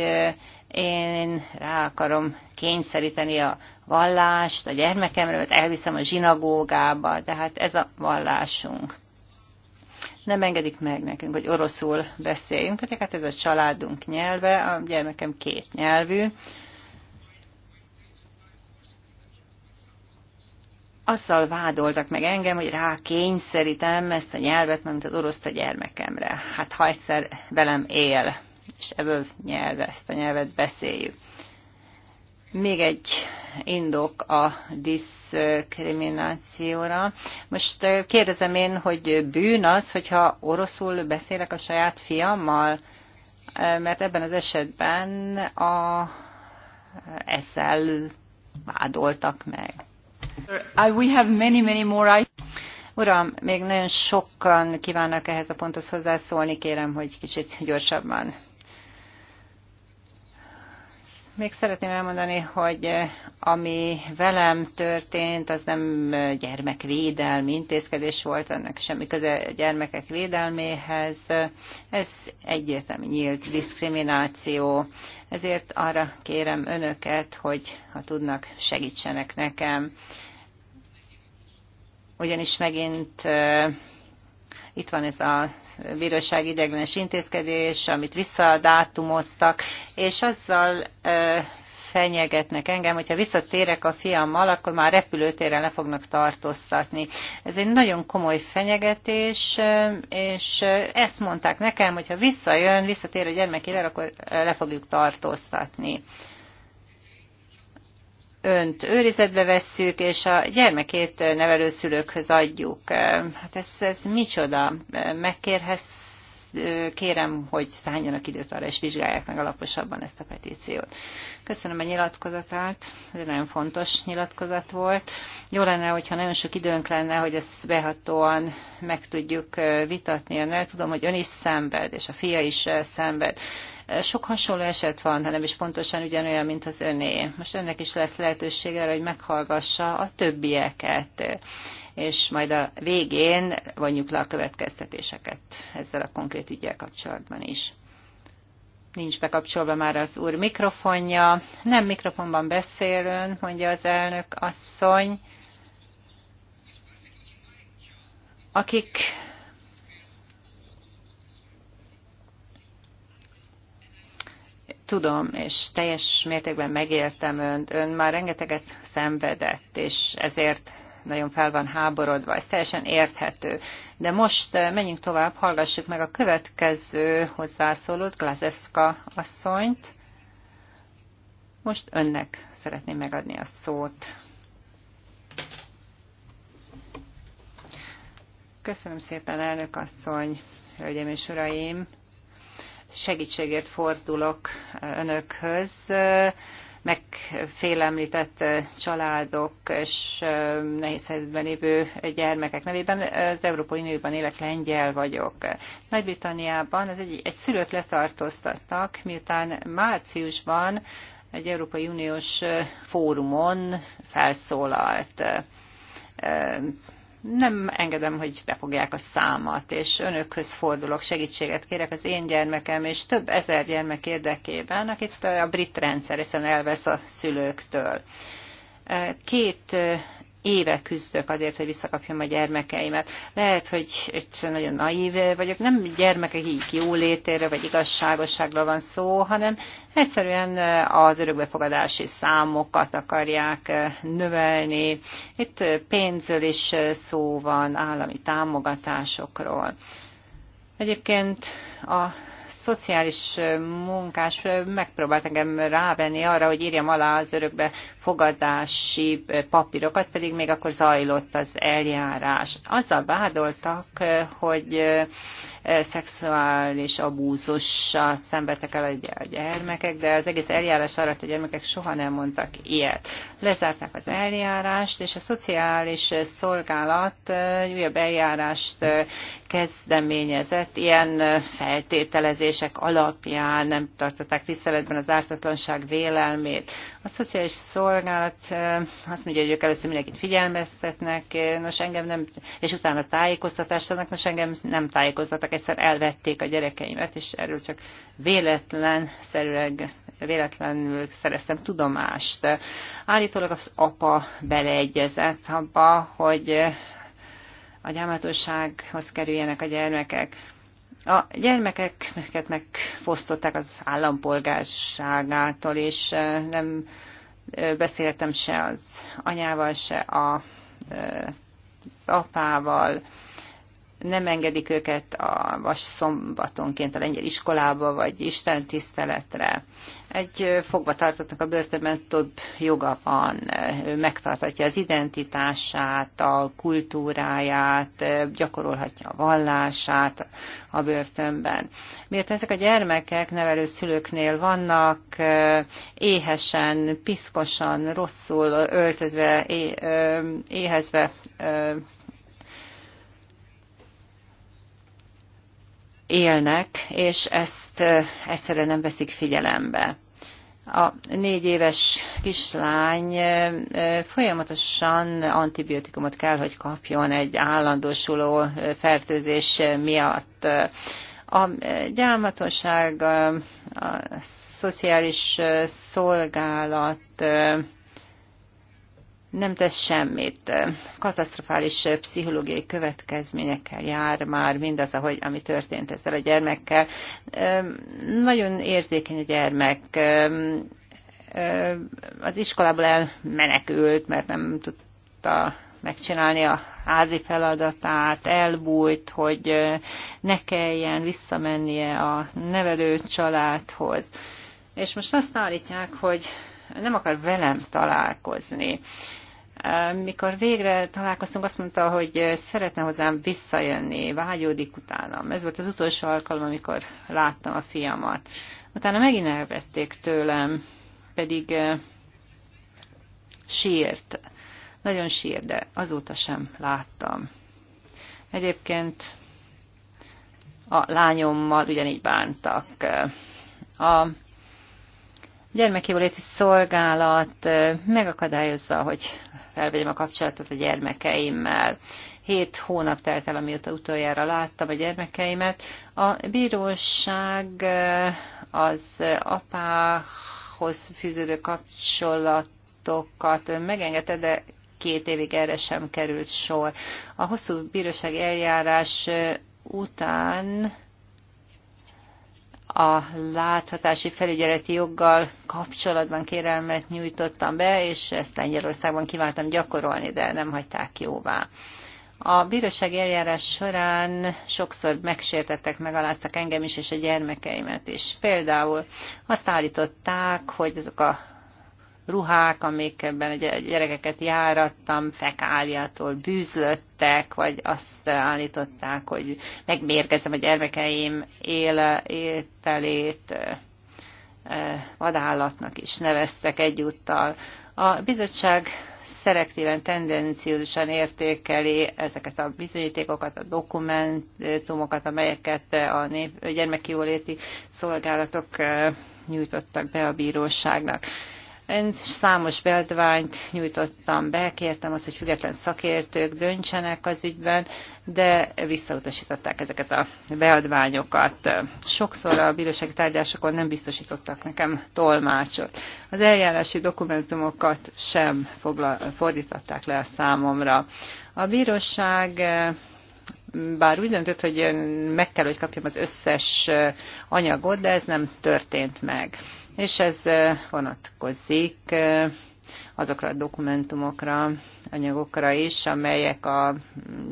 én rá akarom kényszeríteni a vallást, a gyermekemről, elviszem a zsinagógába, de hát ez a vallásunk. Nem engedik meg nekünk, hogy oroszul beszéljünk, pedig hát ez a családunk nyelve, a gyermekem két nyelvű. Azzal vádoltak meg engem, hogy rá kényszerítem ezt a nyelvet, mert az oroszt a gyermekemre. Hát ha egyszer velem él, és ebből nyelve, ezt a nyelvet beszéljük. Még egy indok a diszkriminációra. Most kérdezem én, hogy bűn az, hogyha oroszul beszélek a saját fiammal, mert ebben az esetben a, ezzel vádoltak meg. We have many, many more Uram, még nagyon sokan kívánnak ehhez a ponthoz hozzászólni, kérem, hogy kicsit gyorsabban még szeretném elmondani, hogy eh, ami velem történt, az nem eh, gyermekvédelmi intézkedés volt, ennek semmi köze gyermekek védelméhez. Ez egyértelmű nyílt diszkrimináció. Ezért arra kérem önöket, hogy ha tudnak, segítsenek nekem. Ugyanis megint eh, itt van ez a bíróság ideglenes intézkedés, amit visszadátumoztak, és azzal fenyegetnek engem, hogyha visszatérek a fiammal, akkor már repülőtéren le fognak tartóztatni. Ez egy nagyon komoly fenyegetés, és ezt mondták nekem, hogyha visszajön, visszatér a gyermekére, akkor le fogjuk tartóztatni önt őrizetbe vesszük, és a gyermekét nevelőszülőkhöz adjuk. Hát ez, ez micsoda? Megkérhez, kérem, hogy szálljanak időt arra, és vizsgálják meg alaposabban ezt a petíciót. Köszönöm a nyilatkozatát, ez nagyon fontos nyilatkozat volt. Jó lenne, hogyha nagyon sok időnk lenne, hogy ezt behatóan meg tudjuk vitatni. Önnel tudom, hogy ön is szenved, és a fia is szenved sok hasonló eset van, hanem is pontosan ugyanolyan, mint az öné. Most önnek is lesz lehetősége, arra, hogy meghallgassa a többieket, és majd a végén vonjuk le a következtetéseket ezzel a konkrét ügyel kapcsolatban is nincs bekapcsolva már az úr mikrofonja. Nem mikrofonban beszélőn, mondja az elnök asszony. Akik tudom, és teljes mértékben megértem önt, ön már rengeteget szenvedett, és ezért nagyon fel van háborodva, ez teljesen érthető. De most eh, menjünk tovább, hallgassuk meg a következő hozzászólót, Glazewska asszonyt. Most önnek szeretném megadni a szót. Köszönöm szépen, elnök asszony, hölgyeim és uraim! segítségért fordulok eh, önökhöz. Megfélemlített eh, családok és eh, nehéz helyzetben lévő gyermekek nevében az Európai Unióban élek lengyel vagyok. Nagy-Britanniában ez egy, egy szülőt letartóztattak, miután márciusban egy Európai Uniós fórumon felszólalt nem engedem, hogy befogják a számat, és önökhöz fordulok, segítséget kérek az én gyermekem és több ezer gyermek érdekében, akit a brit rendszer hiszen elvesz a szülőktől. Két éve küzdök azért, hogy visszakapjam a gyermekeimet. Lehet, hogy nagyon naív vagyok, nem gyermekek így jólétére vagy igazságosságra van szó, hanem egyszerűen az örökbefogadási számokat akarják eh, növelni. Itt pénzről is szó van, állami támogatásokról. Egyébként a szociális munkás megpróbált engem rávenni arra, hogy írjam alá az örökbe fogadási papírokat, pedig még akkor zajlott az eljárás. Azzal vádoltak, hogy szexuális abúzussal szenvedtek el a gyermekek, de az egész eljárás alatt a gyermekek soha nem mondtak ilyet. Lezárták az eljárást, és a szociális szolgálat újabb eljárást kezdeményezett, ilyen feltételezések alapján nem tartották tiszteletben az ártatlanság vélelmét. A szociális szolgálat azt mondja, hogy ők először mindenkit figyelmeztetnek, nos engem nem, és utána tájékoztatásnak, nos engem nem tájékoztattak, egyszer elvették a gyerekeimet, és erről csak véletlen szerűleg véletlenül szereztem tudomást. Állítólag az apa beleegyezett abba, hogy a gyámhatósághoz kerüljenek a gyermekek. A gyermekeket megfosztották az állampolgárságától, és nem beszéltem se az anyával, se a, az apával. Nem engedik őket a vas szombatonként a lengyel iskolába, vagy Isten tiszteletre egy fogvatartottnak a börtönben több joga van, ő megtartatja az identitását, a kultúráját, gyakorolhatja a vallását a börtönben. Miért ezek a gyermekek nevelő szülőknél vannak, éhesen, piszkosan, rosszul öltözve, éhezve élnek, és ezt eh, egyszerűen nem veszik figyelembe. A négy éves kislány eh, eh, folyamatosan antibiotikumot kell, hogy kapjon egy állandósuló fertőzés miatt. A gyámatosság, a szociális szolgálat nem tesz semmit. Katasztrofális pszichológiai következményekkel jár már mindaz, ahogy, ami történt ezzel a gyermekkel. Nagyon érzékeny a gyermek, az iskolából elmenekült, mert nem tudta megcsinálni a házi feladatát, elbújt, hogy ne kelljen visszamennie a nevelő családhoz. És most azt állítják, hogy nem akar velem találkozni. Mikor végre találkoztunk, azt mondta, hogy szeretne hozzám visszajönni, vágyódik utánam. Ez volt az utolsó alkalom, amikor láttam a fiamat. Utána megint elvették tőlem, pedig eh, sírt. Nagyon sírt, de azóta sem láttam. Egyébként a lányommal ugyanígy bántak. A gyermekjóléti szolgálat megakadályozza, hogy felvegyem a kapcsolatot a gyermekeimmel. Hét hónap telt el, amióta utoljára láttam a gyermekeimet. A bíróság az apához fűződő kapcsolatokat megengedte, de két évig erre sem került sor. A hosszú bíróság eljárás után a láthatási felügyeleti joggal kapcsolatban kérelmet nyújtottam be, és ezt Lengyelországban kívántam gyakorolni, de nem hagyták jóvá. A bíróság eljárás során sokszor megsértettek, megaláztak engem is és a gyermekeimet is. Például azt állították, hogy azok a ruhák, amikben a gyerekeket járattam, fekáliától bűzlöttek, vagy azt állították, hogy megmérgezem a gyermekeim él, ételét, vadállatnak is neveztek egyúttal. A bizottság szelektíven, tendenciósan értékeli ezeket a bizonyítékokat, a dokumentumokat, amelyeket a nép, a gyermekjóléti szolgálatok nyújtottak be a bíróságnak. Én számos beadványt nyújtottam be, kértem azt, hogy független szakértők döntsenek az ügyben, de visszautasították ezeket a beadványokat. Sokszor a bírósági tárgyásokon nem biztosítottak nekem tolmácsot. Az eljárási dokumentumokat sem fogla- fordították le a számomra. A bíróság bár úgy döntött, hogy meg kell, hogy kapjam az összes anyagot, de ez nem történt meg és ez vonatkozik azokra a dokumentumokra, anyagokra is, amelyek a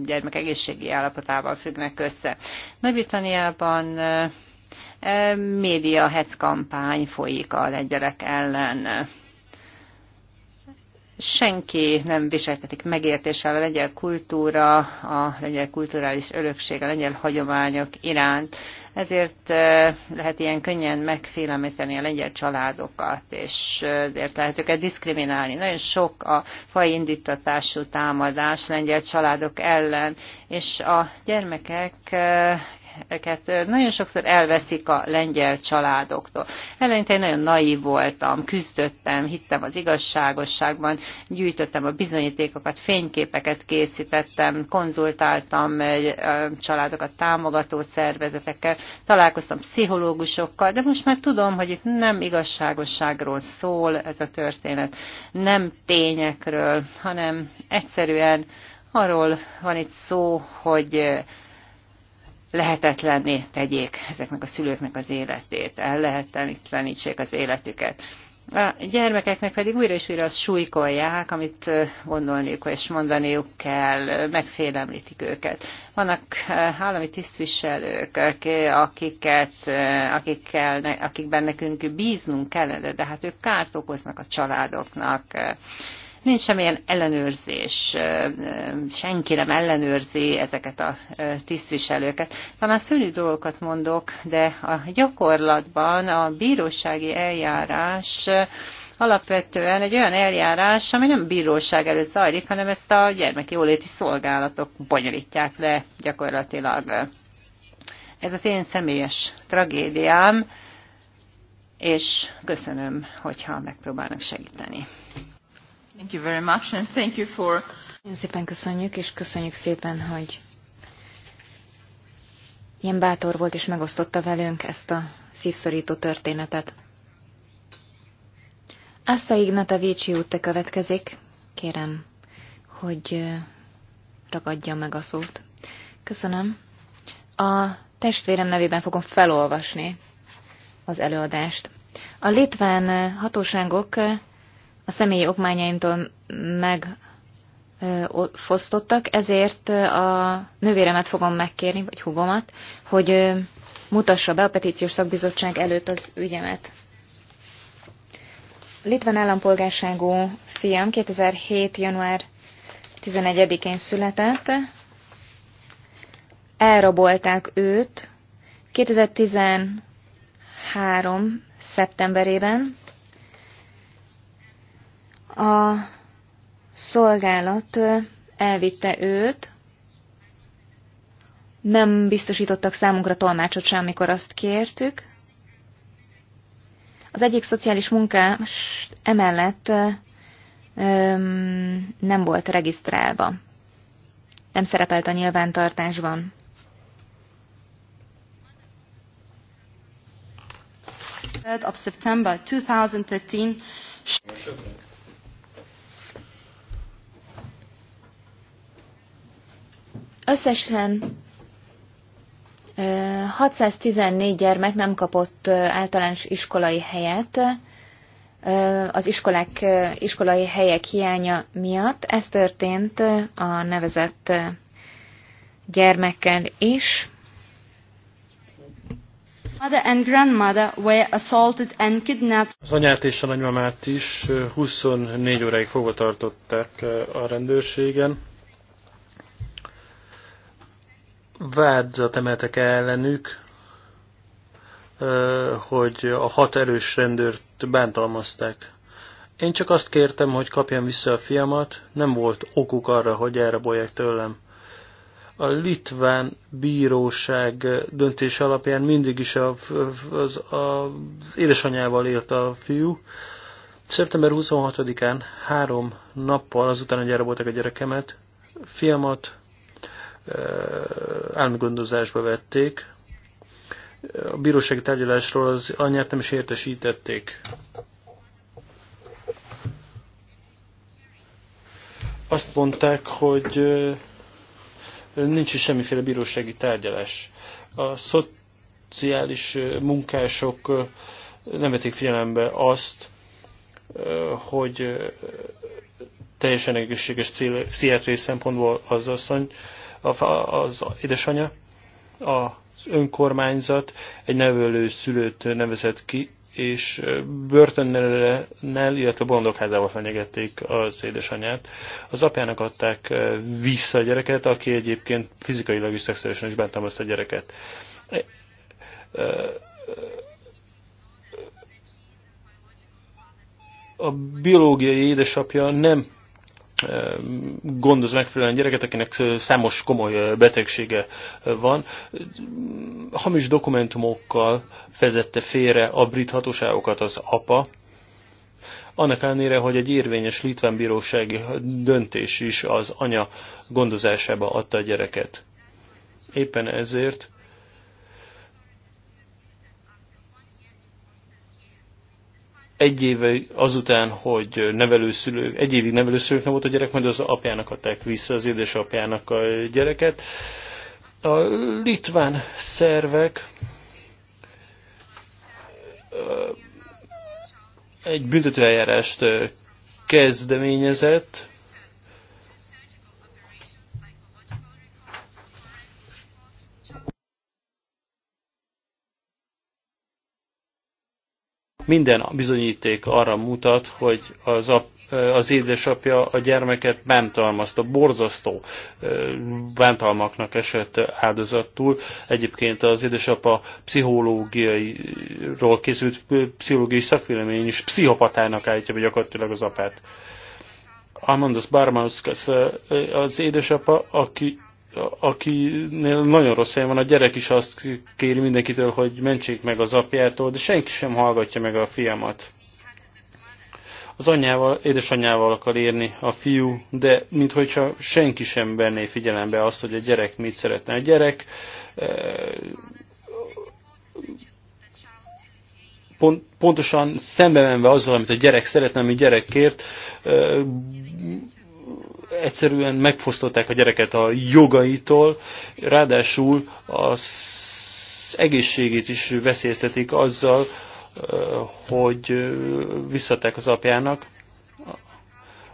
gyermek egészségi állapotával függnek össze. Nagy-Britanniában média hetz kampány folyik a lengyelek ellen senki nem viseltetik megértéssel a lengyel kultúra, a lengyel kulturális örökség, a lengyel hagyományok iránt. Ezért eh, lehet ilyen könnyen megfélemlíteni a lengyel családokat, és eh, ezért lehet őket diszkriminálni. Nagyon sok a faj indítatású támadás lengyel családok ellen, és a gyermekek eh, gyermekeket nagyon sokszor elveszik a lengyel családoktól. Eleinte én nagyon naív voltam, küzdöttem, hittem az igazságosságban, gyűjtöttem a bizonyítékokat, fényképeket készítettem, konzultáltam családokat támogató szervezetekkel, találkoztam pszichológusokkal, de most már tudom, hogy itt nem igazságosságról szól ez a történet, nem tényekről, hanem egyszerűen arról van itt szó, hogy lehetetlenné tegyék ezeknek a szülőknek az életét, ellehetetlenítsék az életüket. A gyermekeknek pedig újra és újra azt súlykolják, amit gondolniuk és mondaniuk kell, megfélemlítik őket. Vannak állami tisztviselők, akiket, akikkel, akikben nekünk bíznunk kellene, de hát ők kárt okoznak a családoknak Nincs semmilyen ellenőrzés, senki nem ellenőrzi ezeket a tisztviselőket. Talán szörnyű dolgokat mondok, de a gyakorlatban a bírósági eljárás alapvetően egy olyan eljárás, ami nem bíróság előtt zajlik, hanem ezt a jóléti szolgálatok bonyolítják le gyakorlatilag. Ez az én személyes tragédiám, és köszönöm, hogyha megpróbálnak segíteni. Nagyon szépen köszönjük, és köszönjük szépen, hogy ilyen bátor volt és megosztotta velünk ezt a szívszorító történetet. Asta út te következik. Kérem, hogy ragadja meg a szót. Köszönöm. A testvérem nevében fogom felolvasni az előadást. A litván hatóságok a személyi okmányaimtól megfosztottak, ezért a nővéremet fogom megkérni, vagy hugomat, hogy mutassa be a petíciós szakbizottság előtt az ügyemet. Litván állampolgárságú fiam 2007. január 11-én született. Elrabolták őt 2013. szeptemberében, a szolgálat elvitte őt, nem biztosítottak számunkra tolmácsot sem, amikor azt kértük. Az egyik szociális munkás emellett öm, nem volt regisztrálva. Nem szerepelt a nyilvántartásban. of September 2013 Összesen 614 gyermek nem kapott általános iskolai helyet az iskolák, iskolai helyek hiánya miatt. Ez történt a nevezett gyermekkel is. Mother and grandmother were assaulted and kidnapped. Az anyát és a nagymamát is 24 óráig fogva tartották a rendőrségen vádzat emeltek ellenük, hogy a hat erős rendőrt bántalmazták. Én csak azt kértem, hogy kapjam vissza a fiamat, nem volt okuk arra, hogy elrabolják tőlem. A litván bíróság döntés alapján mindig is az, az, az édesanyával élt a fiú. Szeptember 26-án, három nappal azután, hogy elraboltak a gyerekemet, fiamat államgondozásba vették. A bírósági tárgyalásról az anyát nem is értesítették. Azt mondták, hogy nincs is semmiféle bírósági tárgyalás. A szociális munkások nem vették figyelembe azt, hogy teljesen egészséges pszichiátriai szempontból az asszony, az édesanyja, az önkormányzat egy nevelő szülőt nevezett ki, és börtönnel, illetve bolondokházával fenyegették az édesanyját. Az apjának adták vissza a gyereket, aki egyébként fizikailag és szexuálisan is bántalmazta a gyereket. E, e, a biológiai édesapja nem gondoz megfelelően gyereket, akinek számos komoly betegsége van. Hamis dokumentumokkal vezette félre a brit hatóságokat az apa, annak ellenére, hogy egy érvényes litván bírósági döntés is az anya gondozásába adta a gyereket. Éppen ezért egy éve azután, hogy nevelőszülő, egy évig nevelőszülőknek volt a gyerek, majd az apjának adták vissza, az édesapjának a gyereket. A litván szervek egy büntetőeljárást kezdeményezett, Minden bizonyíték arra mutat, hogy az, ap, az édesapja a gyermeket bántalmazta, borzasztó bántalmaknak esett áldozattól. Egyébként az édesapa pszichológiairól készült pszichológiai szakvélemény is pszichopatának állítja be gyakorlatilag az apát. Amandas Barmanuskas az édesapa, aki akinél nagyon rossz hely van, a gyerek is azt kéri mindenkitől, hogy mentsék meg az apjától, de senki sem hallgatja meg a fiamat. Az anyával, édesanyjával akar érni a fiú, de minthogyha senki sem venné figyelembe azt, hogy a gyerek mit szeretne. A gyerek eh, pont, pontosan szembe menve azzal, amit a gyerek szeretne, ami gyerekkért, eh, egyszerűen megfosztották a gyereket a jogaitól, ráadásul az egészségét is veszélyeztetik azzal, eh, hogy eh, visszaták az apjának.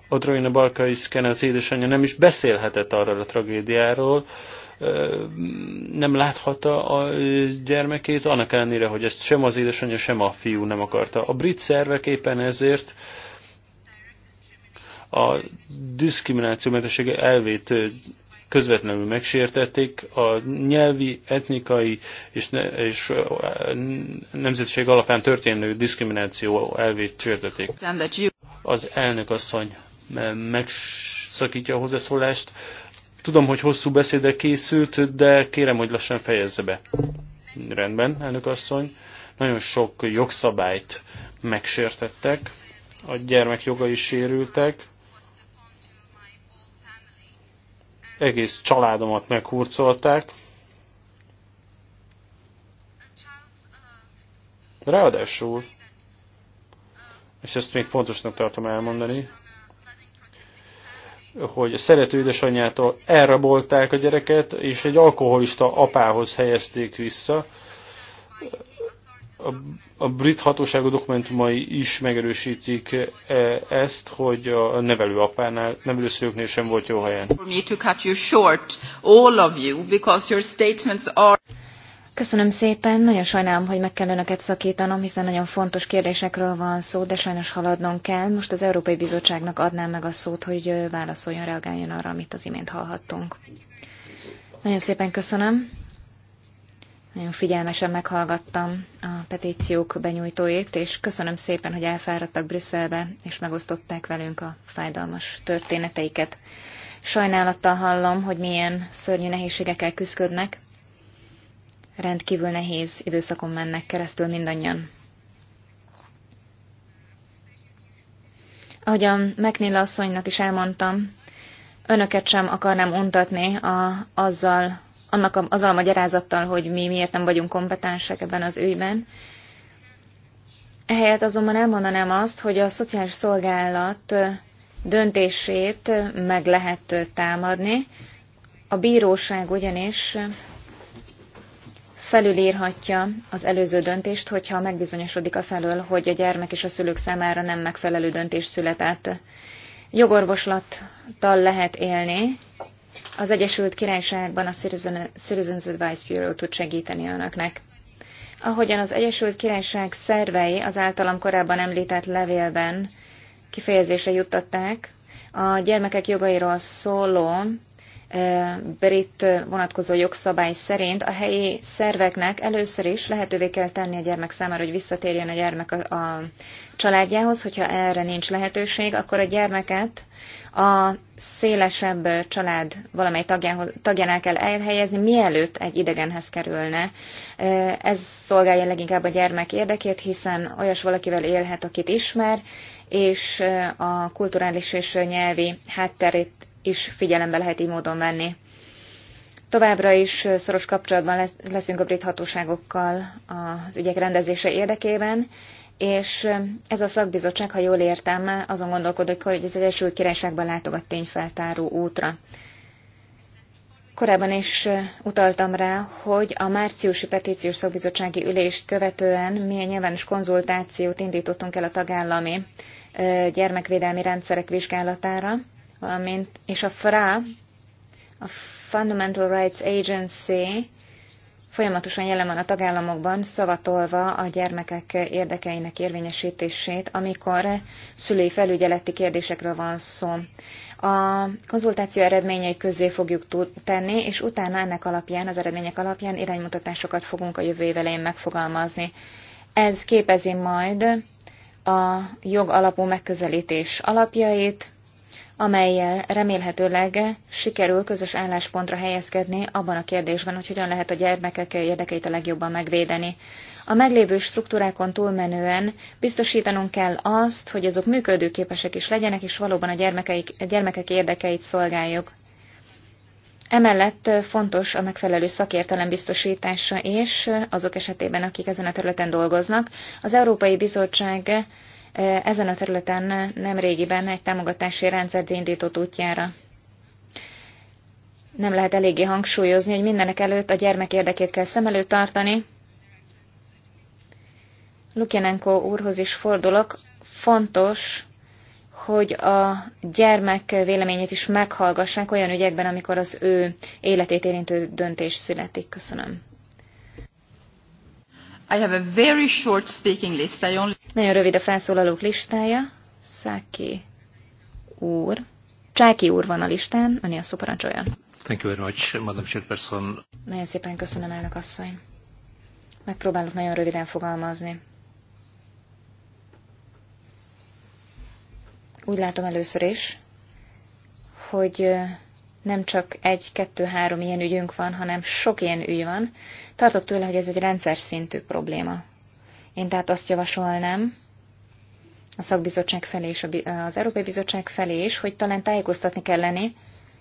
Odroina Balkai Szkene, az édesanyja nem is beszélhetett arról a tragédiáról, eh, nem láthatta a gyermekét, annak ellenére, hogy ezt sem az édesanyja, sem a fiú nem akarta. A brit szervek éppen ezért a diszkriminációmentesség elvét közvetlenül megsértették, a nyelvi, etnikai és, ne, és nemzetiség alapján történő diszkrimináció elvét sértették. Az elnök asszony megszakítja a hozzászólást. Tudom, hogy hosszú beszéde készült, de kérem, hogy lassan fejezze be. Rendben, elnök asszony. Nagyon sok jogszabályt megsértettek, a gyermekjogai sérültek, egész családomat meghurcolták. Ráadásul, és ezt még fontosnak tartom elmondani, hogy a szerető édesanyjától elrabolták a gyereket, és egy alkoholista apához helyezték vissza a, brit hatóság dokumentumai is megerősítik e, ezt, hogy a nevelőapánál, nevelőszülőknél sem volt jó helyen. Köszönöm szépen, nagyon sajnálom, hogy meg kell önöket szakítanom, hiszen nagyon fontos kérdésekről van szó, de sajnos haladnom kell. Most az Európai Bizottságnak adnám meg a szót, hogy válaszoljon, reagáljon arra, amit az imént hallhattunk. Nagyon szépen köszönöm. Nagyon figyelmesen meghallgattam a petíciók benyújtóit, és köszönöm szépen, hogy elfáradtak Brüsszelbe, és megosztották velünk a fájdalmas történeteiket. Sajnálattal hallom, hogy milyen szörnyű nehézségekkel küzdködnek. Rendkívül nehéz időszakon mennek keresztül mindannyian. a McNilla asszonynak is elmondtam, önöket sem akarnám untatni a, azzal, annak azzal a magyarázattal, hogy mi miért nem vagyunk kompetensek ebben az ügyben. Ehelyett azonban elmondanám azt, hogy a szociális szolgálat döntését meg lehet támadni. A bíróság ugyanis felülírhatja az előző döntést, hogyha megbizonyosodik a felől, hogy a gyermek és a szülők számára nem megfelelő döntés született. Jogorvoslattal lehet élni, az Egyesült Királyságban a Citizens Advice Bureau tud segíteni önöknek. Ahogyan az Egyesült Királyság szervei az általam korábban említett levélben kifejezése juttatták, a gyermekek jogairól szóló brit vonatkozó jogszabály szerint a helyi szerveknek először is lehetővé kell tenni a gyermek számára, hogy visszatérjen a gyermek a, a családjához, hogyha erre nincs lehetőség, akkor a gyermeket a szélesebb család valamely tagjánál kell elhelyezni, mielőtt egy idegenhez kerülne. Ez szolgálja leginkább a gyermek érdekét, hiszen olyas valakivel élhet, akit ismer, és a kulturális és nyelvi hátterét is figyelembe lehet így módon venni. Továbbra is szoros kapcsolatban leszünk a brit hatóságokkal az ügyek rendezése érdekében, és ez a szakbizottság, ha jól értem, azon gondolkodik, hogy az Egyesült Királyságban látogat tényfeltáró útra. Korábban is utaltam rá, hogy a márciusi petíciós szakbizottsági ülést követően milyen nyilvános konzultációt indítottunk el a tagállami gyermekvédelmi rendszerek vizsgálatára, valamint, és a FRA, a Fundamental Rights Agency folyamatosan jelen van a tagállamokban, szavatolva a gyermekek érdekeinek érvényesítését, amikor szülői felügyeleti kérdésekről van szó. A konzultáció eredményei közé fogjuk tenni, és utána ennek alapján, az eredmények alapján iránymutatásokat fogunk a jövő év elején megfogalmazni. Ez képezi majd a jogalapú megközelítés alapjait, amelyel remélhetőleg sikerül közös álláspontra helyezkedni abban a kérdésben, hogy hogyan lehet a gyermekek érdekeit a legjobban megvédeni. A meglévő struktúrákon túlmenően biztosítanunk kell azt, hogy azok működőképesek is legyenek, és valóban a, gyermekeik, a gyermekek érdekeit szolgáljuk. Emellett fontos a megfelelő szakértelem biztosítása és azok esetében, akik ezen a területen dolgoznak. Az Európai Bizottság E, ezen a területen nem régiben egy támogatási rendszert indított útjára. Nem lehet eléggé hangsúlyozni, hogy mindenek előtt a gyermek érdekét kell szem előtt tartani. Lukjenenko úrhoz is fordulok. Fontos, hogy a gyermek véleményét is meghallgassák olyan ügyekben, amikor az ő életét érintő döntés születik. Köszönöm. I have a very short speaking list. I only... Nagyon rövid a felszólalók listája. Száki úr. Csáki úr van a listán, öni a szó Thank you very much, Madam Chairperson. Nagyon szépen köszönöm, elnök asszony. Megpróbálok nagyon röviden fogalmazni. Úgy látom először is, hogy nem csak egy, kettő, három ilyen ügyünk van, hanem sok ilyen ügy van, Tartok tőle, hogy ez egy rendszer szintű probléma. Én tehát azt javasolnám a szakbizottság felé és az Európai Bizottság felé is, hogy talán tájékoztatni kellene,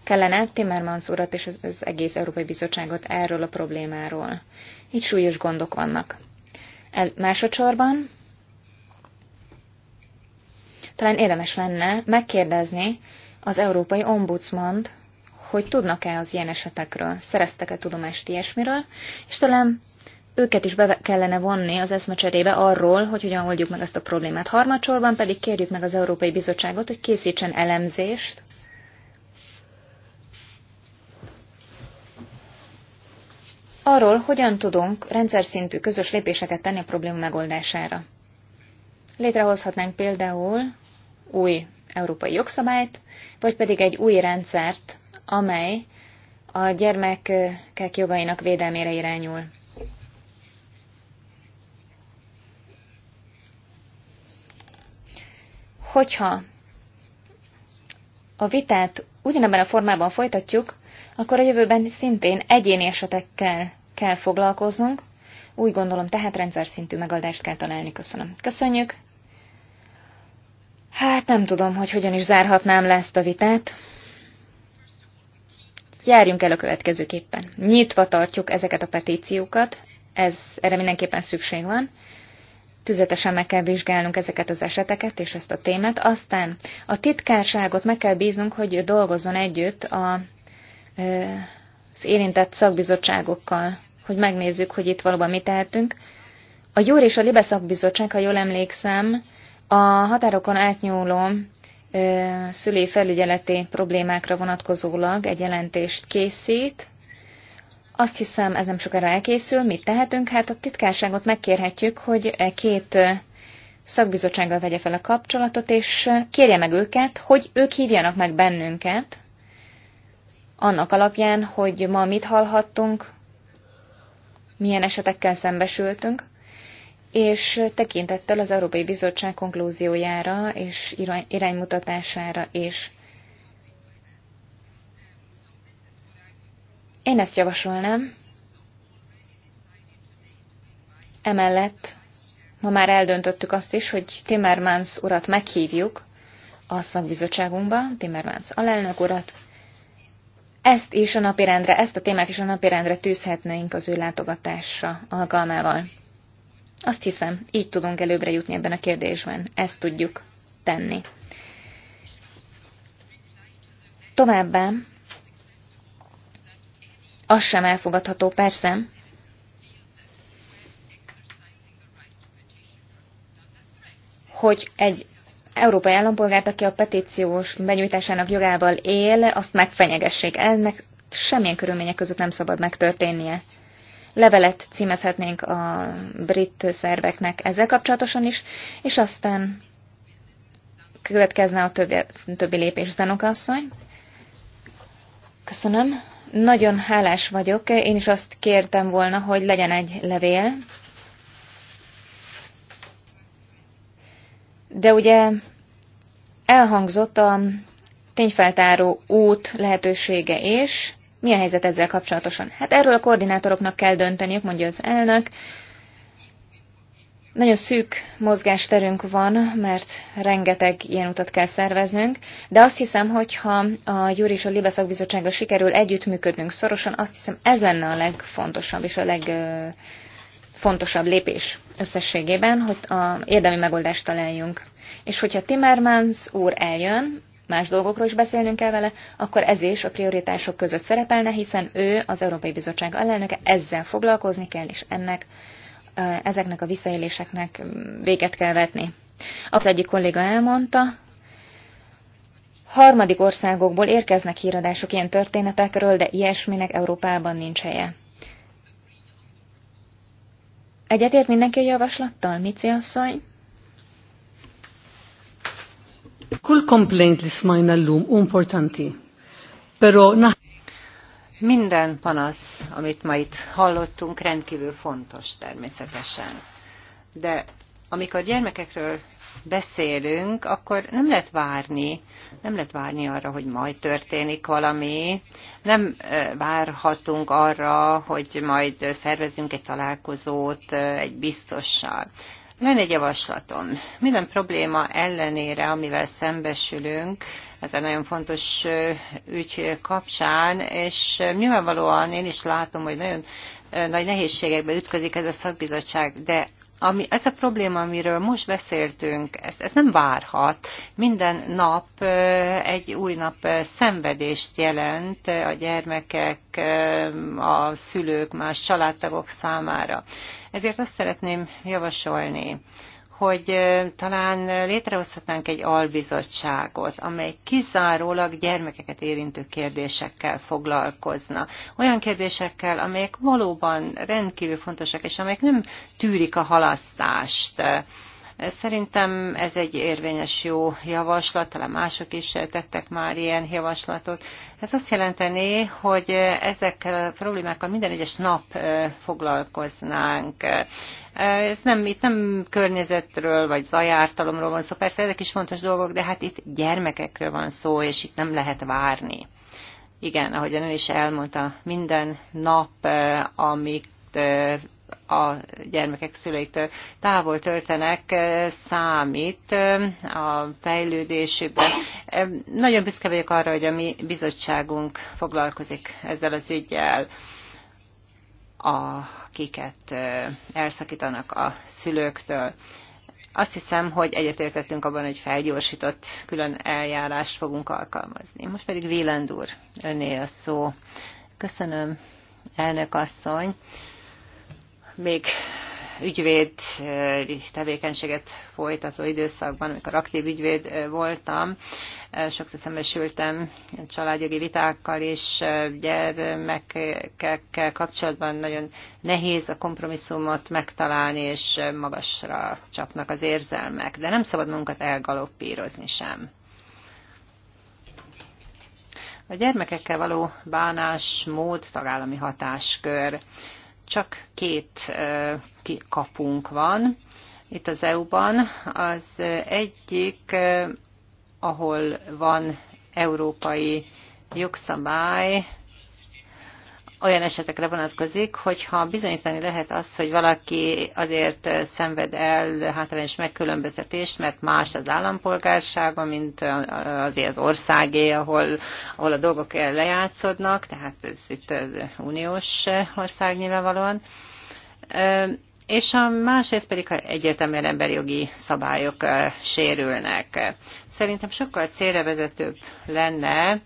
kellene Timmermans urat és az, egész Európai Bizottságot erről a problémáról. Itt súlyos gondok vannak. El, másodszorban talán érdemes lenne megkérdezni az Európai Ombudsmant hogy tudnak-e az ilyen esetekről, szereztek-e tudomást ilyesmiről, és talán őket is be kellene vonni az eszmecserébe arról, hogy hogyan oldjuk meg ezt a problémát. Harmadsorban pedig kérjük meg az Európai Bizottságot, hogy készítsen elemzést, arról, hogyan tudunk rendszer szintű közös lépéseket tenni a probléma megoldására. Létrehozhatnánk például új európai jogszabályt, vagy pedig egy új rendszert amely a gyermekek jogainak védelmére irányul. Hogyha a vitát ugyanebben a formában folytatjuk, akkor a jövőben szintén egyéni esetekkel kell foglalkoznunk, úgy gondolom, tehát rendszer szintű megoldást kell találni. Köszönöm. Köszönjük. Hát nem tudom, hogy hogyan is zárhatnám le ezt a vitát. Járjunk el a következőképpen. Nyitva tartjuk ezeket a petíciókat, ez, erre mindenképpen szükség van. Tüzetesen meg kell vizsgálnunk ezeket az eseteket és ezt a témát. Aztán a titkárságot meg kell bíznunk, hogy dolgozzon együtt a, az érintett szakbizottságokkal, hogy megnézzük, hogy itt valóban mit tehetünk. A Gyúr és a Libe szakbizottság, ha jól emlékszem, a határokon átnyúló szülői felügyeleti problémákra vonatkozólag egy jelentést készít. Azt hiszem, ez nem sokára elkészül. Mit tehetünk? Hát a titkárságot megkérhetjük, hogy e két szakbizottsággal vegye fel a kapcsolatot, és kérje meg őket, hogy ők hívjanak meg bennünket, annak alapján, hogy ma mit hallhattunk, milyen esetekkel szembesültünk és tekintettel az Európai Bizottság konklúziójára és iránymutatására is. Én ezt javasolnám. Emellett ma már eldöntöttük azt is, hogy Timmermans urat meghívjuk a szakbizottságunkba, Timmermans alelnök urat. Ezt is a napirendre, ezt a témát is a napirendre tűzhetnénk az ő látogatása alkalmával. Azt hiszem, így tudunk előbbre jutni ebben a kérdésben. Ezt tudjuk tenni. Továbbá, az sem elfogadható, persze, hogy egy európai állampolgárt, aki a petíciós benyújtásának jogával él, azt megfenyegessék. Ennek semmilyen körülmények között nem szabad megtörténnie levelet címezhetnénk a brit szerveknek ezzel kapcsolatosan is, és aztán következne a többi, többi lépés, Zanoka asszony. Köszönöm. Nagyon hálás vagyok. Én is azt kértem volna, hogy legyen egy levél. De ugye elhangzott a tényfeltáró út lehetősége is, mi a helyzet ezzel kapcsolatosan? Hát erről a koordinátoroknak kell dönteniük, mondja az elnök. Nagyon szűk mozgásterünk van, mert rengeteg ilyen utat kell szerveznünk, de azt hiszem, hogyha a Gyuri és a Libe szakbizottsággal sikerül együttműködnünk szorosan, azt hiszem ez lenne a legfontosabb és a legfontosabb lépés összességében, hogy a érdemi megoldást találjunk. És hogyha Timmermans úr eljön, más dolgokról is beszélnünk kell vele, akkor ez is a prioritások között szerepelne, hiszen ő az Európai Bizottság alelnöke, ezzel foglalkozni kell, és ennek, ezeknek a visszaéléseknek mm, véget kell vetni. Az egyik kolléga elmondta, harmadik országokból érkeznek híradások ilyen történetekről, de ilyesminek Európában nincs helye. Egyetért mindenki a javaslattal, Mici asszony? Kull komplejnt li smajna l-lum u importanti. Pero na... Minden panasz, amit ma itt hallottunk, rendkívül fontos természetesen. De amikor gyermekekről beszélünk, akkor nem lehet várni, nem lehet várni arra, hogy majd történik valami, nem várhatunk arra, hogy majd szervezünk egy találkozót egy biztossal. Lenne egy javaslatom. Minden probléma ellenére, amivel szembesülünk, ez egy nagyon fontos ügy kapcsán, és nyilvánvalóan én is látom, hogy nagyon nagy nehézségekbe ütközik ez a szakbizottság, de ami, ez a probléma, amiről most beszéltünk, ez, ez nem várhat. Minden nap egy új nap szenvedést jelent a gyermekek, a szülők, más családtagok számára. Ezért azt szeretném javasolni, hogy talán létrehozhatnánk egy albizottságot, amely kizárólag gyermekeket érintő kérdésekkel foglalkozna. Olyan kérdésekkel, amelyek valóban rendkívül fontosak, és amelyek nem tűrik a halasztást Szerintem ez egy érvényes jó javaslat, talán mások is tettek már ilyen javaslatot. Ez azt jelenteni, hogy ezekkel a problémákkal minden egyes nap foglalkoznánk. Ez nem, itt nem környezetről vagy zajártalomról van szó, persze ezek is fontos dolgok, de hát itt gyermekekről van szó, és itt nem lehet várni. Igen, ahogyan ő is elmondta, minden nap, amit a gyermekek szüleiktől távol töltenek, számít a fejlődésükben. Nagyon büszke vagyok arra, hogy a mi bizottságunk foglalkozik ezzel az ügyel, akiket elszakítanak a szülőktől. Azt hiszem, hogy egyetértettünk abban, hogy felgyorsított külön eljárást fogunk alkalmazni. Most pedig Vélend úr, öné a szó. Köszönöm, elnök asszony még ügyvéd eh, tevékenységet folytató időszakban, amikor aktív ügyvéd eh, voltam, eh, sokszor szembesültem családjogi vitákkal és gyermekekkel kapcsolatban nagyon nehéz a kompromisszumot megtalálni, és magasra csapnak az érzelmek, de nem szabad magunkat elgaloppírozni sem. A gyermekekkel való bánásmód tagállami hatáskör csak két kapunk van itt az EU-ban. Az egyik, ahol van európai jogszabály, olyan esetekre vonatkozik, hogyha bizonyítani lehet azt, hogy valaki azért szenved el hátrányos megkülönböztetést, mert más az állampolgársága, mint azért az országé, ahol, ahol a dolgok lejátszódnak, tehát ez itt az uniós ország nyilvánvalóan. És a másrészt pedig, ha egyértelműen emberi jogi szabályok sérülnek. Szerintem sokkal célrevezetőbb lenne,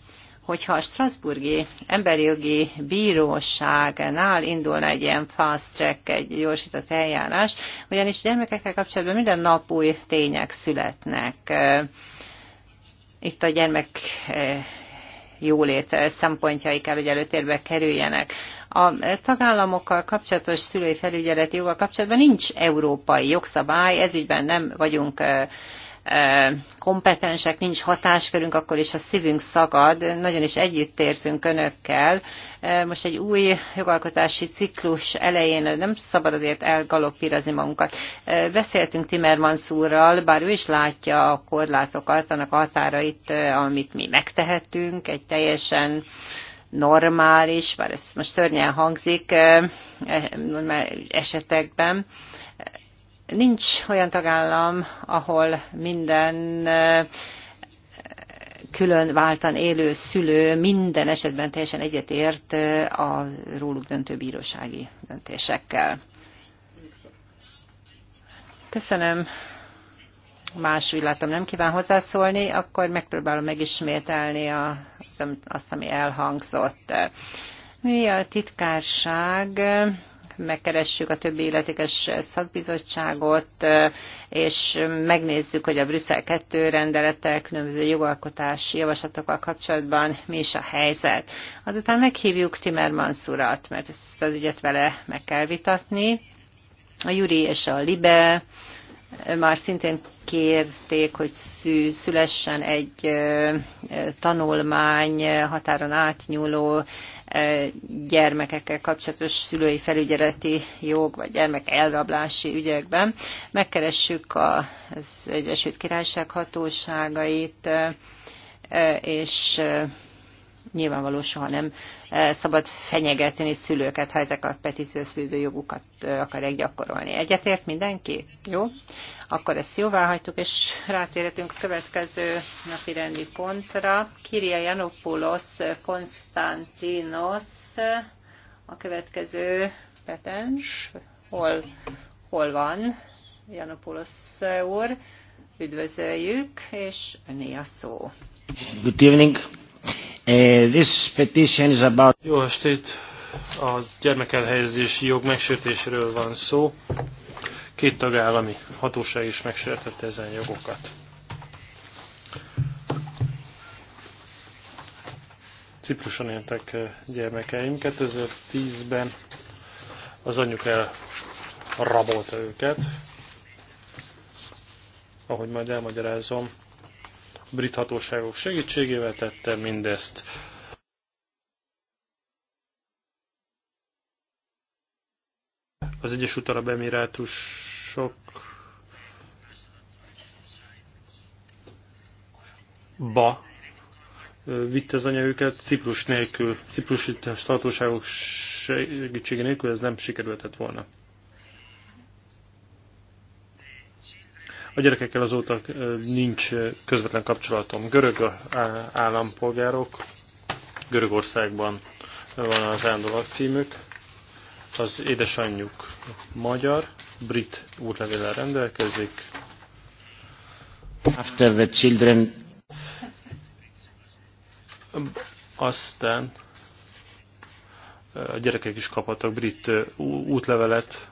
hogyha a Strasburgi Emberjogi Bíróságnál indulna egy ilyen fast track, egy gyorsított eljárás, ugyanis gyermekekkel kapcsolatban minden nap új tények születnek. Itt a gyermek eh, jólét eh, szempontjai kell, hogy előtérbe kerüljenek. A eh, tagállamokkal kapcsolatos szülői felügyeleti joga kapcsolatban nincs európai jogszabály, ezügyben nem vagyunk kompetensek, nincs hatáskörünk, akkor is a szívünk szagad, nagyon is együtt érzünk önökkel. Most egy új jogalkotási ciklus elején nem szabad azért elgalopírozni magunkat. Beszéltünk Timmermans úrral, bár ő is látja a korlátokat, annak a határait, amit mi megtehetünk, egy teljesen normális, bár ez most szörnyen hangzik, e, esetekben Nincs olyan tagállam, ahol minden külön váltan élő szülő minden esetben teljesen egyetért a róluk döntő bírósági döntésekkel. Köszönöm. Más úgy látom nem kíván hozzászólni, akkor megpróbálom megismételni a, azt, ami elhangzott. Mi a titkárság megkeressük a többi illetékes szakbizottságot, és megnézzük, hogy a Brüsszel 2 rendeletek, különböző jogalkotási javaslatokkal kapcsolatban mi is a helyzet. Azután meghívjuk Timmermans urat, mert ezt az ügyet vele meg kell vitatni. A Juri és a Libe már szintén kérték, hogy szülessen egy tanulmány határon átnyúló gyermekekkel kapcsolatos szülői felügyeleti jog, vagy gyermek elrablási ügyekben. Megkeressük az Egyesült Királyság hatóságait, és nyilvánvaló soha nem e, szabad fenyegetni szülőket, ha ezek a petíciós jogukat e, akarják gyakorolni. Egyetért mindenki? Jó? Akkor ezt jóvá hagytuk, és rátérhetünk a következő napi rendi pontra. Kiria Janopoulos Konstantinos a következő petens. Hol, hol van Janopoulos úr? Üdvözöljük, és öné a szó. Good evening. Eh, this petition is about... Jó estét! A gyermekelhelyezési jog megsértéséről van szó. Két tagállami hatóság is megsértette ezen jogokat. Cipruson éltek eh, gyermekeim. 2010-ben az anyjuk elrabolta őket. Ahogy majd elmagyarázom, brit hatóságok segítségével tette mindezt. Az Egyesült Arab Emirátusok ba vitt az anya őket Ciprus nélkül, ciprusi hatóságok segítségé nélkül ez nem sikerülhetett volna. A gyerekekkel azóta nincs közvetlen kapcsolatom. Görög állampolgárok, Görögországban van az állandóak címük, az édesanyjuk magyar, brit útlevéllel rendelkezik. After the children. Aztán a gyerekek is kaphattak brit útlevelet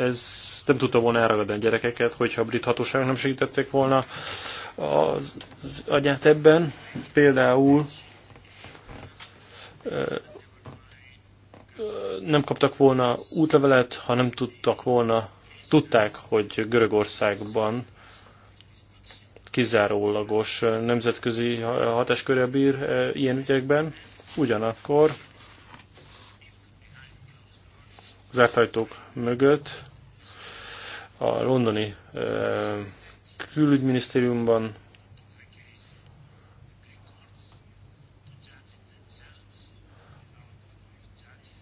ez nem tudta volna elragadni a gyerekeket, hogyha a brit hatóságok nem segítették volna az, az agyát ebben. Például nem kaptak volna útlevelet, ha nem tudtak volna, tudták, hogy Görögországban kizárólagos nemzetközi hatáskörre bír ilyen ügyekben. Ugyanakkor az mögött a londoni külügyminisztériumban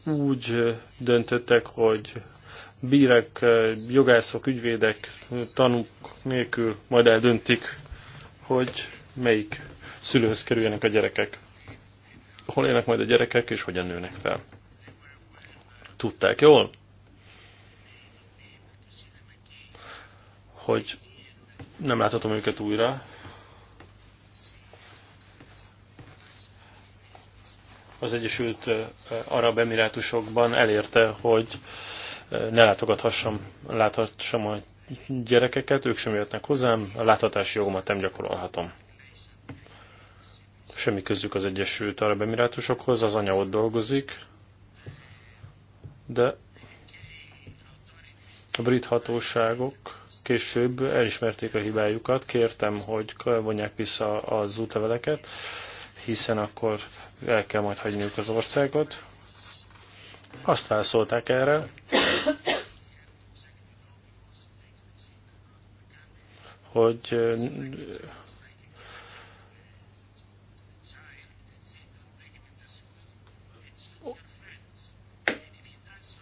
úgy döntöttek, hogy bírek, jogászok, ügyvédek, tanúk nélkül majd eldöntik, hogy melyik szülőhöz kerüljenek a gyerekek. Hol élnek majd a gyerekek, és hogyan nőnek fel. Tudták jól? hogy nem láthatom őket újra. Az Egyesült eh, Arab Emirátusokban elérte, hogy eh, ne látogathassam, láthassam a gyerekeket, ők sem jöhetnek hozzám, a láthatási jogomat nem gyakorolhatom. Semmi közük az Egyesült Arab Emirátusokhoz, az anya ott dolgozik, de a brit hatóságok később elismerték a hibájukat, kértem, hogy vonják vissza az útleveleket, hiszen akkor el kell majd hagyniuk az országot. Azt válaszolták erre, hogy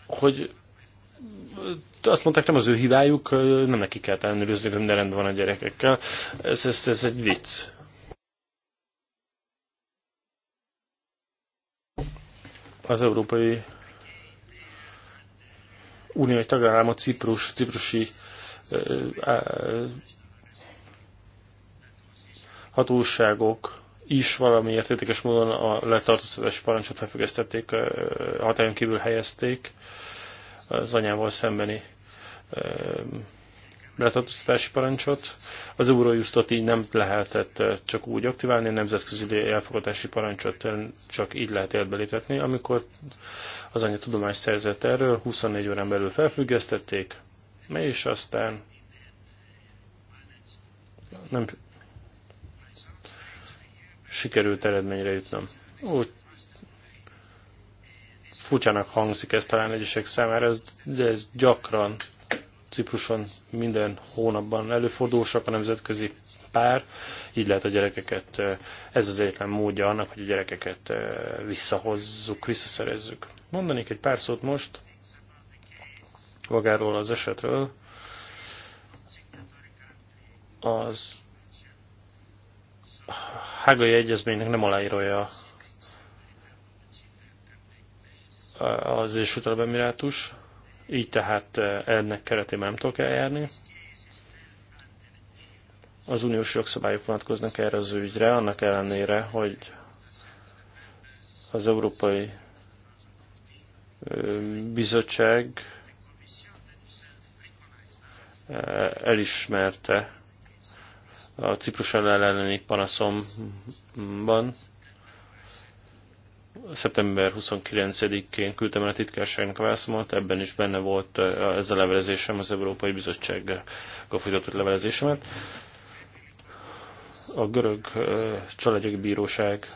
hogy azt mondták, nem az ő hibájuk, nem neki kell ellenőrizni, minden rendben van a gyerekekkel. Ez, ez, ez egy vicc. Az Európai Unió egy a Ciprus, ciprusi hatóságok is valamiért értékes módon a letartóztatás parancsot felfüggesztették, hatályon kívül helyezték az anyával szembeni letartóztatási parancsot. Az Eurojustot így nem lehetett csak úgy aktiválni, a nemzetközi elfogadási parancsot csak így lehet életbe Amikor az anya tudomást szerzett erről, 24 órán belül felfüggesztették, és aztán nem sikerült eredményre jutnom. Úgy Furcsának hangzik ez talán egyesek számára, de ez gyakran Cipruson minden hónapban előfordulsak a nemzetközi pár, így lehet a gyerekeket, ez az egyetlen módja annak, hogy a gyerekeket visszahozzuk, visszaszerezzük. Mondanék egy pár szót most magáról az esetről. Az Hágai Egyezménynek nem aláírója az Egyesült Arab Emirátus, így tehát eh, ennek keretében nem tudok eljárni. Az uniós jogszabályok vonatkoznak erre az ügyre, annak ellenére, hogy az Európai eh, Bizottság eh, elismerte a Ciprus elleni panaszomban, szeptember 29-én küldtem el a titkárságnak a válaszomat, ebben is benne volt eh, ez a levelezésem, az Európai Bizottsággal folytatott levelezésemet. A görög eh, családjogi bíróság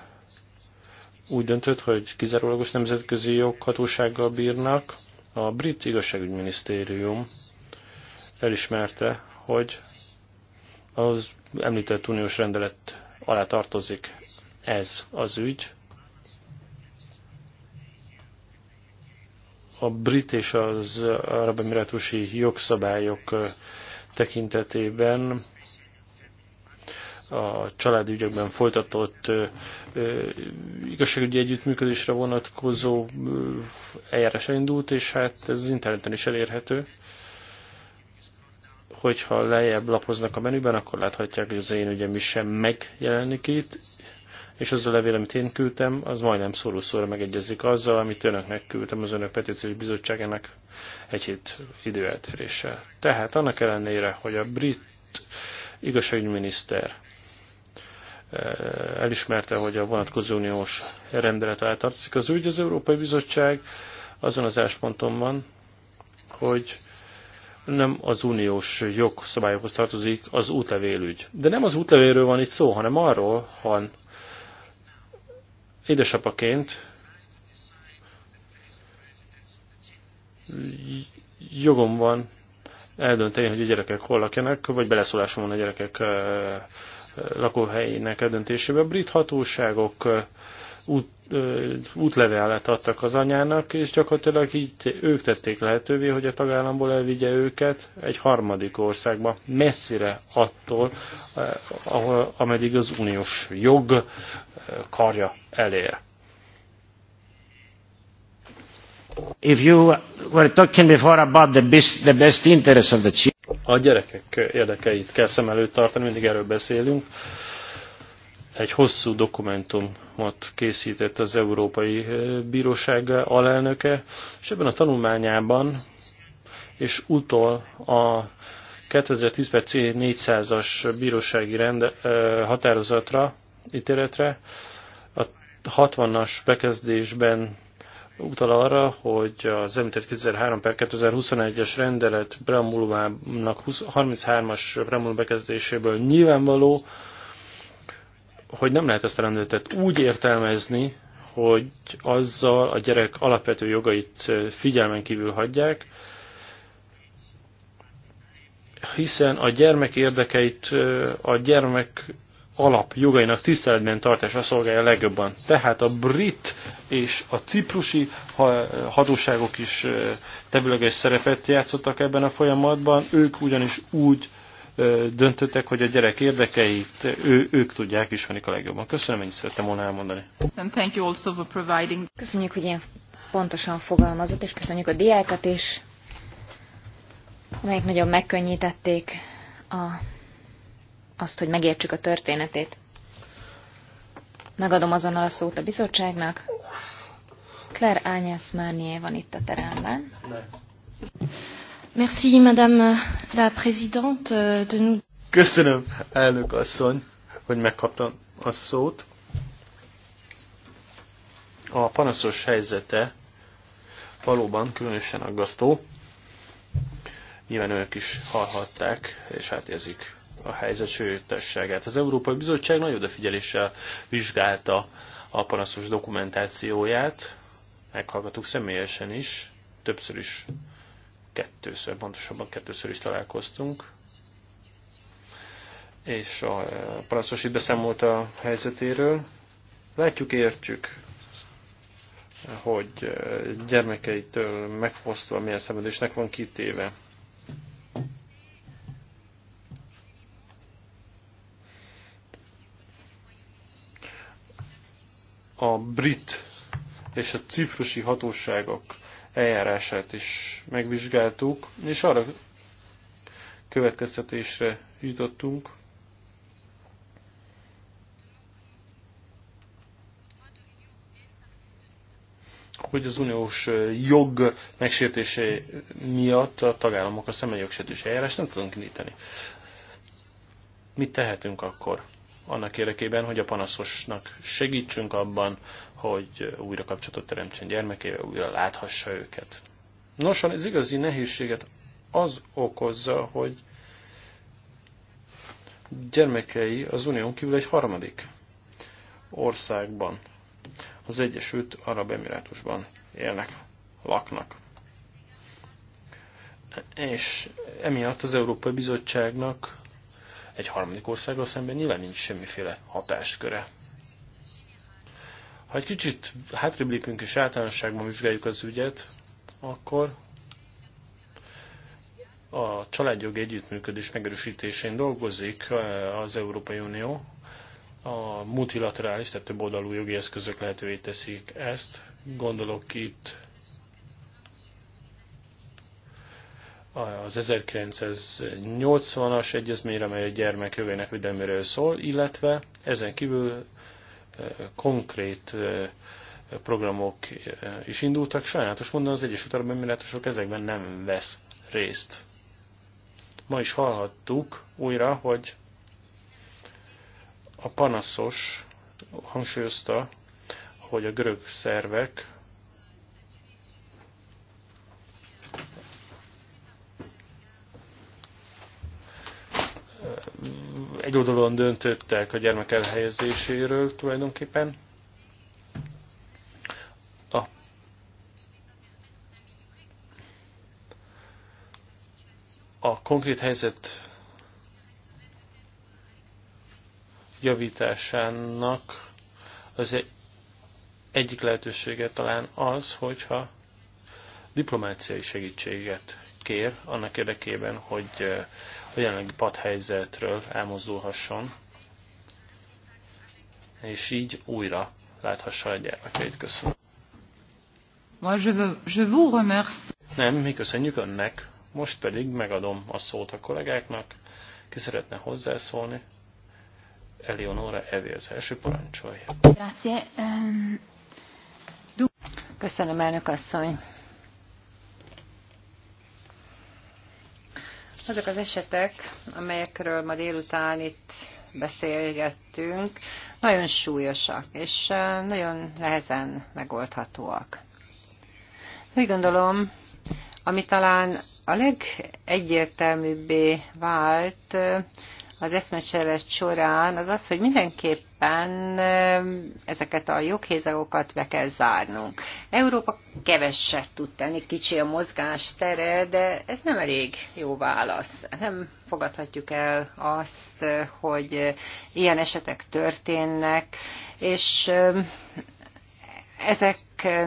úgy döntött, hogy kizárólagos nemzetközi joghatósággal bírnak. A brit igazságügyminisztérium elismerte, hogy az említett uniós rendelet alá tartozik ez az ügy, a brit és az arab emirátusi jogszabályok tekintetében a családi ügyekben folytatott igazságügyi együttműködésre vonatkozó eljárása indult, és hát ez az interneten is elérhető. Hogyha lejjebb lapoznak a menüben, akkor láthatják, hogy az én ügyem is sem megjelenik itt, és az a levél, amit én küldtem, az majdnem szóra megegyezik azzal, amit önöknek küldtem az önök petíciós bizottságának egy hét időeltéréssel. Tehát annak ellenére, hogy a brit igazságügyminiszter eh, elismerte, hogy a vonatkozó uniós rendelet alá tartozik az ügy, az Európai Bizottság azon az ásponton van, hogy nem az uniós jogszabályokhoz tartozik az útlevélügy. De nem az útlevélről van itt szó, hanem arról, han, Édesapaként jogom van eldönteni, hogy a gyerekek hol lakjanak, vagy beleszólásom van a gyerekek lakóhelyének eldöntésébe. A brit hatóságok út, ö, útlevelet adtak az anyának, és gyakorlatilag így ők tették lehetővé, hogy a tagállamból elvigye őket egy harmadik országba, messzire attól, eh, ahol, ameddig az uniós jog eh, karja elér. If you were talking before about the best, the best interest of the children. A gyerekek érdekeit kell szem előtt tartani, mindig erről beszélünk. Uh, egy hosszú dokumentumot készített az Európai eh, Bíróság alelnöke, és ebben a tanulmányában és utol a 2010 C400-as bírósági rend, eh, határozatra, ítéletre, a 60-as bekezdésben utal arra, hogy az említett 2003 per 2021-es rendelet preambulumának 33-as bekezdéséből nyilvánvaló, hogy nem lehet ezt a rendeletet úgy értelmezni, hogy azzal a gyerek alapvető jogait figyelmen kívül hagyják, hiszen a gyermek érdekeit a gyermek alap jogainak tiszteletben tartása szolgálja legjobban. Tehát a brit és a ciprusi hatóságok is tevőleges szerepet játszottak ebben a folyamatban, ők ugyanis úgy döntöttek, hogy a gyerek érdekeit ő, ők tudják, ismerik a legjobban. Köszönöm, ennyit szerettem volna elmondani. Köszönjük, hogy ilyen pontosan fogalmazott, és köszönjük a diákat is, amelyek nagyon megkönnyítették a, azt, hogy megértsük a történetét. Megadom azonnal a szót a bizottságnak. Claire Ányász Márnyé van itt a teremben. Ne. Merci, Madame la Présidente, euh, de nous... Köszönöm, elnök asszony, hogy megkaptam a szót. A panaszos helyzete valóban különösen aggasztó. Nyilván ők is hallhatták és átérzik a helyzet sőtességet. Az Európai Bizottság nagy odafigyeléssel vizsgálta a panaszos dokumentációját, meghallgattuk személyesen is, többször is kettőször, pontosabban kettőször is találkoztunk, és a eh, palacos itt beszámolt a helyzetéről. Látjuk, értjük, hogy eh, gyermekeitől megfosztva milyen szenvedésnek van kitéve. A brit és a ciprusi hatóságok eljárását is megvizsgáltuk, és arra következtetésre jutottunk, hogy az uniós jog megsértése miatt a tagállamok a személyi jogsértési eljárás nem tudunk indítani. Mit tehetünk akkor? annak érdekében, hogy a panaszosnak segítsünk abban, hogy újra kapcsolatot teremtsen gyermekével, újra láthassa őket. Nos, az igazi nehézséget az okozza, hogy gyermekei az unión kívül egy harmadik országban, az Egyesült Arab Emirátusban élnek, laknak. És emiatt az Európai Bizottságnak egy harmadik országgal szemben nyilván nincs semmiféle hatásköre. Ha egy kicsit hátrébb lépünk és általánosságban vizsgáljuk az ügyet, akkor a családjog együttműködés megerősítésén dolgozik eh, az Európai Unió. A multilaterális, tehát több oldalú jogi eszközök lehetővé teszik ezt. Gondolok itt az 1980-as egyezményre, amely a gyermek jövőnek védelméről szól, illetve ezen kívül eh, konkrét eh, programok eh, is indultak. Sajnálatos mondani, az Egyesült Arab Emirátusok ezekben nem vesz részt. Ma is hallhattuk újra, hogy a panaszos hangsúlyozta, hogy a görög szervek egyoldalúan döntöttek a gyermek elhelyezéséről tulajdonképpen. A a konkrét helyzet javításának az e- egyik lehetősége talán az, hogyha diplomáciai segítséget kér annak érdekében, hogy a jelenlegi padhelyzetről elmozdulhasson, és így újra láthassa a gyermekeit. Köszönöm. Moi, je, veux, je vous remercie. Nem, mi köszönjük önnek. Most pedig megadom a szót a kollégáknak, ki szeretne hozzászólni. Eleonora Evi az első parancsolja. Grazie. Ehm, Köszönöm, elnök asszony. Azok az esetek, amelyekről ma délután itt beszélgettünk, nagyon súlyosak, és nagyon nehezen megoldhatóak. Úgy gondolom, ami talán a legegyértelműbbé vált, az eszmecseret során, az az, hogy mindenképpen ezeket a joghézagokat be kell zárnunk. Európa keveset tud tenni, kicsi a mozgás tere, de ez nem elég jó válasz. Nem fogadhatjuk el azt, hogy ilyen esetek történnek, és ezek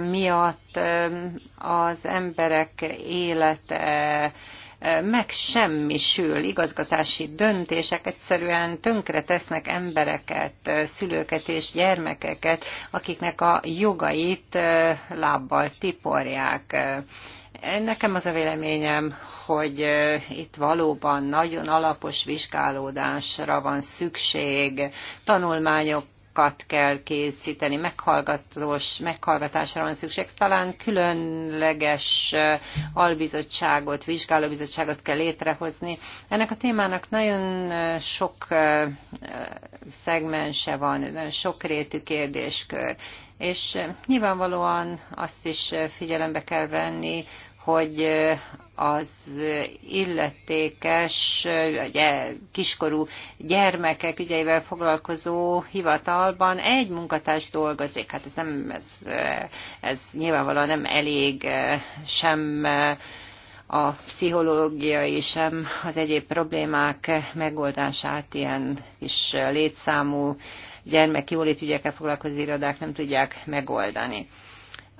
miatt az emberek élete, megsemmisül, igazgatási döntések egyszerűen tönkre tesznek embereket, szülőket és gyermekeket, akiknek a jogait lábbal tiporják. Nekem az a véleményem, hogy itt valóban nagyon alapos vizsgálódásra van szükség, tanulmányok kat kell készíteni, meghallgatós, meghallgatásra van szükség, talán különleges eh, albizottságot, vizsgálóbizottságot kell létrehozni. Ennek a témának nagyon eh, sok eh, szegmense van, nagyon sokrétű kérdéskör, és nyilvánvalóan azt is figyelembe kell venni, hogy az illetékes, ugye, kiskorú gyermekek ügyeivel foglalkozó hivatalban egy munkatárs dolgozik. Hát ez nem, ez, ez nyilvánvalóan nem elég sem a pszichológiai sem az egyéb problémák megoldását ilyen kis létszámú gyermek ügyekkel foglalkozó irodák nem tudják megoldani.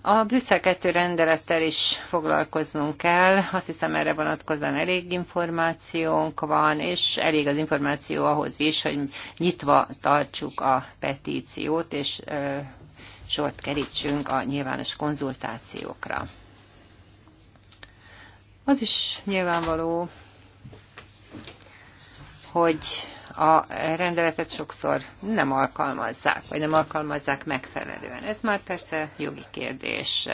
A Brüsszel 2 rendelettel is foglalkoznunk kell, azt hiszem erre vonatkozóan elég információnk van, és elég az információ ahhoz is, hogy nyitva tartsuk a petíciót, és ö, sort kerítsünk a nyilvános konzultációkra. Az is nyilvánvaló, hogy a rendeletet sokszor nem alkalmazzák, vagy nem alkalmazzák megfelelően. Ez már persze jogi kérdés.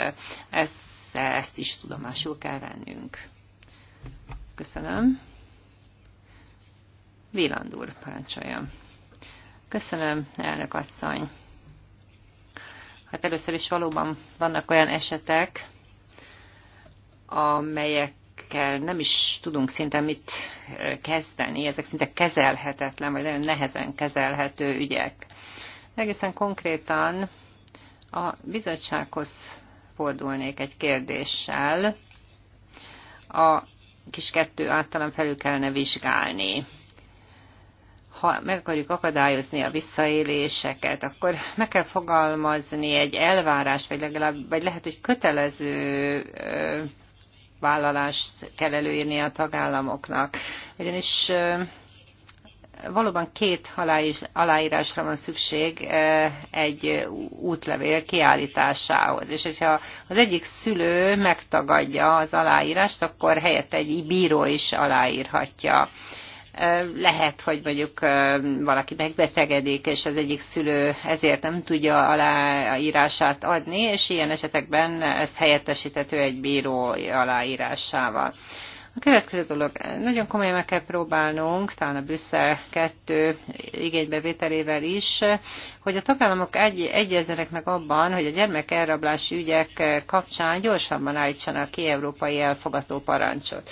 Ezt, ezt is tudomásul kell vennünk. Köszönöm. Viland úr, parancsoljon. Köszönöm, elnök asszony. Hát először is valóban vannak olyan esetek, amelyek ezekkel nem is tudunk szinte mit kezdeni, ezek szinte kezelhetetlen, vagy nagyon nehezen kezelhető ügyek. Egészen konkrétan a bizottsághoz fordulnék egy kérdéssel. A kis kettő általán felül kellene vizsgálni. Ha meg akarjuk akadályozni a visszaéléseket, akkor meg kell fogalmazni egy elvárás, vagy legalább, vagy lehet, hogy kötelező vállalást kell előírni a tagállamoknak. Ugyanis valóban két aláírásra van szükség egy útlevél kiállításához. És hogyha az egyik szülő megtagadja az aláírást, akkor helyette egy bíró is aláírhatja lehet, hogy mondjuk valaki megbetegedik, és az egyik szülő ezért nem tudja aláírását adni, és ilyen esetekben ez helyettesíthető egy bíró aláírásával. A következő dolog, nagyon komolyan meg kell próbálnunk, talán a Brüsszel 2 igénybevételével is, hogy a tagállamok egy, egyezzenek meg abban, hogy a gyermek elrablási ügyek kapcsán gyorsabban állítsanak ki európai elfogató parancsot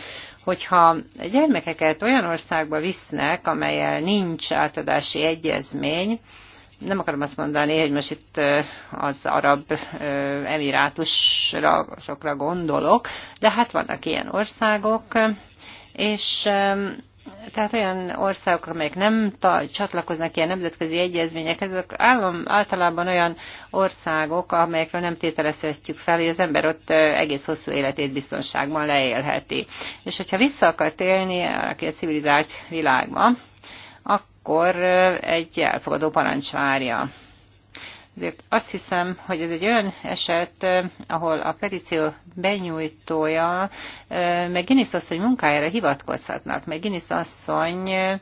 hogyha gyermekeket olyan országba visznek, amelyel nincs átadási egyezmény, nem akarom azt mondani, hogy most itt az arab emirátusra sokra gondolok, de hát vannak ilyen országok, és tehát olyan országok, amelyek nem csatlakoznak ilyen nemzetközi egyezményekhez, ezek állam, általában olyan országok, amelyekről nem tételezhetjük fel, hogy az ember ott egész hosszú életét biztonságban leélheti. És hogyha vissza akar élni, aki a civilizált világban, akkor egy elfogadó parancs várja ezért azt hiszem, hogy ez egy olyan eset, eh, ahol a petíció benyújtója, eh, meg Guinness asszony munkájára hivatkozhatnak, meg Guinness asszony eh,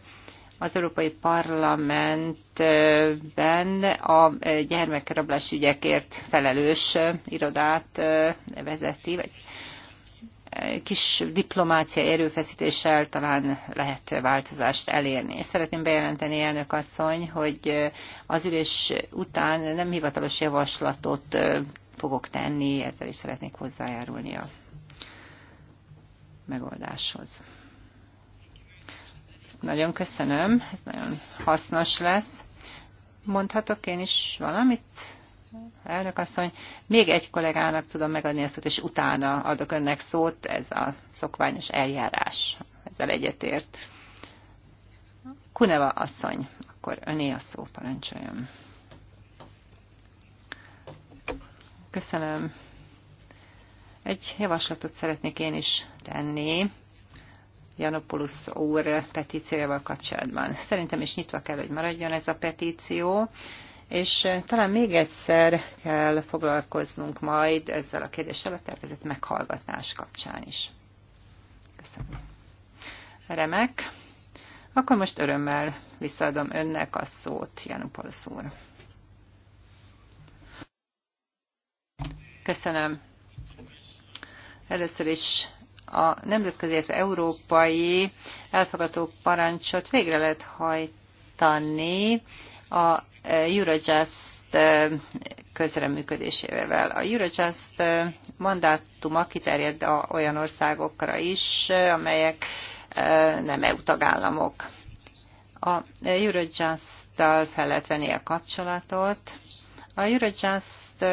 az Európai Parlamentben a gyermekrablás ügyekért felelős irodát vezeti, vagy kis diplomáciai erőfeszítéssel talán lehet változást elérni. És szeretném bejelenteni, elnök asszony, hogy az ülés után nem hivatalos javaslatot fogok tenni, ezzel is szeretnék hozzájárulni a megoldáshoz. Nagyon köszönöm, ez nagyon hasznos lesz. Mondhatok én is valamit? elnök asszony. Még egy kollégának tudom megadni a szót, és utána adok önnek szót. Ez a szokványos eljárás. Ezzel egyetért. Kuneva asszony, akkor öné a szó, parancsoljon. Köszönöm. Egy javaslatot szeretnék én is tenni. Janopoulos úr petíciójával kapcsolatban. Szerintem is nyitva kell, hogy maradjon ez a petíció, és eh, talán még egyszer kell foglalkoznunk majd ezzel a kérdéssel a tervezett meghallgatás kapcsán is. Köszönöm. Remek. Akkor most örömmel visszaadom önnek a szót, Janupolos úr. Köszönöm. Először is a nemzetközi európai elfogadó parancsot végre lehet hajtani, a e, Eurojust e, közreműködésével. A Eurojust e, mandátuma kiterjed a olyan országokra is, amelyek nem EU tagállamok. A Eurojust-tal fel lehet venni a kapcsolatot. A Eurojust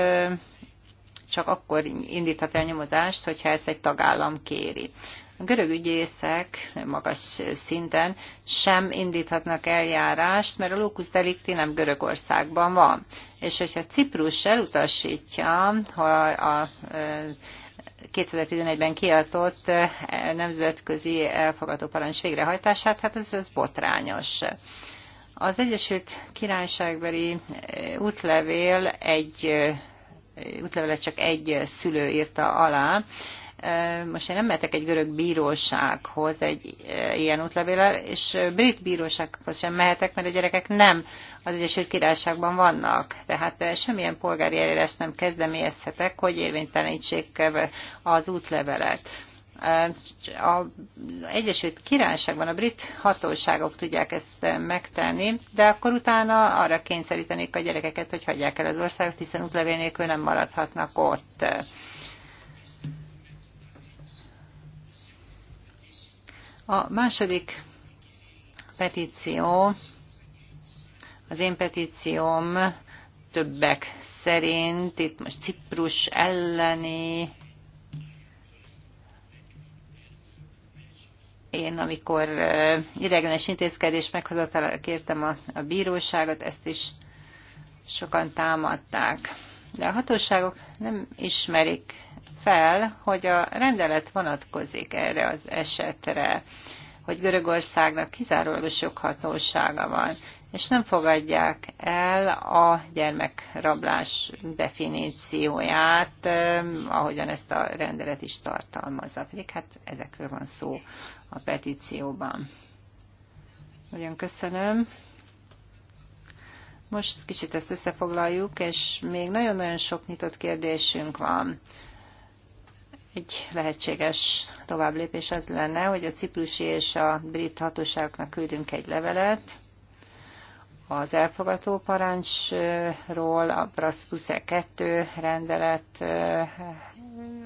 csak akkor indíthat el nyomozást, hogyha ezt egy tagállam kéri. A görög ügyészek magas szinten sem indíthatnak eljárást, mert a locus delicti nem Görögországban van. És hogyha Ciprus elutasítja, ha a 2011-ben e, kiadott e, nemzetközi elfogadó parancs végrehajtását, hát ez, ez botrányos. Az Egyesült Királyságbeli e, útlevél egy útlevelet csak egy szülő írta alá, most én nem mehetek egy görög bírósághoz egy e, ilyen útlevéllel, és e, brit bírósághoz sem mehetek, mert a gyerekek nem az Egyesült Királyságban vannak. Tehát e, semmilyen polgári eljárást nem kezdeményezhetek, hogy érvénytelenítsék az útlevelet. Az Egyesült Királyságban a brit hatóságok tudják ezt megtenni, de akkor utána arra kényszerítenék a gyerekeket, hogy hagyják el az országot, hiszen útlevél nélkül nem maradhatnak ott A második petíció, az én petícióm többek szerint, itt most Ciprus elleni, én amikor ideglenes intézkedés meghozatára kértem a, a bíróságot, ezt is sokan támadták. De a hatóságok nem ismerik fel, hogy a rendelet vonatkozik erre az esetre, hogy Görögországnak kizárólagos joghatósága van, és nem fogadják el a gyermekrablás definícióját, ahogyan ezt a rendelet is tartalmazza. Pedig hát ezekről van szó a petícióban. Nagyon köszönöm. Most kicsit ezt összefoglaljuk, és még nagyon-nagyon sok nyitott kérdésünk van. Egy lehetséges továbblépés az lenne, hogy a ciprusi és a brit hatóságoknak küldünk egy levelet az elfogató parancsról, a Braspusze 2 rendelet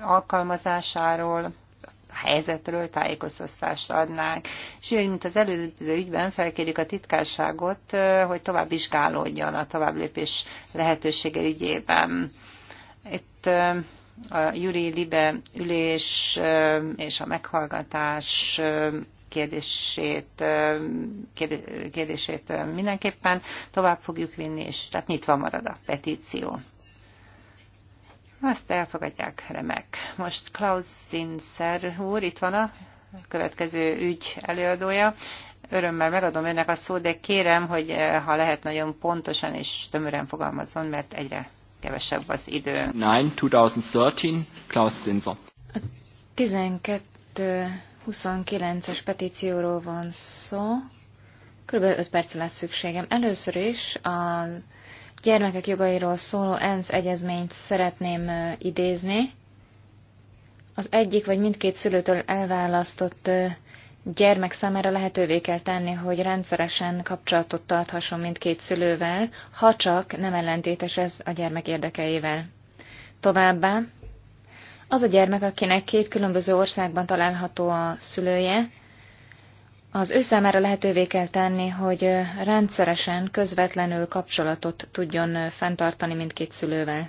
alkalmazásáról, helyzetről tájékoztatást adnánk. És így, mint az előző ügyben felkérjük a titkárságot, hogy tovább vizsgálódjon a továbblépés lehetősége ügyében. Itt a Juri Libe ülés és a meghallgatás kérdését, kérdését mindenképpen tovább fogjuk vinni, és tehát nyitva marad a petíció. Azt elfogadják, remek. Most Klaus Zinszer úr, itt van a következő ügy előadója. Örömmel megadom önnek a szót, de kérem, hogy ha lehet, nagyon pontosan és tömören fogalmazzon, mert egyre kevesebb az idő. 9, 2013, Klaus Zinser. A 12-29-es petícióról van szó. Körülbelül 5 perc lesz szükségem. Először is a gyermekek jogairól szóló ENSZ egyezményt szeretném idézni. Az egyik vagy mindkét szülőtől elválasztott gyermek számára lehetővé kell tenni, hogy rendszeresen kapcsolatot tarthasson mindkét szülővel, ha csak nem ellentétes ez a gyermek érdekeivel. Továbbá, az a gyermek, akinek két különböző országban található a szülője, az ő számára lehetővé kell tenni, hogy rendszeresen, közvetlenül kapcsolatot tudjon fenntartani mindkét szülővel.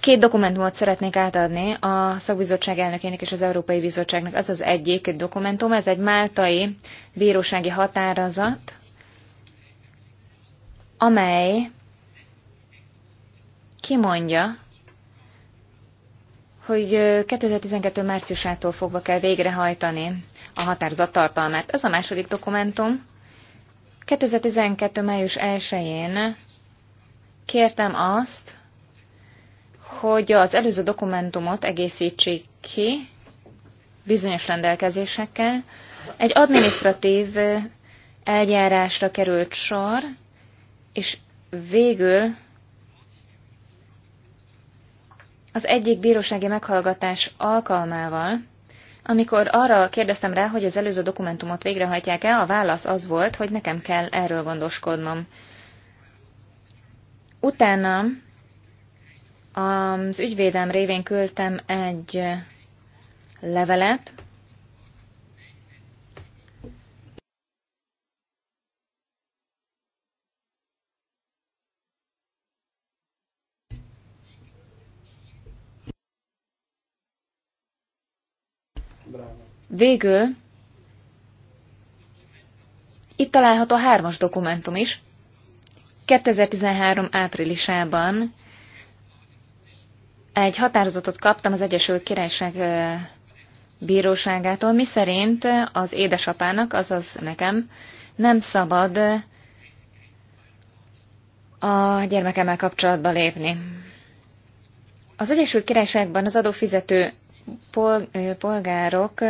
Két dokumentumot szeretnék átadni a szakbizottság elnökének és az Európai Bizottságnak. Az az egyik dokumentum, ez egy máltai bírósági határozat, amely kimondja, hogy 2012. márciusától fogva kell végrehajtani a határozat tartalmát. Ez a második dokumentum. 2012. május 1-én kértem azt, hogy az előző dokumentumot egészítsék ki bizonyos rendelkezésekkel. Egy administratív eljárásra került sor, és végül az egyik bírósági meghallgatás alkalmával, amikor arra kérdeztem rá, hogy az előző dokumentumot végrehajtják-e, a válasz az volt, hogy nekem kell erről gondoskodnom. Utána az ügyvédem révén küldtem egy levelet, Végül itt található a hármas dokumentum is. 2013 áprilisában egy határozatot kaptam az Egyesült Királyság bíróságától, miszerint az édesapának, azaz nekem, nem szabad a gyermekemmel kapcsolatba lépni. Az Egyesült Királyságban az adófizető polgárok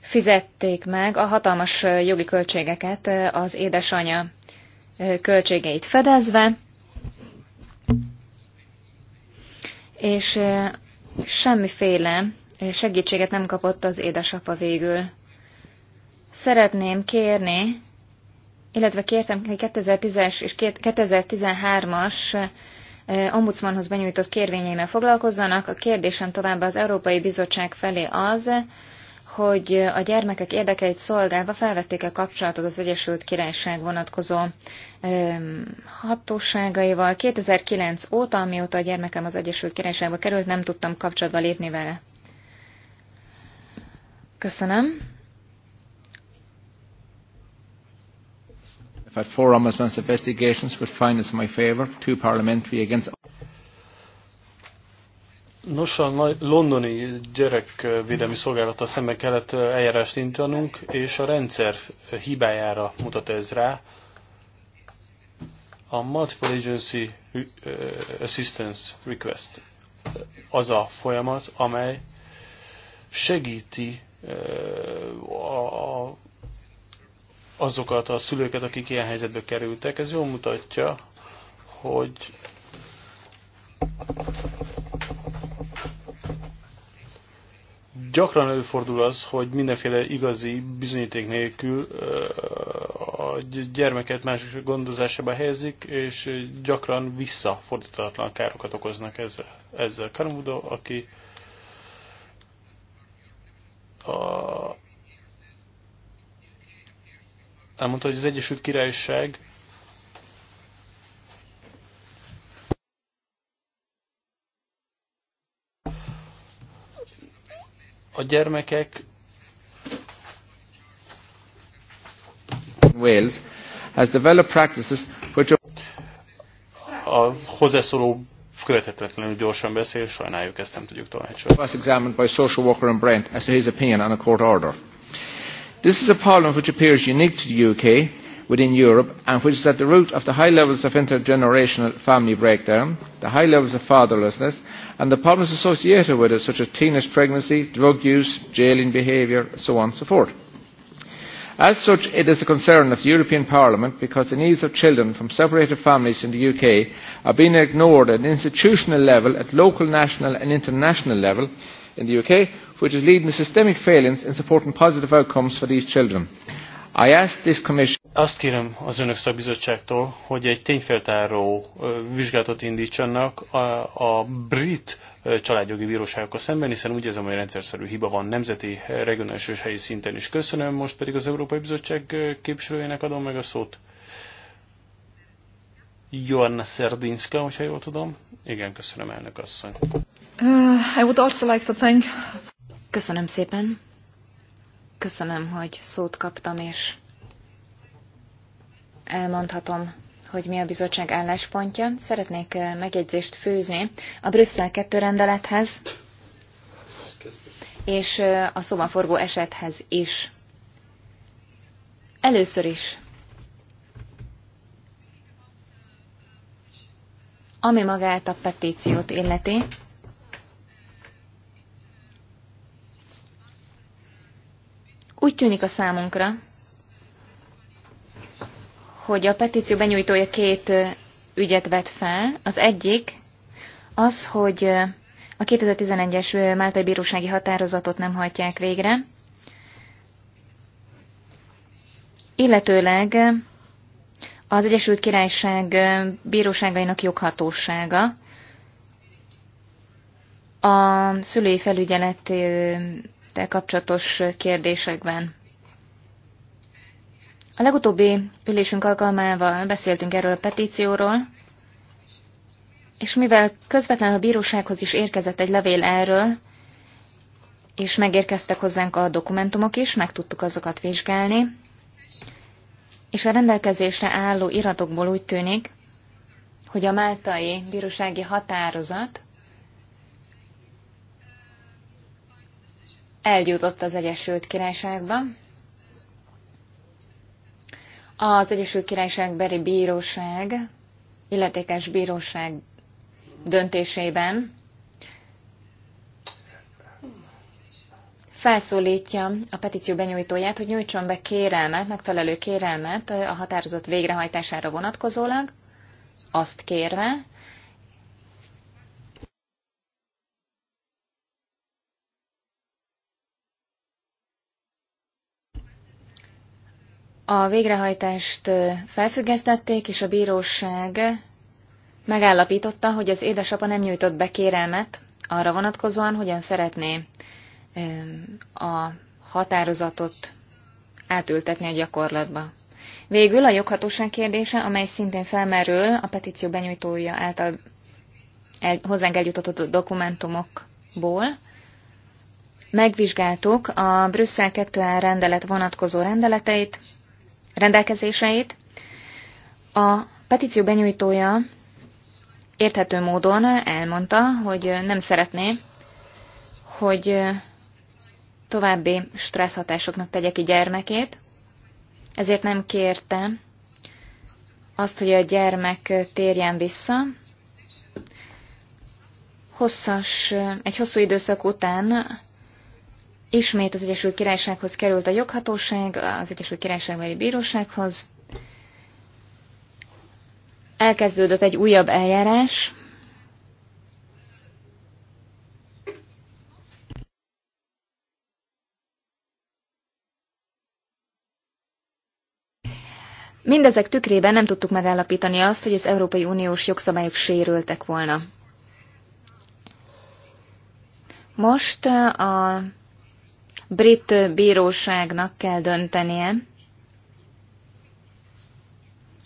fizették meg a hatalmas jogi költségeket az édesanyja költségeit fedezve, és semmiféle segítséget nem kapott az édesapa végül. Szeretném kérni, illetve kértem, hogy 2010-es és 2013-as ombudsmanhoz benyújtott kérvényeimmel foglalkozzanak. A kérdésem továbbá az Európai Bizottság felé az, hogy a gyermekek érdekeit szolgálva felvették a kapcsolatot az Egyesült Királyság vonatkozó hatóságaival. 2009 óta, amióta a gyermekem az Egyesült Királyságba került, nem tudtam kapcsolatba lépni vele. Köszönöm. four ombudsman's investigations would find findings in my favour, two parliamentary against Nos, a londoni gyerekvédelmi szolgálata szemben kellett eljárást indítanunk, és a rendszer hibájára mutat ez rá. A Multiple Agency Assistance Request az a folyamat, amely segíti a, azokat a szülőket, akik ilyen helyzetbe kerültek. Ez jól mutatja, hogy Gyakran előfordul az, hogy mindenféle igazi bizonyíték nélkül a gyermeket mások gondozásába helyezik, és gyakran visszafordítatlan károkat okoznak ezzel. ezzel. Karamudo, aki a, elmondta, hogy az Egyesült Királyság a gyermekek Wales has developed practices which a hozzászóló követhetetlenül gyorsan beszél, sajnáljuk, ezt nem tudjuk tanácsolni. Was examined by social worker in Brent as to his opinion on a court order. This is a problem which appears unique to the UK within Europe and which is at the root of the high levels of intergenerational family breakdown, the high levels of fatherlessness and the problems associated with it such as teenage pregnancy, drug use, jailing behaviour, so on and so forth. As such, it is a concern of the European Parliament because the needs of children from separated families in the UK are being ignored at institutional level, at local, national and international level in the UK, which is leading to systemic failings in supporting positive outcomes for these children. I ask this Commission azt kérem az önök szakbizottságtól, hogy egy tényfeltáró vizsgálatot indítsanak a, a brit családjogi bíróságokkal szemben, hiszen úgy érzem, hogy rendszerszerű hiba van nemzeti, regionális és helyi szinten is. Köszönöm, most pedig az Európai Bizottság képviselőjének adom meg a szót. Joanna Szerdinska, hogyha jól tudom. Igen, köszönöm, elnök asszony. Uh, I would also like to thank... Köszönöm szépen. Köszönöm, hogy szót kaptam, és elmondhatom, hogy mi a bizottság álláspontja. Szeretnék megjegyzést főzni a Brüsszel 2 rendelethez és a szóban forgó esethez is. Először is, ami magát a petíciót illeti, úgy tűnik a számunkra, hogy a petíció benyújtója két ügyet vet fel. Az egyik az, hogy a 2011-es Máltai Bírósági Határozatot nem hajtják végre, illetőleg az Egyesült Királyság bíróságainak joghatósága a szülői felügyelettel kapcsolatos kérdésekben. A legutóbbi ülésünk alkalmával beszéltünk erről a petícióról, és mivel közvetlenül a bírósághoz is érkezett egy levél erről, és megérkeztek hozzánk a dokumentumok is, meg tudtuk azokat vizsgálni, és a rendelkezésre álló iratokból úgy tűnik, hogy a máltai bírósági határozat eljutott az Egyesült Királyságba, az Egyesült Királyság beri bíróság, illetékes bíróság döntésében felszólítja a petíció benyújtóját, hogy nyújtson be kérelmet, megfelelő kérelmet a határozat végrehajtására vonatkozólag, azt kérve, A végrehajtást felfüggesztették, és a bíróság megállapította, hogy az édesapa nem nyújtott be kérelmet arra vonatkozóan, hogyan szeretné a határozatot átültetni a gyakorlatba. Végül a joghatóság kérdése, amely szintén felmerül a petíció benyújtója által el, hozzánk eljutatott dokumentumokból. Megvizsgáltuk a Brüsszel 2 rendelet vonatkozó rendeleteit, rendelkezéseit. A petíció benyújtója érthető módon elmondta, hogy nem szeretné, hogy további stressz hatásoknak tegye ki gyermekét, ezért nem kérte azt, hogy a gyermek térjen vissza. Hosszas, egy hosszú időszak után Ismét az Egyesült Királysághoz került a joghatóság, az Egyesült Királyságbeli Bírósághoz. Elkezdődött egy újabb eljárás, Mindezek tükrében nem tudtuk megállapítani azt, hogy az Európai Uniós jogszabályok sérültek volna. Most a brit bíróságnak kell döntenie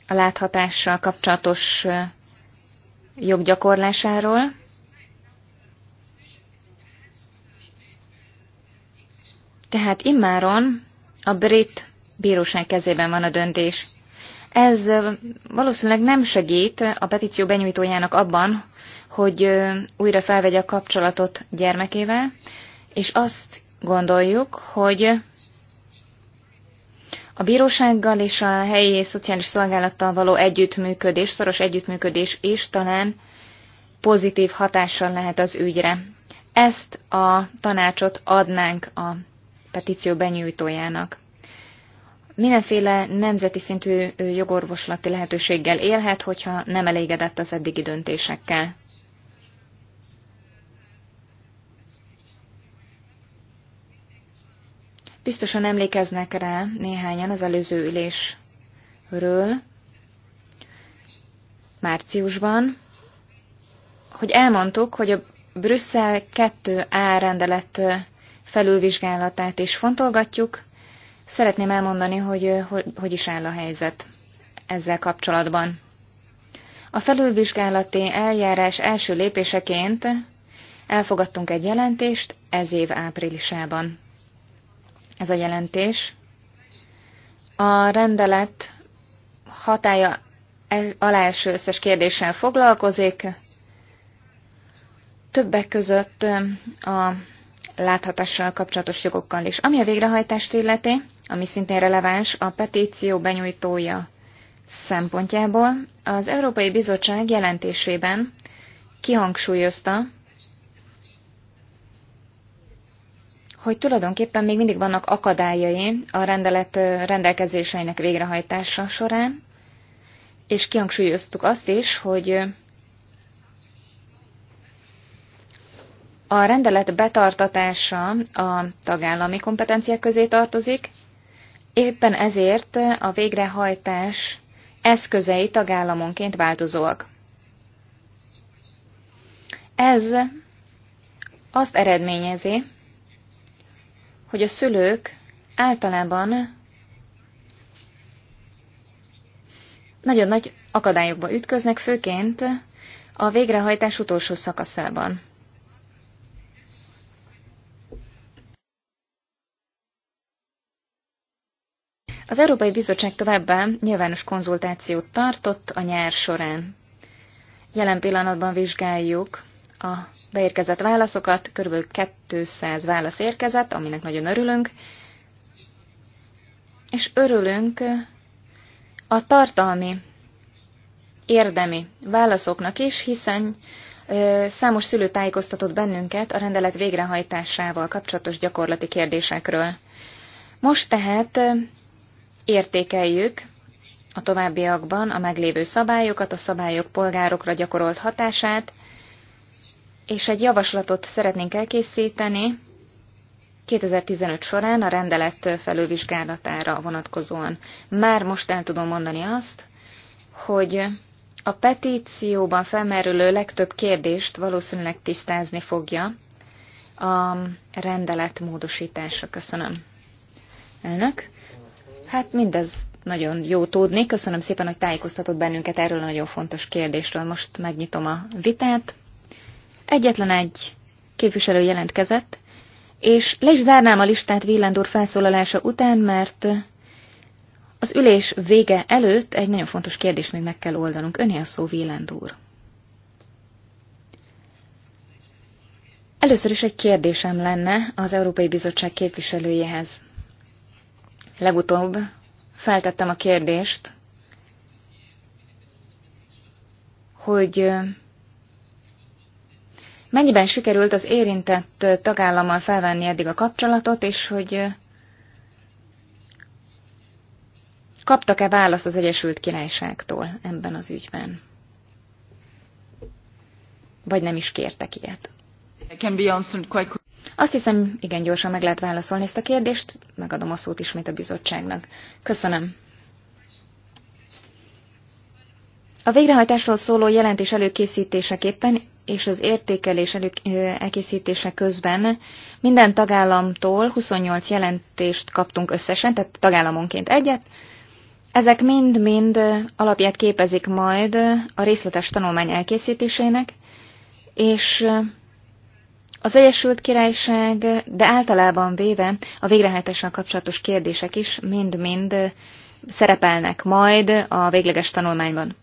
a láthatással kapcsolatos joggyakorlásáról. Tehát immáron a brit bíróság kezében van a döntés. Ez valószínűleg nem segít a petíció benyújtójának abban, hogy újra felvegye a kapcsolatot gyermekével, és azt gondoljuk, hogy a bírósággal és a helyi szociális szolgálattal való együttműködés, szoros együttműködés is talán pozitív hatással lehet az ügyre. Ezt a tanácsot adnánk a petíció benyújtójának. Mindenféle nemzeti szintű jogorvoslati lehetőséggel élhet, hogyha nem elégedett az eddigi döntésekkel. Biztosan emlékeznek rá néhányan az előző ülésről, márciusban, hogy elmondtuk, hogy a Brüsszel 2A rendelet felülvizsgálatát is fontolgatjuk. Szeretném elmondani, hogy hogy is áll a helyzet ezzel kapcsolatban. A felülvizsgálati eljárás első lépéseként elfogadtunk egy jelentést ez év áprilisában ez a jelentés. A rendelet hatája alá első összes kérdéssel foglalkozik, többek között um, a láthatással kapcsolatos jogokkal is. Ami a végrehajtást illeti, ami szintén releváns a petíció benyújtója szempontjából, az Európai Bizottság jelentésében kihangsúlyozta, hogy tulajdonképpen még mindig vannak akadályai a rendelet rendelkezéseinek végrehajtása során, és kihangsúlyoztuk azt is, hogy a rendelet betartatása a tagállami kompetenciák közé tartozik, éppen ezért a végrehajtás eszközei tagállamonként változóak. Ez azt eredményezi, hogy a szülők általában nagyon nagy akadályokba ütköznek, főként a végrehajtás utolsó szakaszában. Az Európai Bizottság továbbá nyilvános konzultációt tartott a nyár során. Jelen pillanatban vizsgáljuk a beérkezett válaszokat, kb. 200 válasz érkezett, aminek nagyon örülünk, és örülünk a tartalmi, érdemi válaszoknak is, hiszen számos szülő tájékoztatott bennünket a rendelet végrehajtásával kapcsolatos gyakorlati kérdésekről. Most tehát értékeljük a továbbiakban a meglévő szabályokat, a szabályok polgárokra gyakorolt hatását, és egy javaslatot szeretnénk elkészíteni 2015 során a rendelet felővizsgálatára vonatkozóan. Már most el tudom mondani azt, hogy a petícióban felmerülő legtöbb kérdést valószínűleg tisztázni fogja a rendelet módosítása. Köszönöm. Elnök, hát mindez nagyon jó tudni. Köszönöm szépen, hogy tájékoztatott bennünket erről a nagyon fontos kérdésről. Most megnyitom a vitát. Egyetlen egy képviselő jelentkezett, és le is zárnám a listát Villándor felszólalása után, mert az ülés vége előtt egy nagyon fontos kérdést még meg kell oldanunk. Öné a szó, Villándor. Először is egy kérdésem lenne az Európai Bizottság képviselőjehez. Legutóbb feltettem a kérdést, hogy Mennyiben sikerült az érintett tagállammal felvenni eddig a kapcsolatot, és hogy kaptak-e választ az Egyesült Királyságtól ebben az ügyben? Vagy nem is kértek ilyet? Azt hiszem, igen gyorsan meg lehet válaszolni ezt a kérdést, megadom a szót ismét a bizottságnak. Köszönöm. A végrehajtásról szóló jelentés előkészítéseképpen és az értékelés elő, elkészítése közben minden tagállamtól 28 jelentést kaptunk összesen, tehát tagállamonként egyet. Ezek mind-mind alapját képezik majd a részletes tanulmány elkészítésének, és az Egyesült Királyság, de általában véve a végrehajtással kapcsolatos kérdések is mind-mind szerepelnek majd a végleges tanulmányban.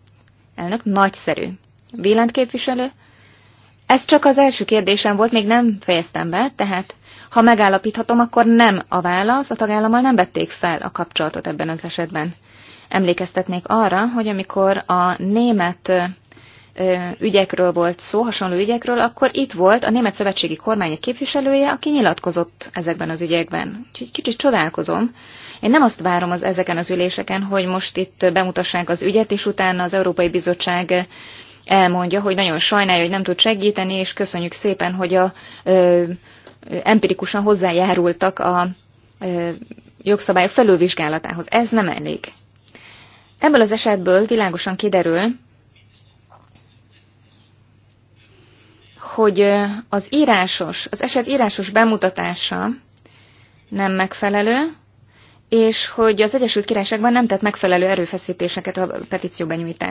Elnök, nagyszerű. Vélent képviselő? Ez csak az első kérdésem volt, még nem fejeztem be, tehát ha megállapíthatom, akkor nem a válasz, a tagállammal nem vették fel a kapcsolatot ebben az esetben. Emlékeztetnék arra, hogy amikor a német ügyekről volt szó, hasonló ügyekről, akkor itt volt a Német Szövetségi Kormány képviselője, aki nyilatkozott ezekben az ügyekben. Úgyhogy kicsit csodálkozom, én nem azt várom az, ezeken az üléseken, hogy most itt bemutassák az ügyet, és utána az Európai Bizottság elmondja, hogy nagyon sajnálja, hogy nem tud segíteni, és köszönjük szépen, hogy a ö, empirikusan hozzájárultak a ö, jogszabályok felülvizsgálatához. Ez nem elég. Ebből az esetből világosan kiderül, hogy az írásos, az eset írásos bemutatása nem megfelelő, és hogy az Egyesült Királyságban nem tett megfelelő erőfeszítéseket a petíció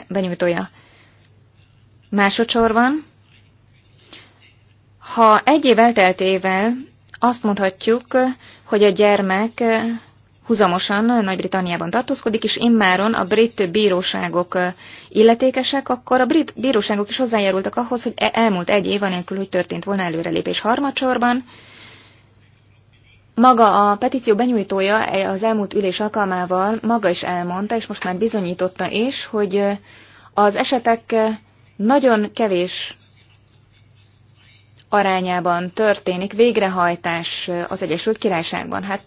benyújtója. Másodszorban, ha egy év elteltével azt mondhatjuk, hogy a gyermek huzamosan Nagy-Britanniában tartózkodik, és immáron a brit bíróságok illetékesek, akkor a brit bíróságok is hozzájárultak ahhoz, hogy e- elmúlt egy év anélkül, hogy történt volna előrelépés harmadsorban, maga a petíció benyújtója az elmúlt ülés alkalmával maga is elmondta, és most már bizonyította is, hogy az esetek nagyon kevés arányában történik végrehajtás az Egyesült Királyságban. Hát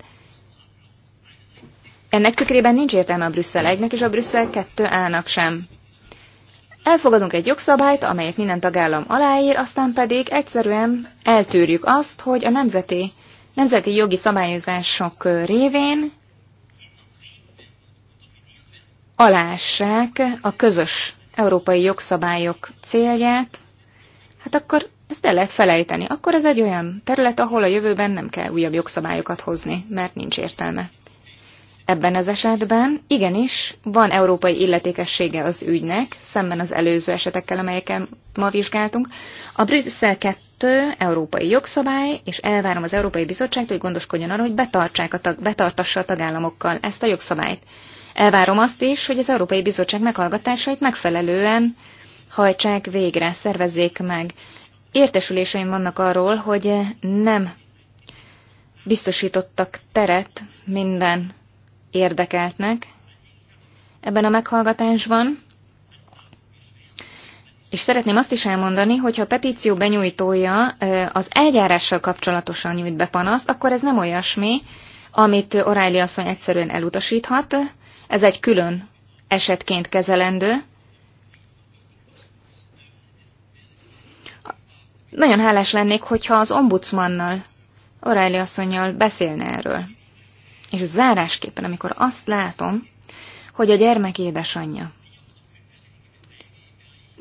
ennek tükrében nincs értelme a Brüsszel 1 és a Brüsszel 2 állnak sem. Elfogadunk egy jogszabályt, amelyet minden tagállam aláír, aztán pedig egyszerűen eltűrjük azt, hogy a nemzeti nemzeti jogi szabályozások révén alássák a közös európai jogszabályok célját, hát akkor ezt el lehet felejteni. Akkor ez egy olyan terület, ahol a jövőben nem kell újabb jogszabályokat hozni, mert nincs értelme. Ebben az esetben igenis van európai illetékessége az ügynek, szemben az előző esetekkel, amelyekkel ma vizsgáltunk. A Brüsszel európai jogszabály, és elvárom az Európai Bizottságtól, hogy gondoskodjon arra, hogy betartsák a tag, betartassa a tagállamokkal ezt a jogszabályt. Elvárom azt is, hogy az Európai Bizottság meghallgatásait megfelelően hajtsák végre, szervezzék meg. Értesüléseim vannak arról, hogy nem biztosítottak teret minden érdekeltnek ebben a meghallgatásban, és szeretném azt is elmondani, hogy ha a petíció benyújtója az eljárással kapcsolatosan nyújt be panaszt, akkor ez nem olyasmi, amit O'Reilly asszony egyszerűen elutasíthat. Ez egy külön esetként kezelendő. Nagyon hálás lennék, hogyha az ombudsmannal, O'Reilly asszonynal beszélne erről. És zárásképpen, amikor azt látom, hogy a gyermek édesanyja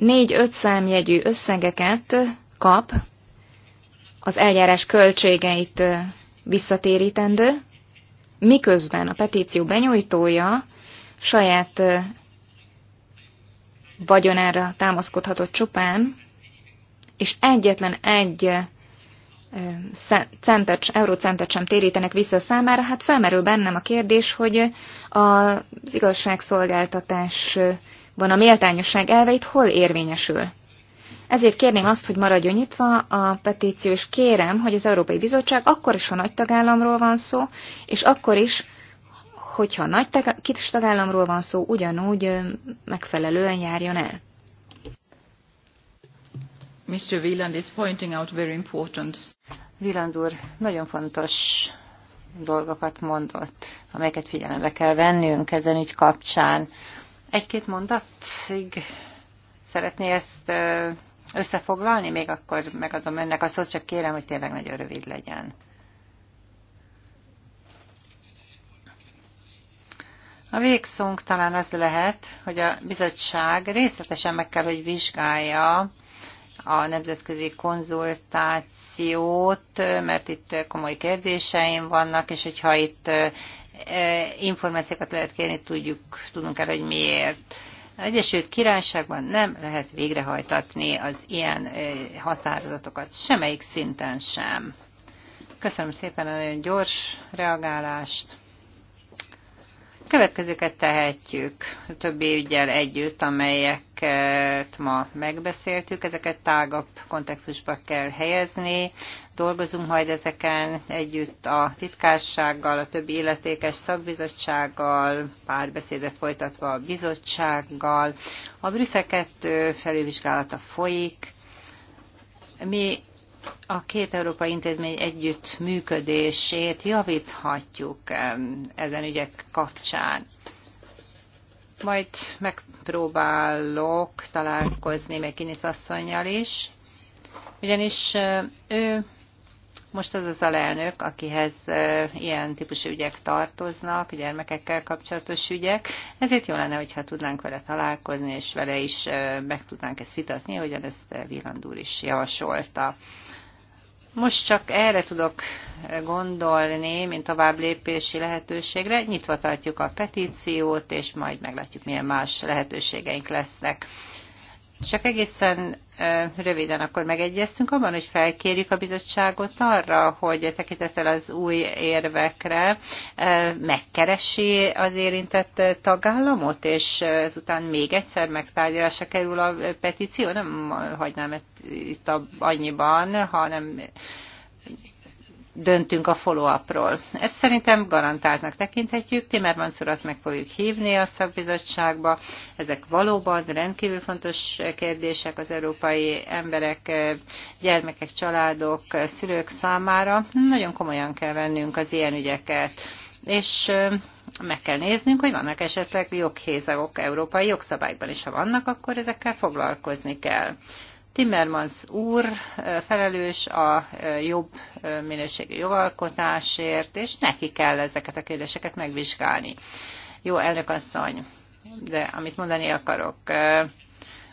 négy-öt számjegyű összegeket kap az eljárás költségeit visszatérítendő, miközben a petíció benyújtója saját vagyonára támaszkodhatott csupán, és egyetlen egy centet, eurócentet sem térítenek vissza a számára, hát felmerül bennem a kérdés, hogy az igazságszolgáltatás a méltányosság elveit hol érvényesül. Ezért kérném azt, hogy maradjon nyitva a petíció, és kérem, hogy az Európai Bizottság akkor is, ha nagy tagállamról van szó, és akkor is, hogyha nagy kis tagállamról van szó, ugyanúgy megfelelően járjon el. Mr. Wieland is pointing out very important. Wieland úr nagyon fontos dolgokat mondott, amelyeket figyelembe kell vennünk ezen ügy kapcsán. Egy-két mondatig szeretné ezt összefoglalni, még akkor megadom önnek a szót, csak kérem, hogy tényleg nagyon rövid legyen. A végszónk talán az lehet, hogy a bizottság részletesen meg kell, hogy vizsgálja a nemzetközi konzultációt, mert itt komoly kérdéseim vannak, és hogyha itt E, információkat lehet kérni, tudjuk, tudunk el, hogy miért. Az Egyesült Királyságban nem lehet végrehajtatni az ilyen e, határozatokat, semmelyik szinten sem. Köszönöm szépen a nagyon gyors reagálást következőket tehetjük többi ügyel együtt, amelyeket ma megbeszéltük, ezeket tágabb kontextusba kell helyezni, dolgozunk majd ezeken együtt a titkársággal, a többi illetékes szakbizottsággal, párbeszédet folytatva a bizottsággal. A Brüsszel 2 felülvizsgálata folyik, mi a két európai intézmény együtt működését javíthatjuk ezen ügyek kapcsán. Majd megpróbálok találkozni Kinis asszonynal is, ugyanis ő most az az alelnök, akihez ilyen típusú ügyek tartoznak, gyermekekkel kapcsolatos ügyek, ezért jó lenne, hogyha tudnánk vele találkozni, és vele is meg tudnánk ezt vitatni, ahogyan ezt Viland is javasolta. Most csak erre tudok gondolni, mint tovább lépési lehetőségre. Nyitva tartjuk a petíciót, és majd meglátjuk, milyen más lehetőségeink lesznek. Csak egészen röviden akkor megegyeztünk abban, hogy felkérjük a bizottságot arra, hogy tekintettel az új érvekre megkeresi az érintett tagállamot, és ezután még egyszer megtárgyalásra kerül a petíció. Nem hagynám itt annyiban, hanem döntünk a follow ról Ezt szerintem garantáltnak tekinthetjük, Timmermans urat meg fogjuk hívni a szakbizottságba. Ezek valóban rendkívül fontos kérdések az európai emberek, gyermekek, családok, szülők számára. Nagyon komolyan kell vennünk az ilyen ügyeket. És meg kell néznünk, hogy vannak esetleg joghézagok európai jogszabályban, és ha vannak, akkor ezekkel foglalkozni kell. Timmermans úr eh, felelős a eh, jobb eh, minőségű jogalkotásért, és neki kell ezeket a kérdéseket megvizsgálni. Jó, elnök asszony, de amit mondani akarok.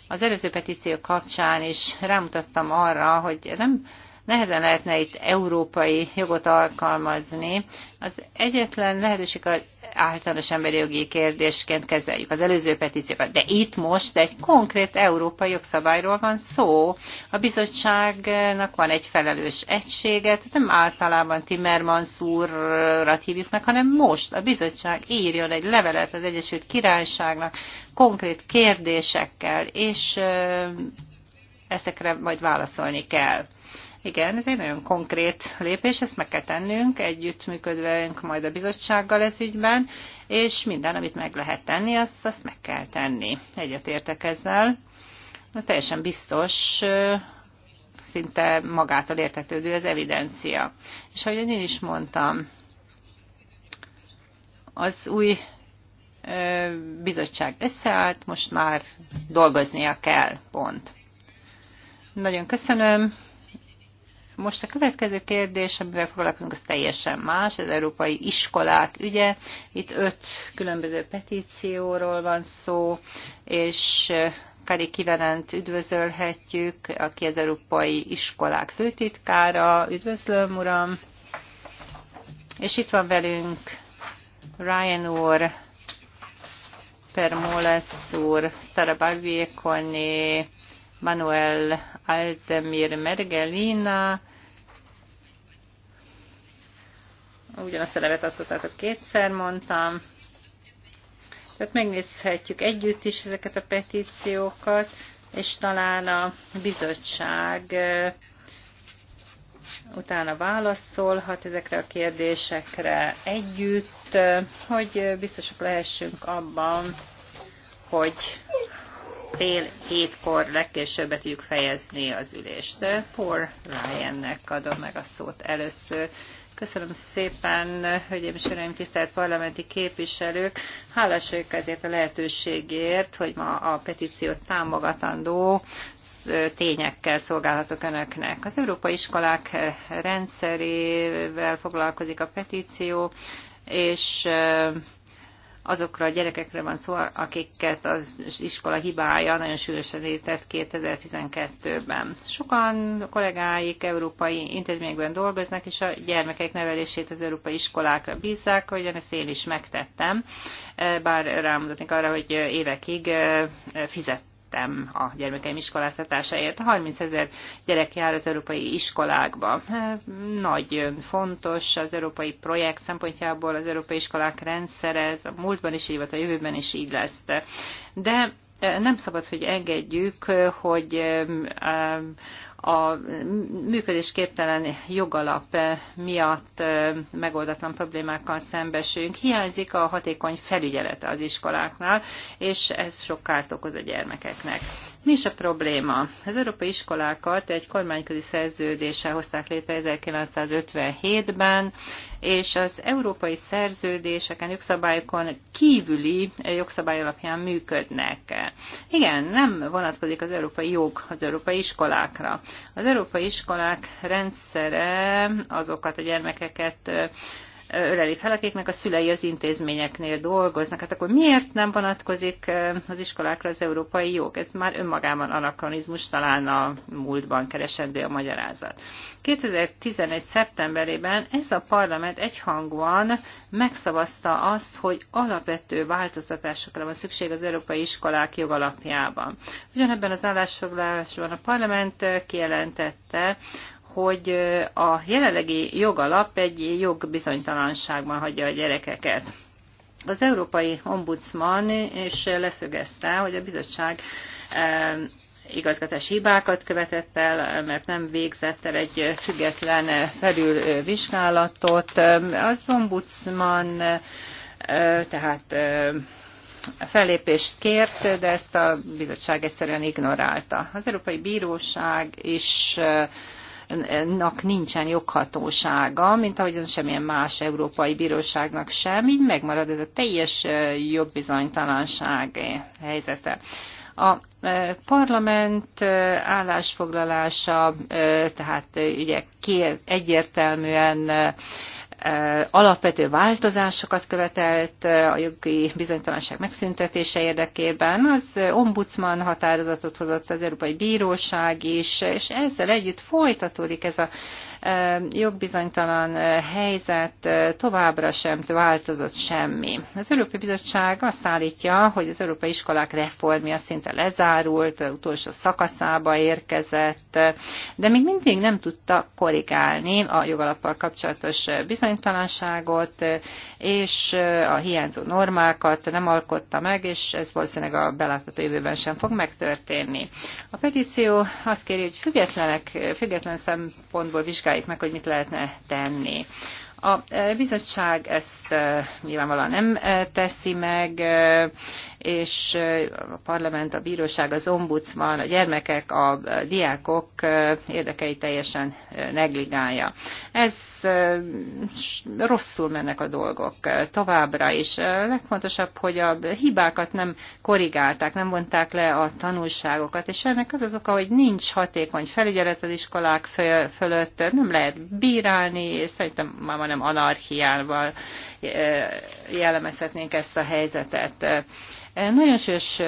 Az előző petíció kapcsán is rámutattam arra, hogy nem Nehezen lehetne itt európai jogot alkalmazni. Az egyetlen lehetőség az általános emberi jogi kérdésként kezeljük az előző petíciókat. De itt most egy konkrét európai jogszabályról van szó. A bizottságnak van egy felelős tehát nem általában Timmermans úrra hívjuk meg, hanem most a bizottság írjon egy levelet az Egyesült Királyságnak konkrét kérdésekkel, és ezekre majd válaszolni kell. Igen, ez egy nagyon konkrét lépés, ezt meg kell tennünk, együttműködvünk majd a bizottsággal ez ügyben, és minden, amit meg lehet tenni, azt, azt meg kell tenni. értek ezzel. Ez teljesen biztos, szinte magától értetődő az evidencia. És ahogy én is mondtam, az új bizottság összeállt, most már dolgoznia kell, pont. Nagyon köszönöm, most a következő kérdés, amivel foglalkozunk, az teljesen más, az európai iskolák ügye. Itt öt különböző petícióról van szó, és eh, Kari Kivenent üdvözölhetjük, aki az európai iskolák főtitkára. Üdvözlöm, uram! És itt van velünk Ryan úr, Permoles úr, Starabagbiekoné, Manuel Altemir Mergelina, ugyanazt a nevet adtatátok kétszer mondtam. Tehát megnézhetjük együtt is ezeket a petíciókat, és talán a bizottság utána válaszolhat ezekre a kérdésekre együtt, hogy biztosak lehessünk abban, hogy fél hétkor legkésőbb be tudjuk fejezni az ülést. Paul Ryannek adom meg a szót először. Köszönöm szépen, hölgyeim és uraim, tisztelt parlamenti képviselők. Hálás vagyok ezért a lehetőségért, hogy ma a petíciót támogatandó tényekkel szolgálhatok önöknek. Az Európai Iskolák rendszerével foglalkozik a petíció, és azokra a gyerekekre van szó, akiket az iskola hibája nagyon sűrűsen értett 2012-ben. Sokan kollégáik európai intézményekben dolgoznak, és a gyermekek nevelését az európai iskolákra bízzák, hogy ezt én is megtettem, eh, bár rámutatnék arra, hogy évekig eh, fizet tettem a gyermekeim iskoláztatásáért. 30 ezer gyerek jár az európai iskolákba. Nagy, fontos az európai projekt szempontjából az európai iskolák rendszere, ez a múltban is így volt, a jövőben is így lesz. De nem szabad, hogy engedjük, hogy a működésképtelen jogalap miatt megoldatlan problémákkal szembesülünk. Hiányzik a hatékony felügyelete az iskoláknál, és ez sok kárt okoz a gyermekeknek. Mi is a probléma? Az európai iskolákat egy kormányközi szerződéssel hozták létre 1957-ben, és az európai szerződéseken, jogszabályokon kívüli jogszabály alapján működnek. Igen, nem vonatkozik az európai jog az európai iskolákra. Az európai iskolák rendszere azokat a gyermekeket öleli fel, akiknek a szülei az intézményeknél dolgoznak. Hát akkor miért nem vonatkozik az iskolákra az európai jog? Ez már önmagában anakronizmus, talán a múltban keresendő a magyarázat. 2011. szeptemberében ez a parlament egyhangúan megszavazta azt, hogy alapvető változtatásokra van szükség az európai iskolák jogalapjában. Ugyanebben az állásfoglalásban a parlament kijelentette, hogy a jelenlegi jogalap egy jogbizonytalanságban hagyja a gyerekeket. Az Európai Ombudsman is leszögezte, hogy a bizottság igazgatási hibákat követett el, mert nem végzett el egy független felülvizsgálatot. Az ombudsman tehát fellépést kért, de ezt a bizottság egyszerűen ignorálta. Az Európai Bíróság is bíróságnak nincsen joghatósága, mint az semmilyen más európai bíróságnak sem, így megmarad ez a teljes jogbizonytalanság eh, helyzete. A parlament állásfoglalása, tehát ugye egyértelműen alapvető változásokat követelt a jogi bizonytalanság megszüntetése érdekében. Az ombudsman határozatot hozott az Európai Bíróság is, és ezzel együtt folytatódik ez a jogbizonytalan helyzet továbbra sem változott semmi. Az Európai Bizottság azt állítja, hogy az európai iskolák reformja szinte lezárult, utolsó szakaszába érkezett, de még mindig nem tudta korrigálni a jogalappal kapcsolatos bizonytalanságot, és a hiányzó normákat nem alkotta meg, és ez valószínűleg a belátható jövőben sem fog megtörténni. A petíció azt kéri, hogy függetlenek, független szempontból vizsgálják vizsgáljuk meg, hogy mit lehetne tenni. A e, bizottság ezt e, nyilvánvalóan nem e, teszi meg, és a parlament, a bíróság, az ombudsman, a gyermekek, a diákok érdekei teljesen negligálja. Ez rosszul mennek a dolgok továbbra is. Legfontosabb, hogy a hibákat nem korrigálták, nem vonták le a tanulságokat, és ennek az az oka, hogy nincs hatékony felügyelet az iskolák fölött, nem lehet bírálni, és szerintem már nem anarchiával jellemezhetnénk ezt a helyzetet. Nagyon sős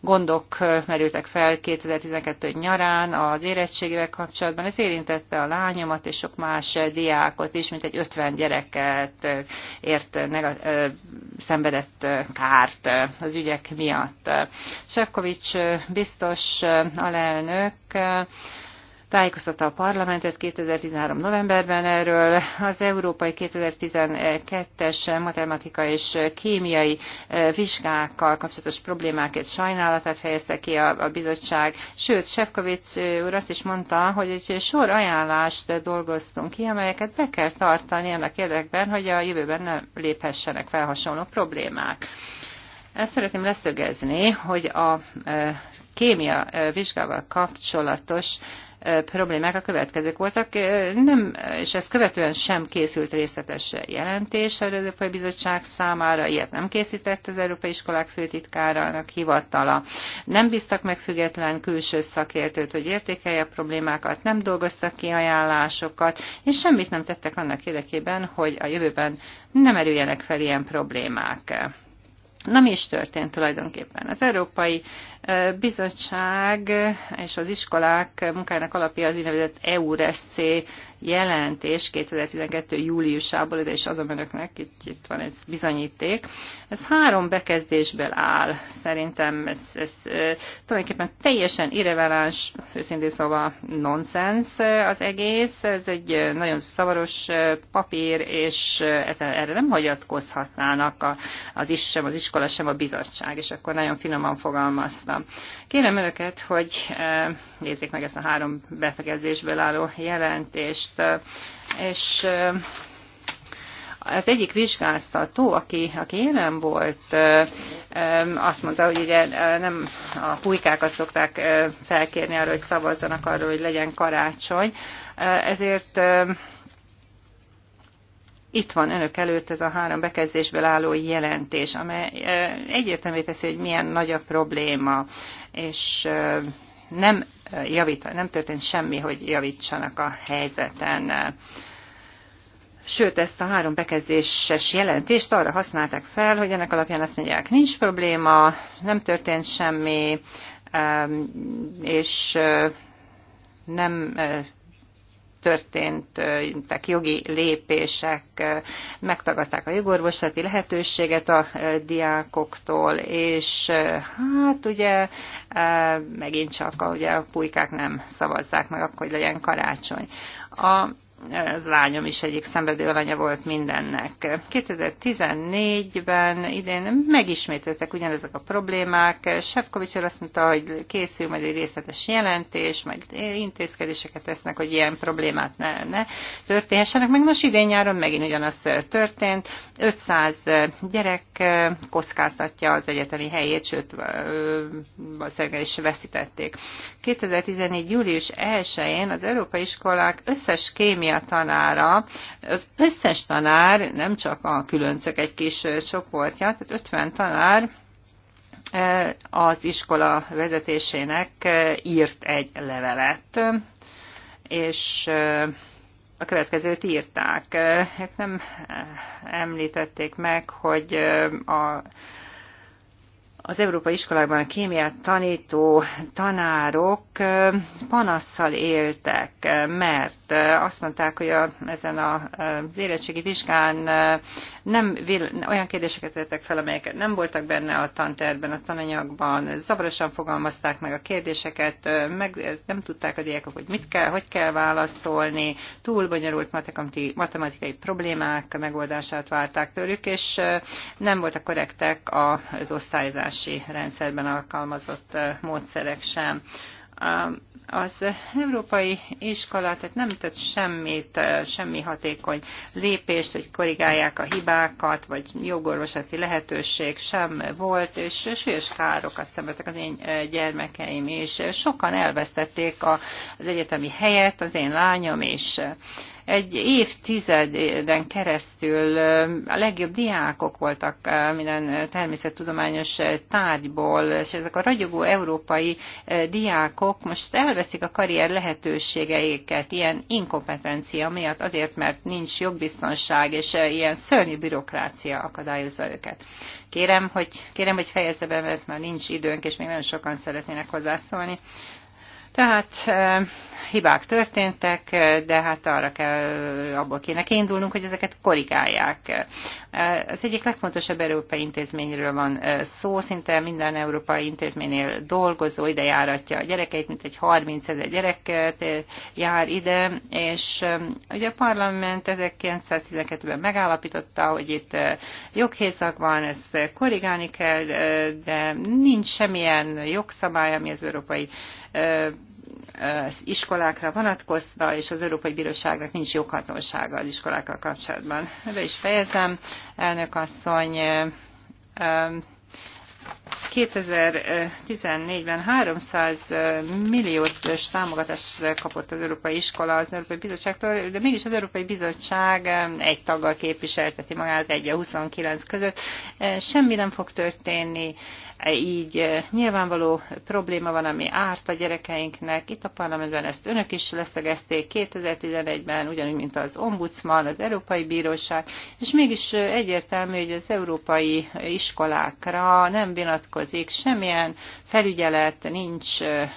gondok merültek fel 2012 nyarán az érettségével kapcsolatban. Ez érintette a lányomat és sok más diákot is, mint egy 50 gyereket ért, nega, szenvedett kárt az ügyek miatt. Sefkovics biztos alelnök tájékoztatta a parlamentet 2013. novemberben erről. Az Európai 2012-es matematika és kémiai eh, vizsgákkal kapcsolatos problémákért sajnálatát fejezte ki a, a bizottság. Sőt, Sefkovic eh, úr azt is mondta, hogy egy sor ajánlást dolgoztunk ki, amelyeket be kell tartani ennek érdekben, hogy a jövőben nem léphessenek fel hasonló problémák. Ezt szeretném leszögezni, hogy a eh, kémia vizsgával kapcsolatos problémák a következők voltak, nem, és ezt követően sem készült részletes jelentés az Európai Bizottság számára, ilyet nem készített az Európai Iskolák főtitkárának hivatala. Nem bíztak meg független külső szakértőt, hogy értékelje a problémákat, nem dolgoztak ki ajánlásokat, és semmit nem tettek annak érdekében, hogy a jövőben nem erüljenek fel ilyen problémák. Na mi is történt tulajdonképpen? Az Európai bizottság és az iskolák munkájának alapja az úgynevezett EURSC jelentés 2012. júliusából, ide is adom önöknek, itt, itt van ez bizonyíték. Ez három bekezdésből áll. Szerintem ez, ez tulajdonképpen teljesen irreveláns, őszintén szóval nonsens az egész. Ez egy nagyon szavaros papír, és ez, erre nem hagyatkozhatnának a, az is sem, az iskola sem a bizottság, és akkor nagyon finoman fogalmaztam voltam. Kérem önöket, hogy e, nézzék meg ezt a három befejezésből álló jelentést, e, és e, az egyik vizsgáztató, aki, aki jelen volt, azt mondta, hogy ugye nem a pulykákat szokták felkérni arra, hogy szavazzanak arról, hogy legyen karácsony, ezért itt van önök előtt ez a három bekezdésből álló jelentés, amely egyértelmű teszi, hogy milyen nagy a probléma, és nem, javít, nem történt semmi, hogy javítsanak a helyzeten. Sőt, ezt a három bekezdéses jelentést arra használták fel, hogy ennek alapján azt mondják, nincs probléma, nem történt semmi, és nem történtek jogi lépések, megtagadták a jogorvoslati lehetőséget a diákoktól, és hát ugye megint csak a, ugye a pulykák nem szavazzák meg, akkor hogy legyen karácsony. A ez lányom is egyik szenvedő alanya volt mindennek. 2014-ben idén megismételtek ugyanezek a problémák. Sefkovics azt mondta, hogy készül majd egy részletes jelentés, majd intézkedéseket tesznek, hogy ilyen problémát ne, ne történhessenek. Meg most idén nyáron megint ugyanaz történt. 500 gyerek kockáztatja az egyetemi helyét, sőt, valószínűleg is veszítették. 2014. július 1-én az európai iskolák összes kémia a tanára. Az összes tanár, nem csak a különcök egy kis csoportja, tehát 50 tanár e, az iskola vezetésének e, írt egy levelet, és e, a következőt írták. Hát nem említették meg, hogy a az európai iskolákban a kémiát tanító tanárok panasszal éltek, mert azt mondták, hogy a, ezen a érettségi vizsgán nem olyan kérdéseket tettek fel, amelyeket nem voltak benne a tanterben, a tananyagban, zavarosan fogalmazták meg a kérdéseket, meg nem tudták a diákok, hogy mit kell, hogy kell válaszolni, túl bonyolult matematikai problémák megoldását várták tőlük, és nem voltak korrektek az osztályzás elszámolási rendszerben alkalmazott módszerek sem az európai iskola tehát nem tett semmit, semmi hatékony lépést, hogy korrigálják a hibákat, vagy jogorvoslati lehetőség sem volt, és súlyos károkat szenvedtek az én gyermekeim, és sokan elvesztették az egyetemi helyet, az én lányom is. És egy évtizeden keresztül a legjobb diákok voltak minden természettudományos tárgyból, és ezek a ragyogó európai diákok most elveszik a karrier lehetőségeiket ilyen inkompetencia miatt, azért, mert nincs jogbiztonság, és ilyen szörnyű bürokrácia akadályozza őket. Kérem, hogy, kérem, hogy fejezze be, mert már nincs időnk, és még nagyon sokan szeretnének hozzászólni. Tehát hibák történtek, de hát arra kell, abból kéne kiindulnunk, hogy ezeket korrigálják. Az egyik legfontosabb európai intézményről van szó, szinte minden európai intézménynél dolgozó ide járatja a gyerekeit, mint egy 30 ezer gyereket jár ide, és ugye a parlament 1912-ben megállapította, hogy itt joghézak van, ezt korrigálni kell, de nincs semmilyen jogszabály, ami az európai iskolákra vonatkozta, és az Európai Bíróságnak nincs joghatósága az iskolákkal kapcsolatban. Ebbe is fejezem elnök asszony. 2014-ben 300 milliós támogatást kapott az Európai Iskola az Európai Bizottságtól, de mégis az Európai Bizottság egy taggal képviselteti magát, egy a 29 között. Semmi nem fog történni így eh, nyilvánvaló probléma van, ami árt a gyerekeinknek. Itt a parlamentben ezt önök is leszegezték 2011-ben, ugyanúgy, mint az ombudsman, az Európai Bíróság, és mégis eh, egyértelmű, hogy az európai iskolákra nem vinatkozik semmilyen felügyelet, nincs eh,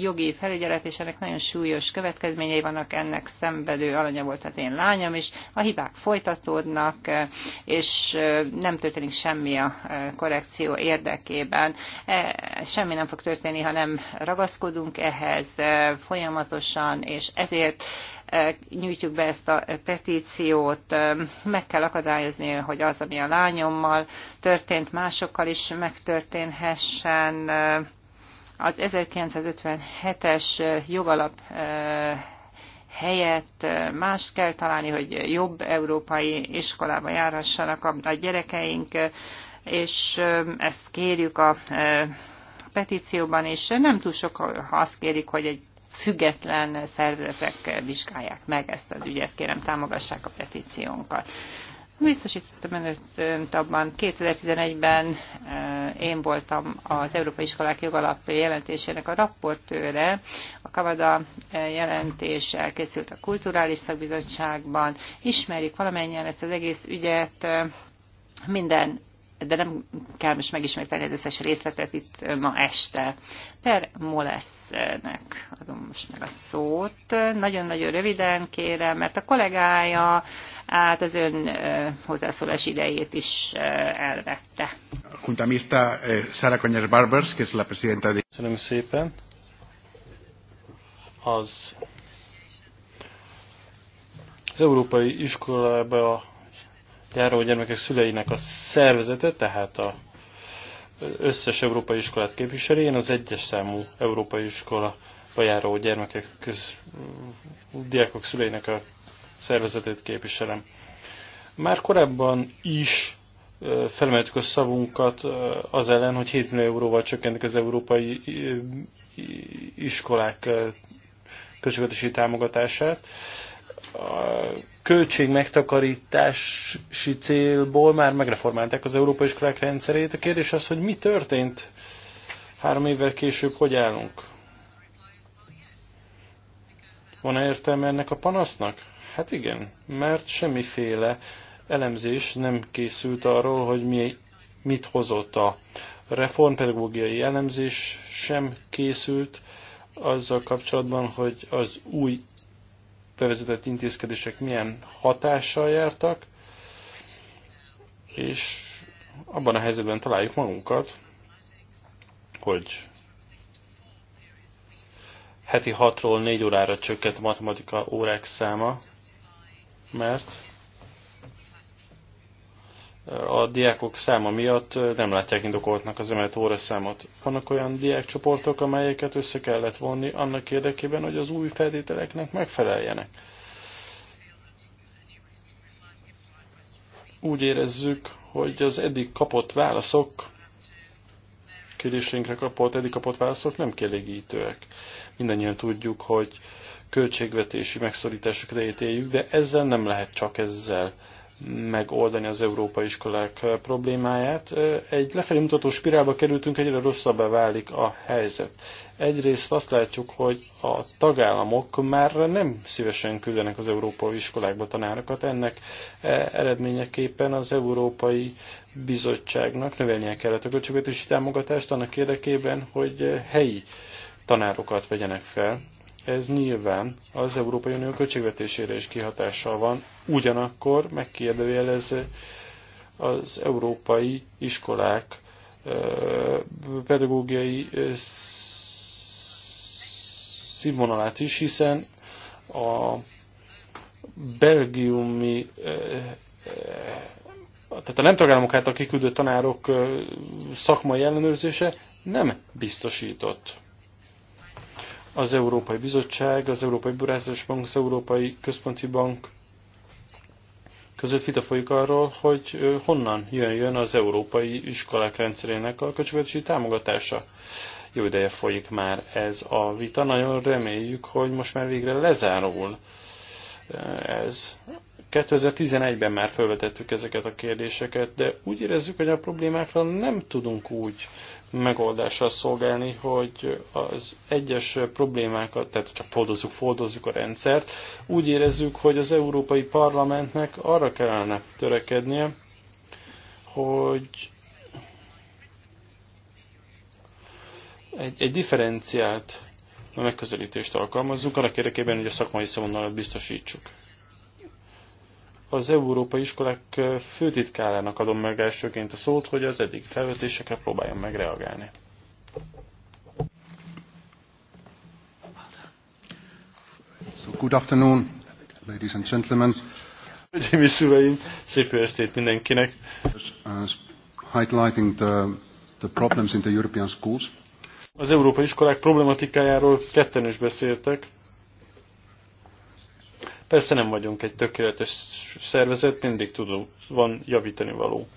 jogi felügyelet, és ennek nagyon súlyos következményei vannak, ennek szenvedő alanya volt az én lányom, és a hibák folytatódnak, és nem történik semmi a korrekció érdekében. E, semmi nem fog történni, ha nem ragaszkodunk ehhez e, folyamatosan, és ezért e, nyújtjuk be ezt a petíciót, meg kell akadályozni, hogy az, ami a lányommal történt, másokkal is megtörténhessen. Az 1957-es jogalap helyett Más kell találni, hogy jobb európai iskolába járhassanak a gyerekeink, és ezt kérjük a petícióban, és nem túl sok, ha azt kérik, hogy egy független szervezetek vizsgálják meg ezt az ügyet, kérem támogassák a petíciónkat. Biztosítottam önöt abban, 2011-ben én voltam az Európai Iskolák Jogalap jelentésének a rapportőre, a Kavada jelentés elkészült a Kulturális Szakbizottságban, ismerik valamennyien ezt az egész ügyet, minden de nem kell most megismételni az összes részletet itt ma este. Per Molesznek adom most meg a szót. Nagyon-nagyon röviden kérem, mert a kollégája át az ön hozzászólás idejét is elvette. Kuntamista eh, Sara Konyers Barbers, que es la presidenta de... Köszönöm szépen. Az az európai iskolába gyáró gyermekek szüleinek a szervezete, tehát a összes európai iskolát képviseli. Én az egyes számú európai iskola járó gyermekek köz, diákok szüleinek a szervezetét képviselem. Már korábban is felemeltük a szavunkat az ellen, hogy 7 millió euróval csökkentik az európai iskolák költségvetési támogatását a költség megtakarítási célból már megreformálták az európai iskolák rendszerét. A kérdés az, hogy mi történt három évvel később, hogy állunk? Van-e értelme ennek a panasznak? Hát igen, mert semmiféle elemzés nem készült arról, hogy mi, mit hozott a reformpedagógiai elemzés sem készült azzal kapcsolatban, hogy az új bevezetett intézkedések milyen hatással jártak, és abban a helyzetben találjuk magunkat, hogy heti 6-ról 4 órára csökkent a matematika órák száma, mert a diákok száma miatt nem látják indokoltnak az emelt óraszámot. Vannak olyan diákcsoportok, amelyeket össze kellett vonni annak érdekében, hogy az új feltételeknek megfeleljenek. Úgy érezzük, hogy az eddig kapott válaszok, kérdésünkre kapott, eddig kapott válaszok nem kielégítőek. Mindannyian tudjuk, hogy költségvetési megszorítások idejét éljük, de ezzel nem lehet csak ezzel megoldani az európai iskolák problémáját. Egy lefelé mutató spirálba kerültünk, egyre rosszabbá válik a helyzet. Egyrészt azt látjuk, hogy a tagállamok már nem szívesen küldenek az európai iskolákba tanárokat. Ennek e, eredményeképpen az Európai Bizottságnak növelnie kellett a költségvetési támogatást annak érdekében, hogy helyi tanárokat vegyenek fel ez nyilván az Európai Unió költségvetésére is kihatással van, ugyanakkor megkérdőjelez az európai iskolák pedagógiai színvonalát is, hiszen a belgiumi tehát a nem tagállamok által kiküldött tanárok szakmai ellenőrzése nem biztosított az Európai Bizottság, az Európai Burázás Bank, az Európai Központi Bank között vita folyik arról, hogy honnan jön az európai iskolák rendszerének a költségvetési támogatása. Jó ideje folyik már ez a vita, nagyon reméljük, hogy most már végre lezárul ez. 2011-ben már felvetettük ezeket a kérdéseket, de úgy érezzük, hogy a problémákra nem tudunk úgy megoldással szolgálni, hogy az egyes problémákat, tehát csak foldozzuk, foldozzuk a rendszert, úgy érezzük, hogy az Európai Parlamentnek arra kellene törekednie, hogy egy, egy differenciált megközelítést alkalmazzunk, annak érdekében, hogy a szakmai szavonalat biztosítsuk az európai iskolák főtitkárának adom meg elsőként a szót, hogy az eddig felvetésekre próbáljon meg reagálni. So good afternoon, ladies and gentlemen. Hölgyeim és uraim, szép jó estét mindenkinek. Uh, highlighting the, the problems in the European schools. Az európai iskolák problematikájáról ketten is beszéltek. Persze nem vagyunk egy tökéletes szervezet, mindig tudom van javítani való.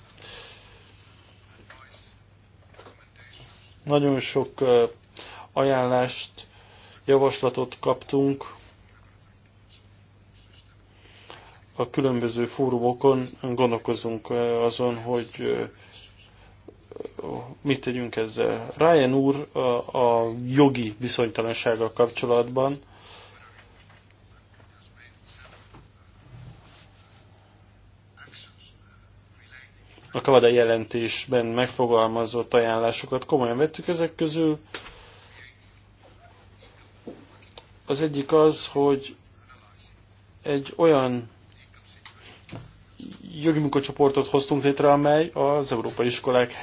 Nagyon sok ajánlást, javaslatot kaptunk a különböző fórumokon, gondolkozunk azon, hogy mit tegyünk ezzel. Ryan úr a jogi viszonytalansággal kapcsolatban a Kavada jelentésben megfogalmazott ajánlásokat komolyan vettük ezek közül. Az egyik az, hogy egy olyan jogi munkacsoportot hoztunk létre, amely az európai iskolák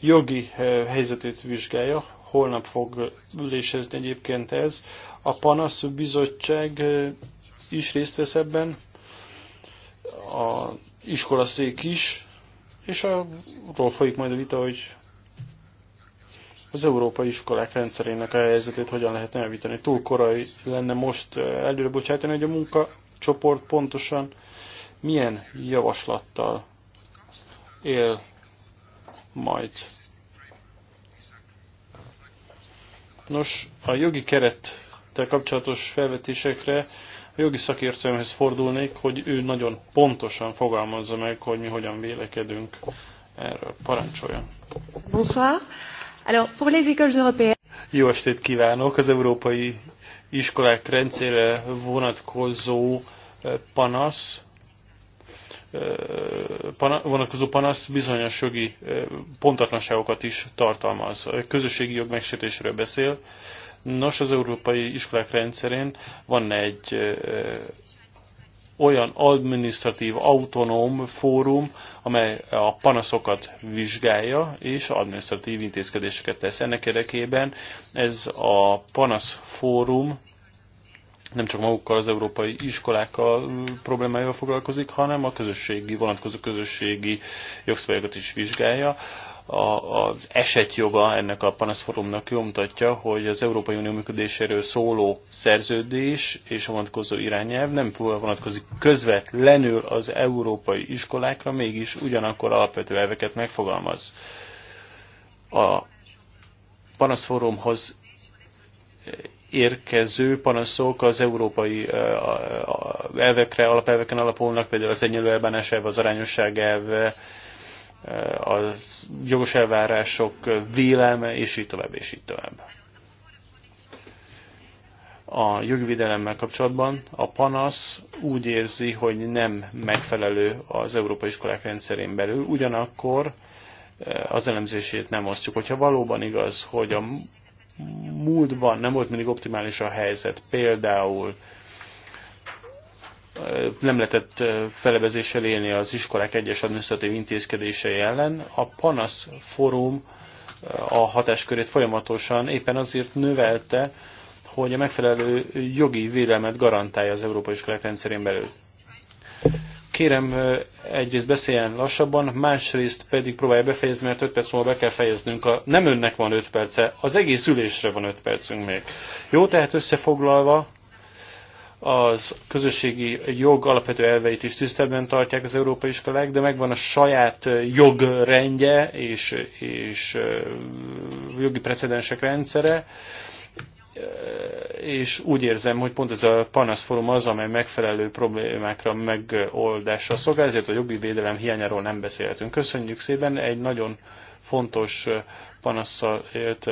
jogi helyzetét vizsgálja. Holnap fog ülésezni egyébként ez. A Panasz Bizottság eh, is részt vesz ebben, a iskolaszék is, és arról folyik majd a vita, hogy az európai iskolák rendszerének a helyzetét hogyan lehetne javítani. Túl korai lenne most eh, előre bocsájtani, hogy a munkacsoport pontosan milyen javaslattal él majd. Nos, a jogi kerettel kapcsolatos felvetésekre a jogi szakértőmhez fordulnék, hogy ő nagyon pontosan fogalmazza meg, hogy mi hogyan vélekedünk erről. Parancsoljon! Bonsoir! Alors, pour les écoles européennes... Jó estét kívánok! Az európai iskolák rendszére vonatkozó eh, panasz eh, vonatkozó panasz bizonyos jogi eh, pontatlanságokat is tartalmaz. A közösségi jog megsértéséről beszél, Nos, az európai iskolák rendszerén van egy olyan administratív autonóm fórum, amely a panaszokat vizsgálja és administratív intézkedéseket tesz. Ennek érdekében ez a panasz fórum nem csak magukkal az európai iskolákkal problémáival foglalkozik, hanem a közösségi, vonatkozó közösségi jogszabályokat is vizsgálja a, az esetjoga ennek a panaszforumnak jól hogy az Európai Unió működéséről szóló szerződés és a vonatkozó irányelv nem vonatkozik közvetlenül az európai iskolákra, mégis ugyanakkor alapvető elveket megfogalmaz. A panaszforumhoz érkező panaszok az európai elvekre, alapelveken alapulnak, például az egyenlő elbánás elve, az arányosság elve, a jogos elvárások vélelme, és így tovább, és így tovább. A jogvédelemmel kapcsolatban a panasz úgy érzi, hogy nem megfelelő az európai iskolák rendszerén belül, ugyanakkor eh, az elemzését nem osztjuk. Hogyha valóban igaz, hogy a múltban nem volt mindig optimális a helyzet, például nem lehetett felebezéssel élni az iskolák egyes adminisztratív intézkedései ellen. A Panasz Fórum a hatáskörét folyamatosan éppen azért növelte, hogy a megfelelő jogi védelmet garantálja az európai iskolák rendszerén belül. Kérem, egyrészt beszéljen lassabban, másrészt pedig próbálja befejezni, mert 5 perc múlva be kell fejeznünk. A, nem önnek van 5 perce, az egész ülésre van 5 percünk még. Jó, tehát összefoglalva, az közösségi jog alapvető elveit is tiszteletben tartják az európai iskolák, de megvan a saját jogrendje és, és jogi precedensek rendszere, és úgy érzem, hogy pont ez a panaszforum az, amely megfelelő problémákra megoldásra szolgál, ezért a jogi védelem hiányáról nem beszélhetünk. Köszönjük szépen, egy nagyon fontos panaszsal élt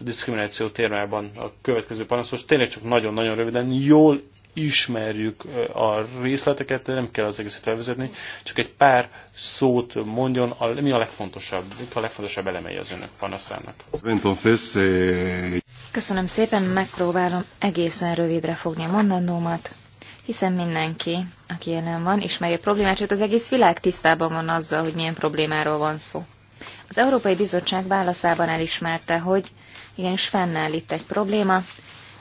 a diszkrimináció témában a következő panaszos. Tényleg csak nagyon-nagyon röviden, jól ismerjük a részleteket, nem kell az egészet felvezetni, csak egy pár szót mondjon, a, mi a legfontosabb, mi a legfontosabb elemei az önök panaszának. Köszönöm szépen, megpróbálom egészen rövidre fogni a mondandómat, hiszen mindenki, aki jelen van, ismeri a problémát, sőt az egész világ tisztában van azzal, hogy milyen problémáról van szó. Az Európai Bizottság válaszában elismerte, hogy igenis fennáll itt egy probléma.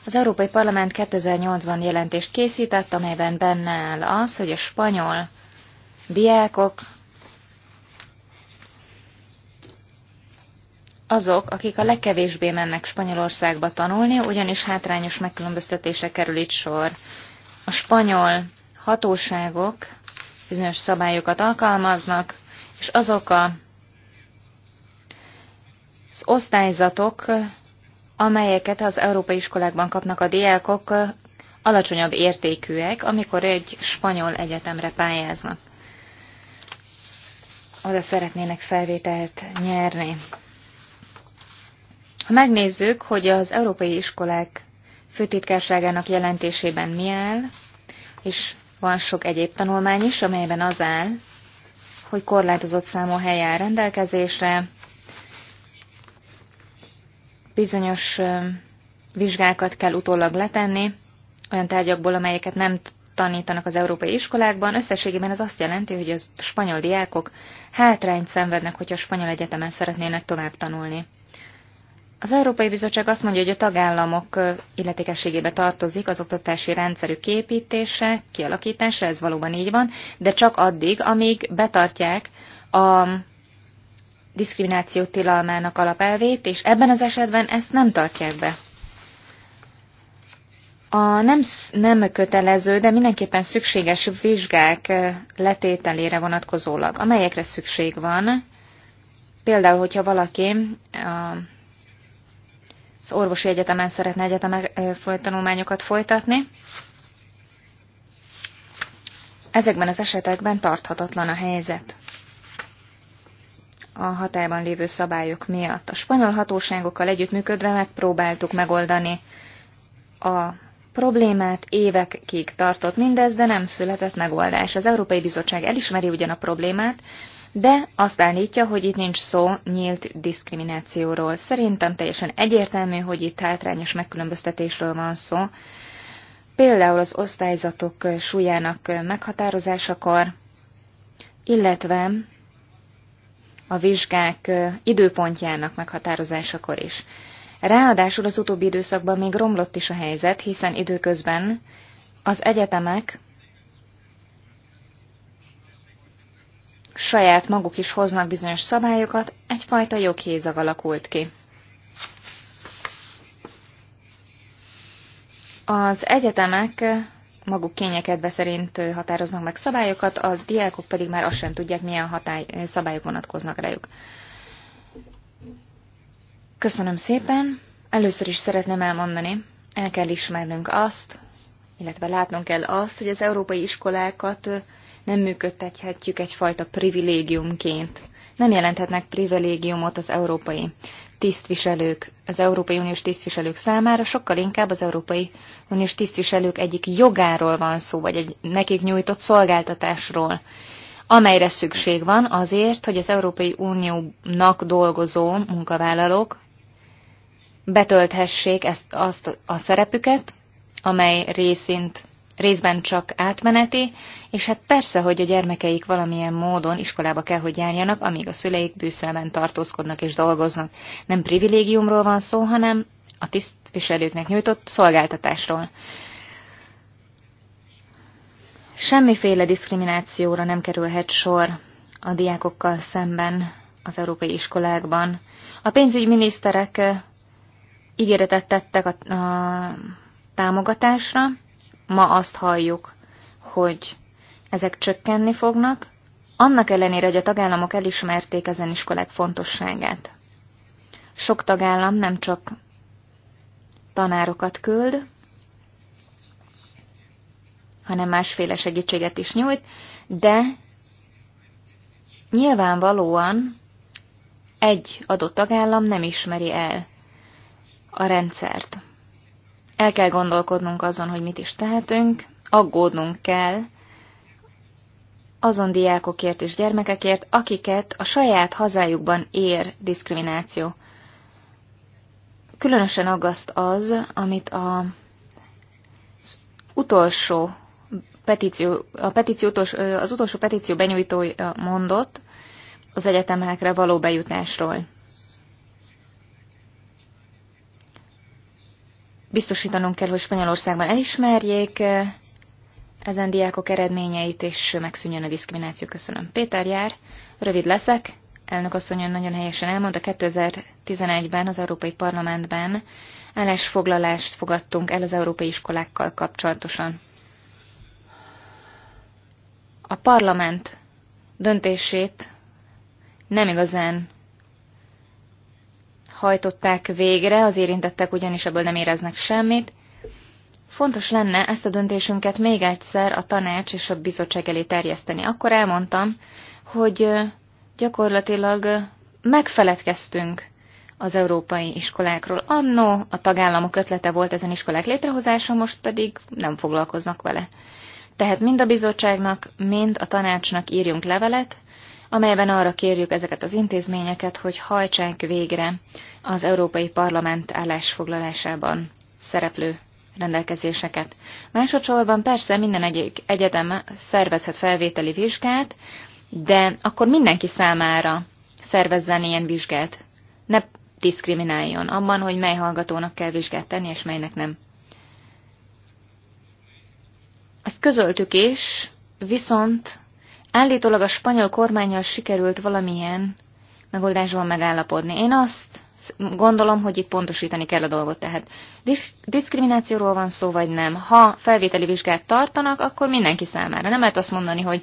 Az Európai Parlament 2008-ban jelentést készített, amelyben benne áll az, hogy a spanyol diákok azok, akik a legkevésbé mennek Spanyolországba tanulni, ugyanis hátrányos megkülönböztetése kerül itt sor. A spanyol hatóságok bizonyos szabályokat alkalmaznak, és azok a, az osztályzatok, amelyeket az európai iskolákban kapnak a diákok, alacsonyabb értékűek, amikor egy spanyol egyetemre pályáznak. Oda szeretnének felvételt nyerni. Ha megnézzük, hogy az európai iskolák főtitkárságának jelentésében mi áll, és van sok egyéb tanulmány is, amelyben az áll, hogy korlátozott számú hely áll rendelkezésre, bizonyos vizsgákat kell utólag letenni, olyan tárgyakból, amelyeket nem tanítanak az európai iskolákban. Összességében ez azt jelenti, hogy az spanyol diákok hátrányt szenvednek, hogyha a spanyol egyetemen szeretnének tovább tanulni. Az Európai Bizottság azt mondja, hogy a tagállamok illetékességébe tartozik az oktatási rendszerű képítése, kialakítása, ez valóban így van, de csak addig, amíg betartják a diszkrimináció tilalmának alapelvét, és ebben az esetben ezt nem tartják be. A nem, nem kötelező, de mindenképpen szükséges vizsgák letételére vonatkozólag, amelyekre szükség van, például, hogyha valaki a, az orvosi egyetemen szeretne egyetemek tanulmányokat folytatni, ezekben az esetekben tarthatatlan a helyzet a hatályban lévő szabályok miatt. A spanyol hatóságokkal együttműködve megpróbáltuk megoldani a problémát, évekig tartott mindez, de nem született megoldás. Az Európai Bizottság elismeri ugyan a problémát, de azt állítja, hogy itt nincs szó nyílt diszkriminációról. Szerintem teljesen egyértelmű, hogy itt hátrányos megkülönböztetésről van szó. Például az osztályzatok súlyának meghatározásakor, illetve a vizsgák időpontjának meghatározásakor is. Ráadásul az utóbbi időszakban még romlott is a helyzet, hiszen időközben az egyetemek saját maguk is hoznak bizonyos szabályokat, egyfajta joghézag alakult ki. Az egyetemek maguk kényekedve szerint határoznak meg szabályokat, a diákok pedig már azt sem tudják, milyen hatály, szabályok vonatkoznak rájuk. Köszönöm szépen. Először is szeretném elmondani, el kell ismernünk azt, illetve látnunk kell azt, hogy az európai iskolákat nem működtethetjük egyfajta privilégiumként. Nem jelenthetnek privilégiumot az európai tisztviselők, az Európai Uniós tisztviselők számára, sokkal inkább az Európai Uniós tisztviselők egyik jogáról van szó, vagy egy nekik nyújtott szolgáltatásról, amelyre szükség van azért, hogy az Európai Uniónak dolgozó munkavállalók betölthessék ezt, azt a szerepüket, amely részint részben csak átmeneti, és hát persze, hogy a gyermekeik valamilyen módon iskolába kell, hogy járjanak, amíg a szüleik bűszelben tartózkodnak és dolgoznak. Nem privilégiumról van szó, hanem a tisztviselőknek nyújtott szolgáltatásról. Semmiféle diszkriminációra nem kerülhet sor a diákokkal szemben az európai iskolákban. A pénzügyminiszterek ígéretet tettek a, a támogatásra, ma azt halljuk, hogy ezek csökkenni fognak, annak ellenére, hogy a tagállamok elismerték ezen iskolák fontosságát. Sok tagállam nem csak tanárokat küld, hanem másféle segítséget is nyújt, de nyilvánvalóan egy adott tagállam nem ismeri el a rendszert. El kell gondolkodnunk azon, hogy mit is tehetünk, aggódnunk kell azon diákokért és gyermekekért, akiket a saját hazájukban ér diszkrimináció. Különösen aggaszt az, amit a utolsó petíció, a petíció utolsó, az utolsó petíció benyújtója mondott az egyetemekre való bejutásról. Biztosítanunk kell, hogy Spanyolországban elismerjék ezen diákok eredményeit, és megszűnjön a diszkrimináció. Köszönöm. Péter jár, rövid leszek. Elnök asszony nagyon helyesen elmondta, 2011-ben az Európai Parlamentben állásfoglalást fogadtunk el az európai iskolákkal kapcsolatosan. A parlament döntését nem igazán hajtották végre, az érintettek ugyanis ebből nem éreznek semmit. Fontos lenne ezt a döntésünket még egyszer a tanács és a bizottság elé terjeszteni. Akkor elmondtam, hogy gyakorlatilag megfeledkeztünk az európai iskolákról. Annó a tagállamok ötlete volt ezen iskolák létrehozása, most pedig nem foglalkoznak vele. Tehát mind a bizottságnak, mind a tanácsnak írjunk levelet, amelyben arra kérjük ezeket az intézményeket, hogy hajtsák végre az Európai Parlament állásfoglalásában szereplő rendelkezéseket. Másodszorban persze minden egyik egyetem szervezhet felvételi vizsgát, de akkor mindenki számára szervezzen ilyen vizsgát. Ne diszkrimináljon abban, hogy mely hallgatónak kell vizsgát tenni, és melynek nem. Ezt közöltük is, viszont Állítólag a spanyol kormányjal sikerült valamilyen megoldásban megállapodni. Én azt gondolom, hogy itt pontosítani kell a dolgot, tehát disz- diszkriminációról van szó, vagy nem. Ha felvételi vizsgát tartanak, akkor mindenki számára. Nem lehet azt mondani, hogy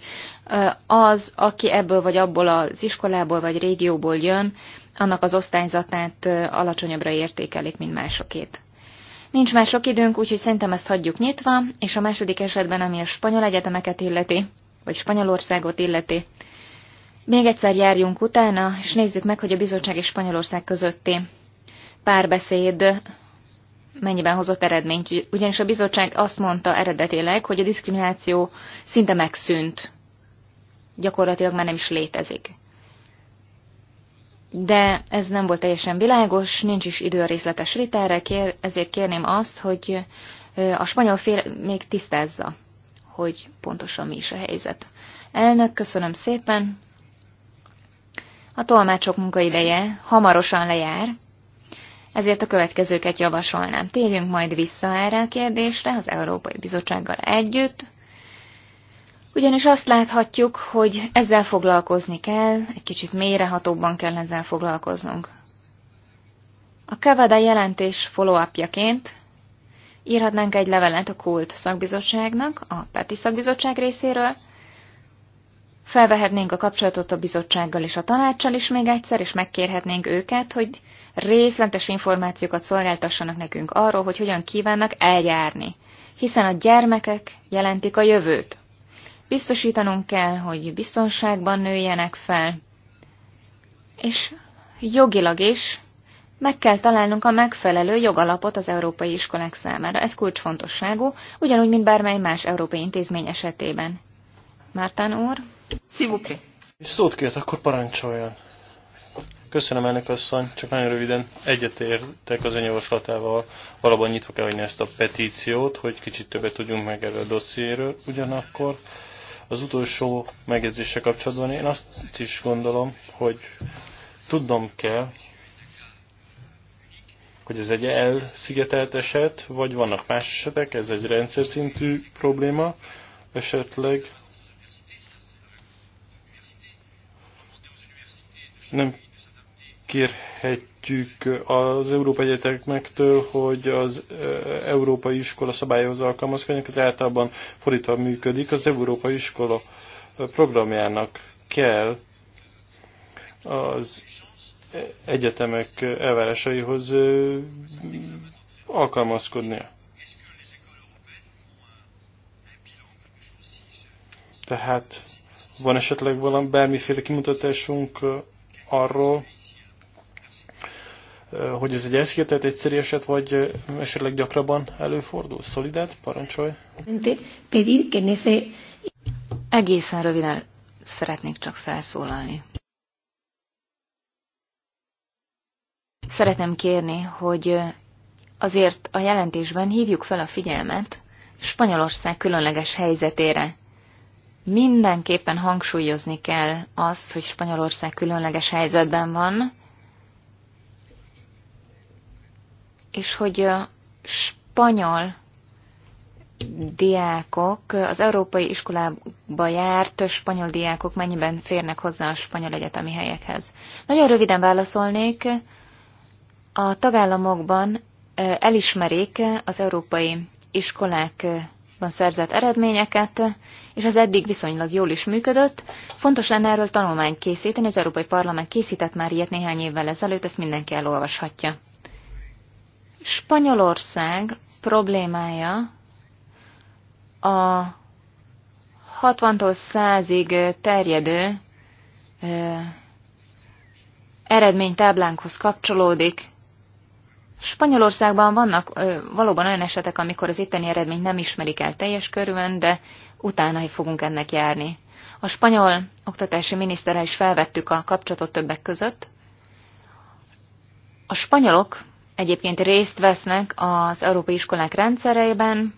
az, aki ebből vagy abból az iskolából vagy régióból jön, annak az osztályzatát alacsonyabbra értékelik, mint másokét. Nincs már sok időnk, úgyhogy szerintem ezt hagyjuk nyitva, és a második esetben, ami a spanyol egyetemeket illeti, vagy Spanyolországot illeti. Még egyszer járjunk utána, és nézzük meg, hogy a bizottság és Spanyolország közötti párbeszéd mennyiben hozott eredményt. Ugyanis a bizottság azt mondta eredetileg, hogy a diszkrimináció szinte megszűnt. Gyakorlatilag már nem is létezik. De ez nem volt teljesen világos, nincs is idő a részletes vitára, kér, ezért kérném azt, hogy a spanyol fél még tisztázza hogy pontosan mi is a helyzet. Elnök, köszönöm szépen. A tolmácsok munkaideje hamarosan lejár, ezért a következőket javasolnám. Térjünk majd vissza erre a kérdésre az Európai Bizottsággal együtt, ugyanis azt láthatjuk, hogy ezzel foglalkozni kell, egy kicsit mélyrehatóbban kell ezzel foglalkoznunk. A Kavada jelentés follow-upjaként írhatnánk egy levelet a Kult szakbizottságnak, a Peti szakbizottság részéről, felvehetnénk a kapcsolatot a bizottsággal és a tanácssal is még egyszer, és megkérhetnénk őket, hogy részletes információkat szolgáltassanak nekünk arról, hogy hogyan kívánnak eljárni, hiszen a gyermekek jelentik a jövőt. Biztosítanunk kell, hogy biztonságban nőjenek fel, és jogilag is meg kell találnunk a megfelelő jogalapot az európai iskolák számára. Ez kulcsfontosságú, ugyanúgy, mint bármely más európai intézmény esetében. Mártán úr? Szivuplé. És szót kért, akkor parancsoljon. Köszönöm, elnök asszony, csak nagyon röviden egyetértek az javaslatával. Valóban nyitva kell hagyni ezt a petíciót, hogy kicsit többet tudjunk meg erről a dossziéről. Ugyanakkor az utolsó megjegyzése kapcsolatban én azt is gondolom, hogy tudnom kell, hogy ez egy elszigetelt eset, vagy vannak más esetek, ez egy rendszer szintű probléma, esetleg nem kérhetjük az Európai Egyetemektől, hogy az e, Európai Iskola szabályhoz alkalmazkodjanak, ez általában fordítva működik. Az Európai Iskola programjának kell az egyetemek elvárásaihoz alkalmazkodnia. Tehát van esetleg valami, bármiféle kimutatásunk arról, hogy ez egy elszigetelt egyszerű eset, vagy esetleg gyakrabban előfordul? Szolidát, parancsolj! Egészen röviden szeretnék csak felszólalni. Szeretem kérni, hogy azért a jelentésben hívjuk fel a figyelmet Spanyolország különleges helyzetére. Mindenképpen hangsúlyozni kell azt, hogy Spanyolország különleges helyzetben van, és hogy a spanyol diákok, az európai iskolába járt spanyol diákok mennyiben férnek hozzá a spanyol egyetemi helyekhez. Nagyon röviden válaszolnék, a tagállamokban elismerik az európai iskolákban szerzett eredményeket, és az eddig viszonylag jól is működött. Fontos lenne erről tanulmányt készíteni, az Európai Parlament készített már ilyet néhány évvel ezelőtt, ezt mindenki elolvashatja. Spanyolország problémája a 60-tól 100-ig terjedő eredménytáblánkhoz kapcsolódik. Spanyolországban vannak ö, valóban olyan esetek, amikor az itteni eredmény nem ismerik el teljes körülön, de utána fogunk ennek járni. A spanyol oktatási miniszterrel is felvettük a kapcsolatot többek között. A spanyolok egyébként részt vesznek az európai iskolák rendszereiben,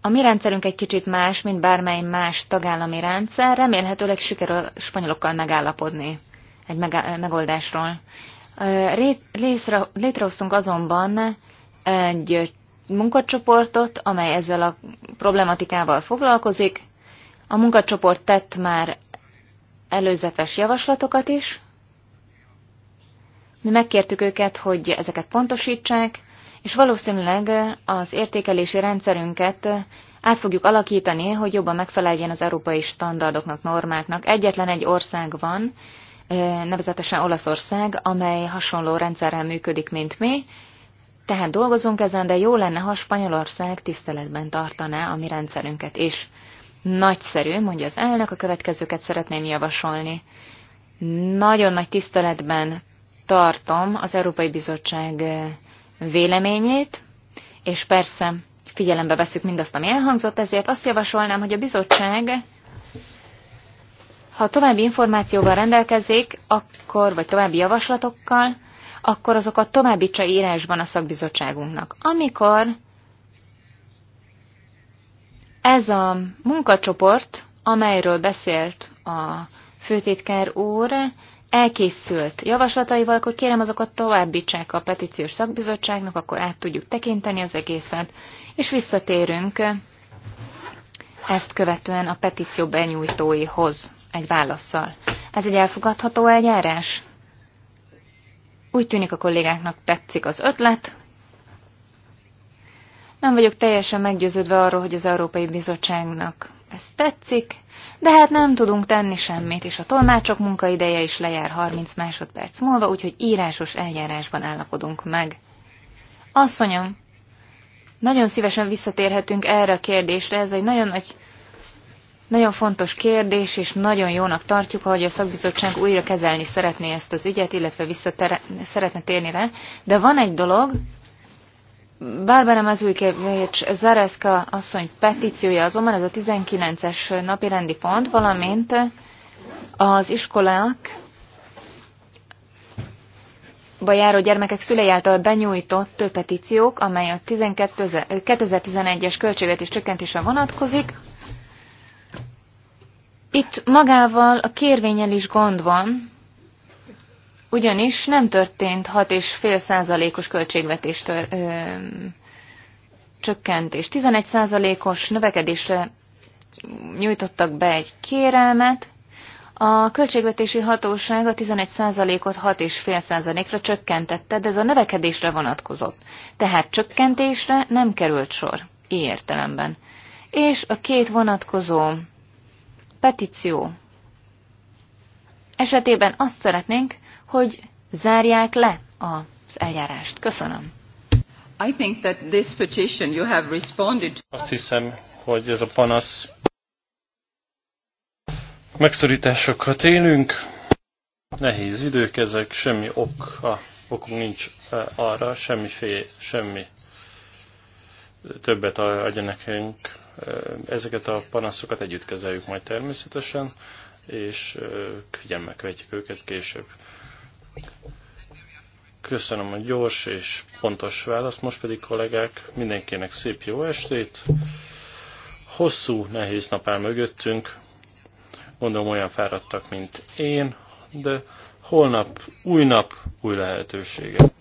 A mi rendszerünk egy kicsit más, mint bármely más tagállami rendszer. Remélhetőleg sikerül a spanyolokkal megállapodni egy megoldásról. Létrehoztunk azonban egy munkacsoportot, amely ezzel a problematikával foglalkozik. A munkacsoport tett már előzetes javaslatokat is. Mi megkértük őket, hogy ezeket pontosítsák, és valószínűleg az értékelési rendszerünket át fogjuk alakítani, hogy jobban megfeleljen az európai standardoknak, normáknak. Egyetlen egy ország van, nevezetesen Olaszország, amely hasonló rendszerrel működik, mint mi, tehát dolgozunk ezen, de jó lenne, ha Spanyolország tiszteletben tartaná a mi rendszerünket is. Nagyszerű, mondja az elnök, a következőket szeretném javasolni. Nagyon nagy tiszteletben tartom az Európai Bizottság véleményét, és persze figyelembe veszük mindazt, ami elhangzott, ezért azt javasolnám, hogy a bizottság, ha további információval rendelkezik, akkor, vagy további javaslatokkal, akkor azokat továbbítsa írásban a szakbizottságunknak. Amikor ez a munkacsoport, amelyről beszélt a főtitkár úr, elkészült javaslataival, akkor kérem azokat továbbítsák a petíciós szakbizottságnak, akkor át tudjuk tekinteni az egészet, és visszatérünk ezt követően a petíció benyújtóihoz egy válaszsal. Ez egy elfogadható eljárás? Úgy tűnik a kollégáknak tetszik az ötlet. Nem vagyok teljesen meggyőződve arról, hogy az Európai Bizottságnak ez tetszik, de hát nem tudunk tenni semmit, és a tolmácsok munkaideje is lejár 30 másodperc múlva, úgyhogy írásos eljárásban állapodunk meg. Asszonyom, nagyon szívesen visszatérhetünk erre a kérdésre, ez egy nagyon nagy, nagyon fontos kérdés, és nagyon jónak tartjuk, hogy a szakbizottság újra kezelni szeretné ezt az ügyet, illetve vissza szeretne térni rá, de van egy dolog, Bárbara Mazujkevics Zareszka asszony petíciója azonban ez a 19-es napi rendi pont, valamint az iskolák járó gyermekek szülei által benyújtott petíciók, amely a 2011-es is csökkentésre vonatkozik. Itt magával a kérvényel is gond van, ugyanis nem történt 6,5 százalékos költségvetés ö, csökkentés. 11 százalékos növekedésre nyújtottak be egy kérelmet, a költségvetési hatóság a 11%-ot 65 százalékra csökkentette, de ez a növekedésre vonatkozott. Tehát csökkentésre nem került sor, így értelemben. És a két vonatkozó petíció esetében azt szeretnénk, hogy zárják le az eljárást. Köszönöm. I think that this petition you have responded to... Azt hiszem, hogy ez a panasz megszorításokat élünk. Nehéz idők ezek, semmi ok, a, okunk nincs eh, arra, semmi fél, semmi eh, többet adja nekünk. Eh, ezeket a panaszokat együtt kezeljük majd természetesen, és figyelmek vegyük őket később. Köszönöm a gyors és pontos választ, most pedig kollégák, mindenkinek szép jó estét. Hosszú, nehéz nap áll mögöttünk, gondolom olyan fáradtak, mint én, de holnap új nap, új lehetőségek.